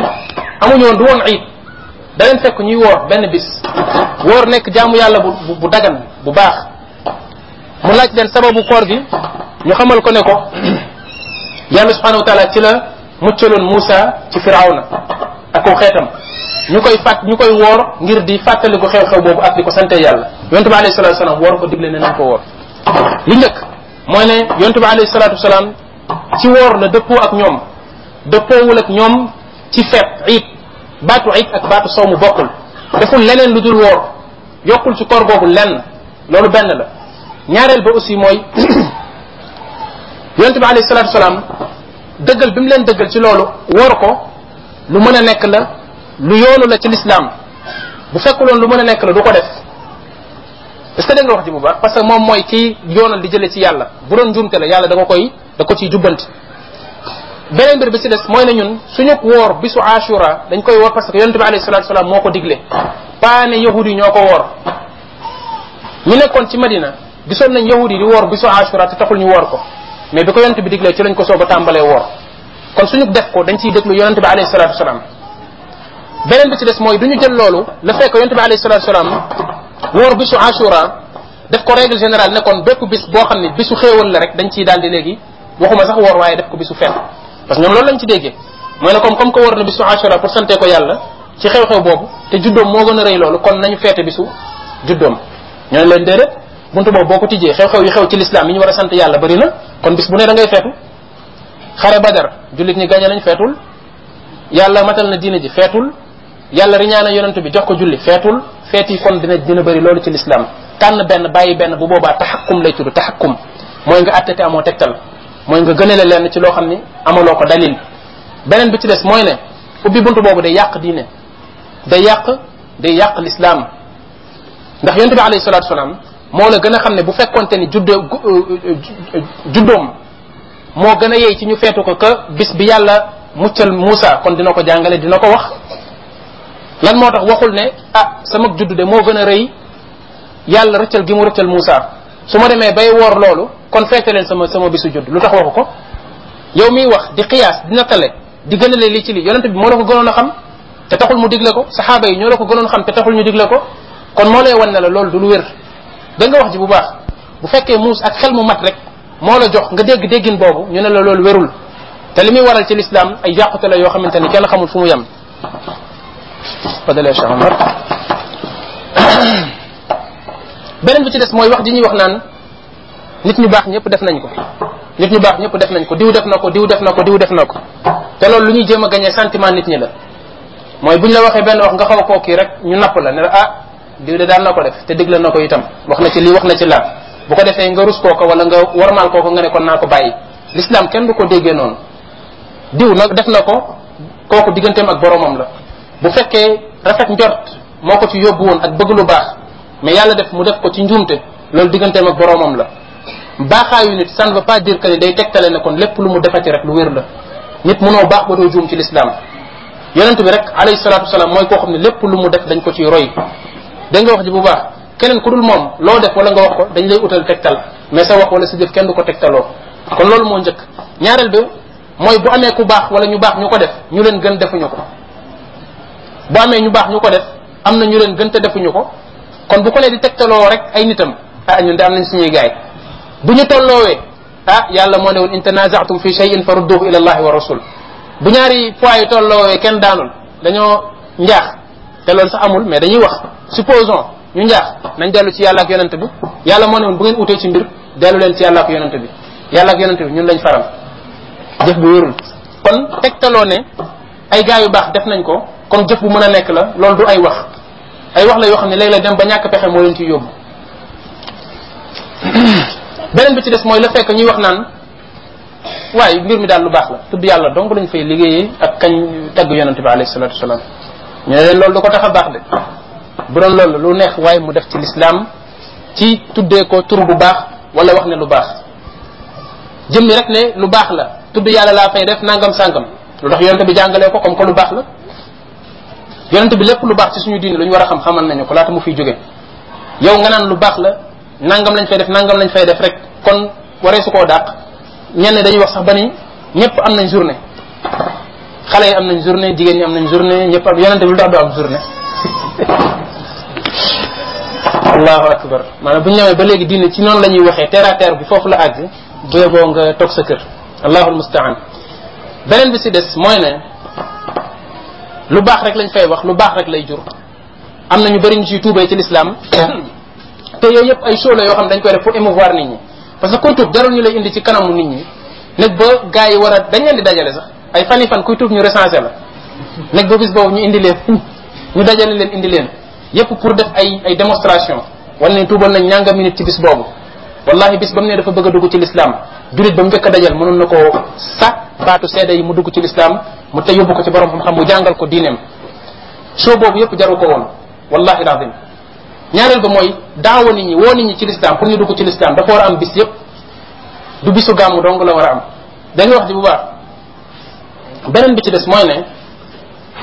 amuñu woon du woon iid da leen fekk ñuy woor benn bis woor nekk jaamu yàlla bu bu dagan bu baax mu laaj leen sababu koor gi ñu xamal ko ne ko yàlla subhanahu wa taala ci la muccaloon Moussa ci firawna ak ko xeetam ñu koy fàtt ñu koy woor ngir di fàttali ko xew-xew boobu ak di ko sante yàlla yontu bi alayhi salatu wasalaam woor ko digle ne nañ ko woor lu njëkk mooy ne yontu bi alayhi salatu wasalaam ci woor la dëppoo ak ñoom dëppoowul ak ñoom ci feet iid baatu iid ak baatu mu bokkul deful leneen lu dul woor yokkul ci koor googu lenn loolu benn la ñaareel ba aussi mooy yonente bi alayhi salatu wasalaam dëggal bi mu leen dëggal ci loolu woor ko lu mën a nekk la lu yoonu la ci lislaam bu fekkuloon lu mën a nekk la du ko def est-ce que dégg nga wax parce que moom mooy kii yoonal di jëlee ci yàlla bu doon njuumte la yàlla da ko koy da ko ciy jubbant beneen mbir bi ci des mooy na ñun su suñu woor bisu ashura dañ koy woor parce que yonente bi alayhi salatu salaam moo ko digle paa ne yahudi yi ñoo ko woor ñu nekkoon ci madina gisoon nañ yahudi yi di woor bisu ashura te taxul ñu woor ko mais bi ko yonente bi diglee ci lañ ko soog a tàmbalee woor suñu def ko dañ ciy déglu yonente bi alayhi salatu salaam beneen bi ci des mooy du ñu jël loolu la fekk yonente bi alayhi salatu salaam woor bisu ashura def ko règle générale nekkoon bépp bis boo xam ne bisu xéewal la rek dañ ciy daal di léegi waxuma sax woor waaye def ko bisu fenn parce que ñoom loolu lañ ci déggee mooy ne comme comme ko war na bisu Ashura pour sante ko yàlla ci xew-xew boobu te juddoom moo gën a rëy loolu kon nañu feete bisu juddoom ñu ne leen déedéet buntu boobu boo ko tijjee xew-xew yi xew ci l'islam yi ñu war a sant yàlla bari na kon bis bu ne da ngay feetu xare badar jullit ñi gañe nañ feetul yàlla matal na diina ji feetul yàlla riñaana yonent bi jox ko julli feetul feet yi kon dina dina bëri loolu ci l'islam tànn benn bàyyi benn bu boobaa taxakkum lay tudd taxakkum mooy nga àtte te amoo tegtal mooy nga gënale lenn ci loo xam ni amaloo ko dalil beneen bi ci des mooy ne ubbi buntu boobu day yàq diine day yàq day yàq lislaam ndax yonte bi alayhi salatu salaam moo la gën a xam ne bu fekkonte ni juddoo euh, euh, juddoom moo gën a yey ci ñu feetu ko que bis bi yàlla muccal Moussa kon dina ko jàngale dina ko wax lan moo tax waxul ne ah sama juddu de moo gën a rëy yàlla rëccal gi mu rëccal Moussa su ma demee bay woor loolu kon feete leen sama sama bisu judd lu tax waxu ko yow miy wax di xiyaas di nattale di gënale lii ci li yonente bi moo la ko gënoon a xam te taxul mu digle ko saxaaba yi ñoo la ko gënoon xam te taxul ñu digle ko kon moo lay wan ne la loolu du lu wér da nga wax ji bu baax bu fekkee muus ak xel mu mat rek moo la jox nga dégg déggin boobu ñu ne la loolu wérul te li muy waral ci lislaam ay yàqute la yoo xamante ni kenn xamul fu mu yem. beneen bi ci des mooy wax di ñuy wax naan nit ñu baax ñëpp def nañ ko nit ñu baax ñëpp def nañ ko diw def na ko diw def na ko diw def na ko te loolu lu ñuy jéem a gagné sentiment nit ñi la mooy buñ la waxee benn wax nga xaw a kooki rek ñu napp la ne la ah diw de daan na ko def te digle na ko itam wax na ci lii wax na ci laa bu ko defee nga rus kooka wala nga warmaal kooka nga ne kon naa ko bàyyi l'islam kenn du ko déggee noonu diw nag def na ko kooku digganteem ak boromam la bu fekkee rafet njort moo ko ci yóbbu woon ak bëgg lu baax mais yàlla def mu def ko ci njuumte loolu digganteem ak boroomam la baaxaayu nit ça ne veut pas dire que ni day tegtale ne kon lépp lu mu defati rek lu wér la nit mënoo baax ba doo juum ci l'islam yonent bi rek alayhi salatu wasalaam mooy koo xam ne lépp lu mu def dañ ko ciy roy da nga wax ji bu baax keneen ku dul moom loo def wala nga wax ko dañ lay utal tegtal mais sa wax wala sa jëf kenn du ko tegtaloo kon loolu moo njëkk ñaareel bi mooy bu amee ku baax wala ñu baax ñu ko def ñu leen gën defuñu ko bu amee ñu baax ñu ko def am na ñu leen gën defuñu ko kon bu ko lee di tegtaloo rek ay nitam ah ñun de am nañ suñuy gaay bu ñu tolloowee ah yàlla moo ne woon in tanaza'tum fi shay'in farudduhu ila allahi wa rasul bu ñaari fois yu tolloowee kenn daanul dañoo njaax te loolu sa amul mais dañuy wax supposons ñu njaax nañ dellu si yàlla ak bi yàlla moo ne bu ngeen utee ci mbir dellu leen ci yàlla ak bi yàlla ak yonente ñun lañ faral jëf bu wérul kon tegtaloo ne ay gaay yu baax def nañ ko kon jëf bu mën a nekk la loolu du ay wax ay wax la yoo xam ne léeg-léeg dem ba ñàkk pexe moo leen ciy yóbbu beneen bi ci des mooy la fekk ñuy wax naan waaye mbir mi daal lu baax la tudd yàlla dong lañ fay liggéeyee ak kañ tagg yonente bi alayhi salatu wasalaam ñu ne leen loolu du ko tax a baax de bu doon loolu lu neex waaye mu def ci lislaam ci tuddee ko tur bu baax wala wax ne lu baax jëmmi rek ne lu baax la tudd yàlla laa fay def nangam sàngam lu tax yonente bi jàngalee ko comme que lu baax la yonent bi lépp lu baax ci suñu diine lu war a xam xamal nañu ko laata mu fiy jóge yow nga naan lu baax la nangam lañ fay def nangam lañ fay def rek kon waree su koo dàq ñenne dañuy wax sax ba ni ñëpp am nañ journée xale yi am nañ journée jigéen ñi am nañ journée ñëpp am yonent bi lu tax du am journée allahu akbar maanaam bu ñu ñëwee ba léegi diine ci noonu la ñuy waxee terre à terre bi foofu la àgg buyeboo nga toog sa kër allahul mustaan beneen bi si des mooy lu baax rek lañ fay wax lu baax rek lay jur am na ñu bëri ñu ciy tuubee ci lislaam te yooyu yëpp ay show yoo xam dañ koy def pour émouvoir nit ñi parce que kon tuub jarul ñu lay indi ci kanamu nit ñi nag ba gars yi war a dañ leen di dajale sax ay fan yi fan kuy tuub ñu recensé la nag ba bis boobu ñu indi leen ñu dajale leen indi leen yëpp pour def ay ay démonstration wan ne tuubal nañ ñànga minute ci bis boobu wallahi bis ba mu ne dafa bëgg a dugg ci lislaam julit ba mu njëkk a dajal mënoon na ko sàkk baatu seede yi mu dugg ci lislaam mu te yóbbu ko ci borom xam-xam mu jàngal ko diineem soo boobu yëpp jaru ko woon wallahi lazim ñaareel ba mooy daawa nit ñi woo nit ñi ci lislaam pour ñu dugg ci lislaam dafa war a am bis yëpp du bisu gàmmu dong la war a am dañuy wax di bu baax beneen bi ci des mooy ne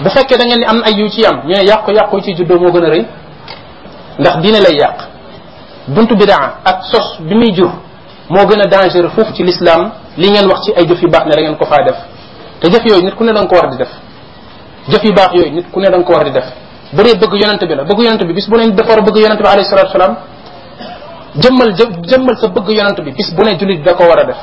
bu fekkee da ngeen ni am na ay yu ci am ñu ne yàq yàqu ci juddoo moo gën a rëy ndax diine lay yàq buntu bidaa ak sos bi muy jur moo gën a dangereux foofu ci l'islam li ngeen wax ci ay jëf yu baax ne da ngeen ko faa def te jëf yooyu nit ku ne da nga ko war di def jëf yu baax yooyu nit ku ne da nga ko war di def bëree bëgg yonente bi la bëgg yonente bi bis bu ne dafa war a bëgg yonente bi alayhi salatu wasalaam jëmmal jëmmal sa bëgg yonente bi bis bu ne jullit da ko war a def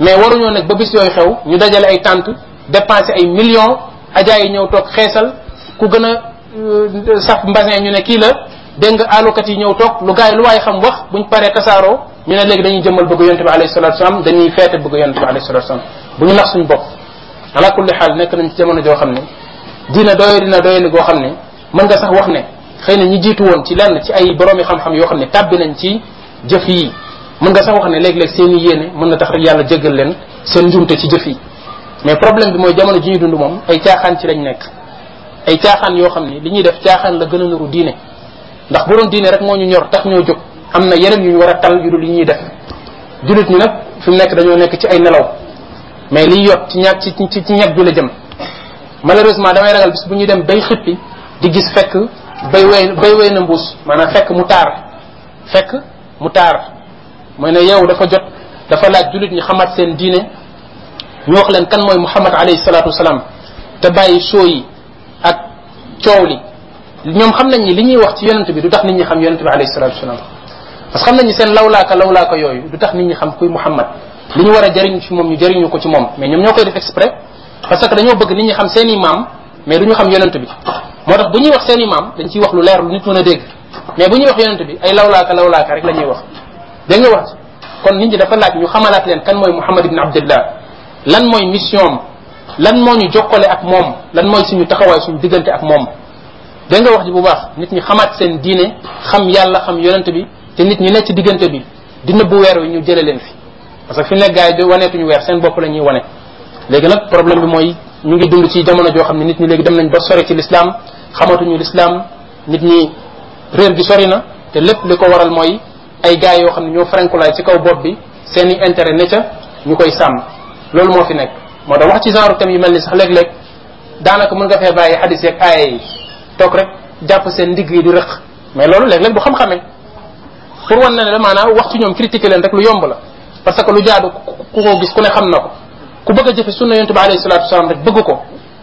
mais waruñoo nag ba bis yooyu xew ñu dajale ay tànt dépenser ay millions ajaay yi ñëw toog xeesal ku gën a euh, saf mbasin ñu ne kii la dégg nga àllukat yi ñëw toog lu gaay lu waaye xam wax buñ paree tasaaroo ñu ne léegi dañuy jëmmal bëgg yonte bi alayhi salatu wasalam dañuy feete bëgg yonte bi alayhi salatu wasalam bu ñu nax suñu bopp ala xaal nekk nañ ci jamono joo xam ne diina doyo dina doyali goo xam ne mën nga sax wax ne xëy na ñi jiitu woon ci lenn ci ay boroomi xam-xam yoo xam ne tàbbi nañ ci jëf yi mën nga sax wax ne léeg-léeg seen i yéene mën na tax rek yàlla jéggal leen seen njumte ci jëf yi mais problème bi mooy jamono ji dund moom ay caaxaan ci lañ nekk ay caaxaan yoo xam ne li ñuy def caaxaan la gën a nuru diine ndax bu doon diine rek moo ñu ñor tax ñoo jóg am na yeneen yu ñu war a tal yu dul yi ñuy def jullit ñi nag fi mu nekk dañoo nekk ci ay nelaw mais liy yot ci ñaag ci ci ci ñag bi la jëm malheureusement damay ragal bis bu ñuy dem bay xippi di gis fekk bay wey bay wey na mbuus maanaam fekk mu taar fekk mu taar mooy ne yow dafa jot dafa laaj jullit ñi xamaat seen diine ñu wax leen kan mooy Muhammad alayhi salaatu salaam te bàyyi soo yi ak coow li ñoom xam nañ ñi li ñuy wax ci yonent bi du tax nit ñi xam yonent bi alayhi salatu wasalaam parce que xam nañ seen lawlaaka lawlaaka yooyu du tax nit ñi xam kuy Muhammad li ñu war a jariñ ci moom ñu jariñu ko ci moom mais ñoom ñoo koy def exprès que dañoo bëgg nit ñi xam seen maam mais du ñu xam yonent bi moo tax bu ñuy wax seen i maam dañ ciy wax lu leer lu nit mën a dégg mais bu ñuy wax yonent bi ay lawlaaka lawlaaka rek la ñuy wax dégg nga wax kon nit ñi dafa laaj ñu xamalaat leen kan mooy Muhammad ibn Abdullah lan mooy mission lan moo ñu jokkale ak moom lan mooy suñu taxawaay suñu diggante ak moom da nga wax ji bu baax nit ñi xamaat seen diine xam yàlla xam yonent bi te nit ñi nekk ci diggante bi di nëbbu weer wi ñu jëlee leen fi parce que fi nekk gars yi di waneetuñu weer seen bopp la ñuy wane léegi nag problème bi mooy ñu ngi dund ci jamono joo xam ne nit ñi léegi dem nañ ba sori ci l'islam xamatuñu l'islam nit ñi réer gi sori na te lépp li ko waral mooy ay gars yoo xam ne ñoo frankulaay ci kaw bopp bi seen i intérêt ne ca ñu koy sàmm loolu moo fi nekk moo tax wax ci genre thème yu mel ni sax léeg-léeg daanaka mën nga fee bàyyi xadis yeeg aaya yi toog rek jàpp seen ndigg yi di rëq mais loolu léeg-léeg du xam-xamee pour wan na ne maanaam wax ci ñoom critiquer leen rek lu yomb la parce que lu jaadu ku koo gis ku ne xam na ko ku bëgg a jëfe sunna yontu bi alayhi salatu wasalaam rek bëgg ko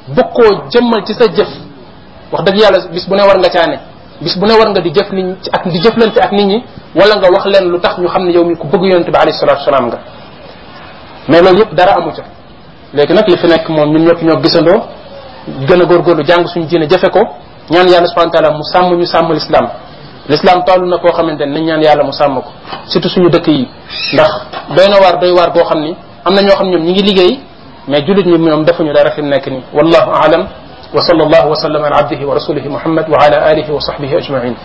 bëgg koo jëmmal ci sa jëf wax dëgg yàlla bis bu ne war nga caane bis bu ne war nga di jëf nit ñi ak di jëflante ak nit ñi wala nga wax leen lu tax ñu xam ne yow mi ku bëgg yonent bi alayhi salatu wasalaam nga mais loolu yëpp dara amu ca léegi nag li fi nekk moom ñun ñëpp ñoo gisandoo gën a lu jàng suñu diine jëfe ko ñaan yàlla subhanahu taala mu sàmm ñu sàmm l'islam l'islam toll na koo xamante ne nañ ñaan yàlla mu sàmm ko surtout suñu dëkk yi ndax doy na waar doy waar boo xam ni am na ñoo xam ñoom ñi ngi liggéey mais jullit ñi ñoom defuñu dara fi mu nekk nii wallahu aalam wa sallallahu wa sallam ala abdihi wa rasulihi muhammad wa ala alihi wa sahbihi ajmain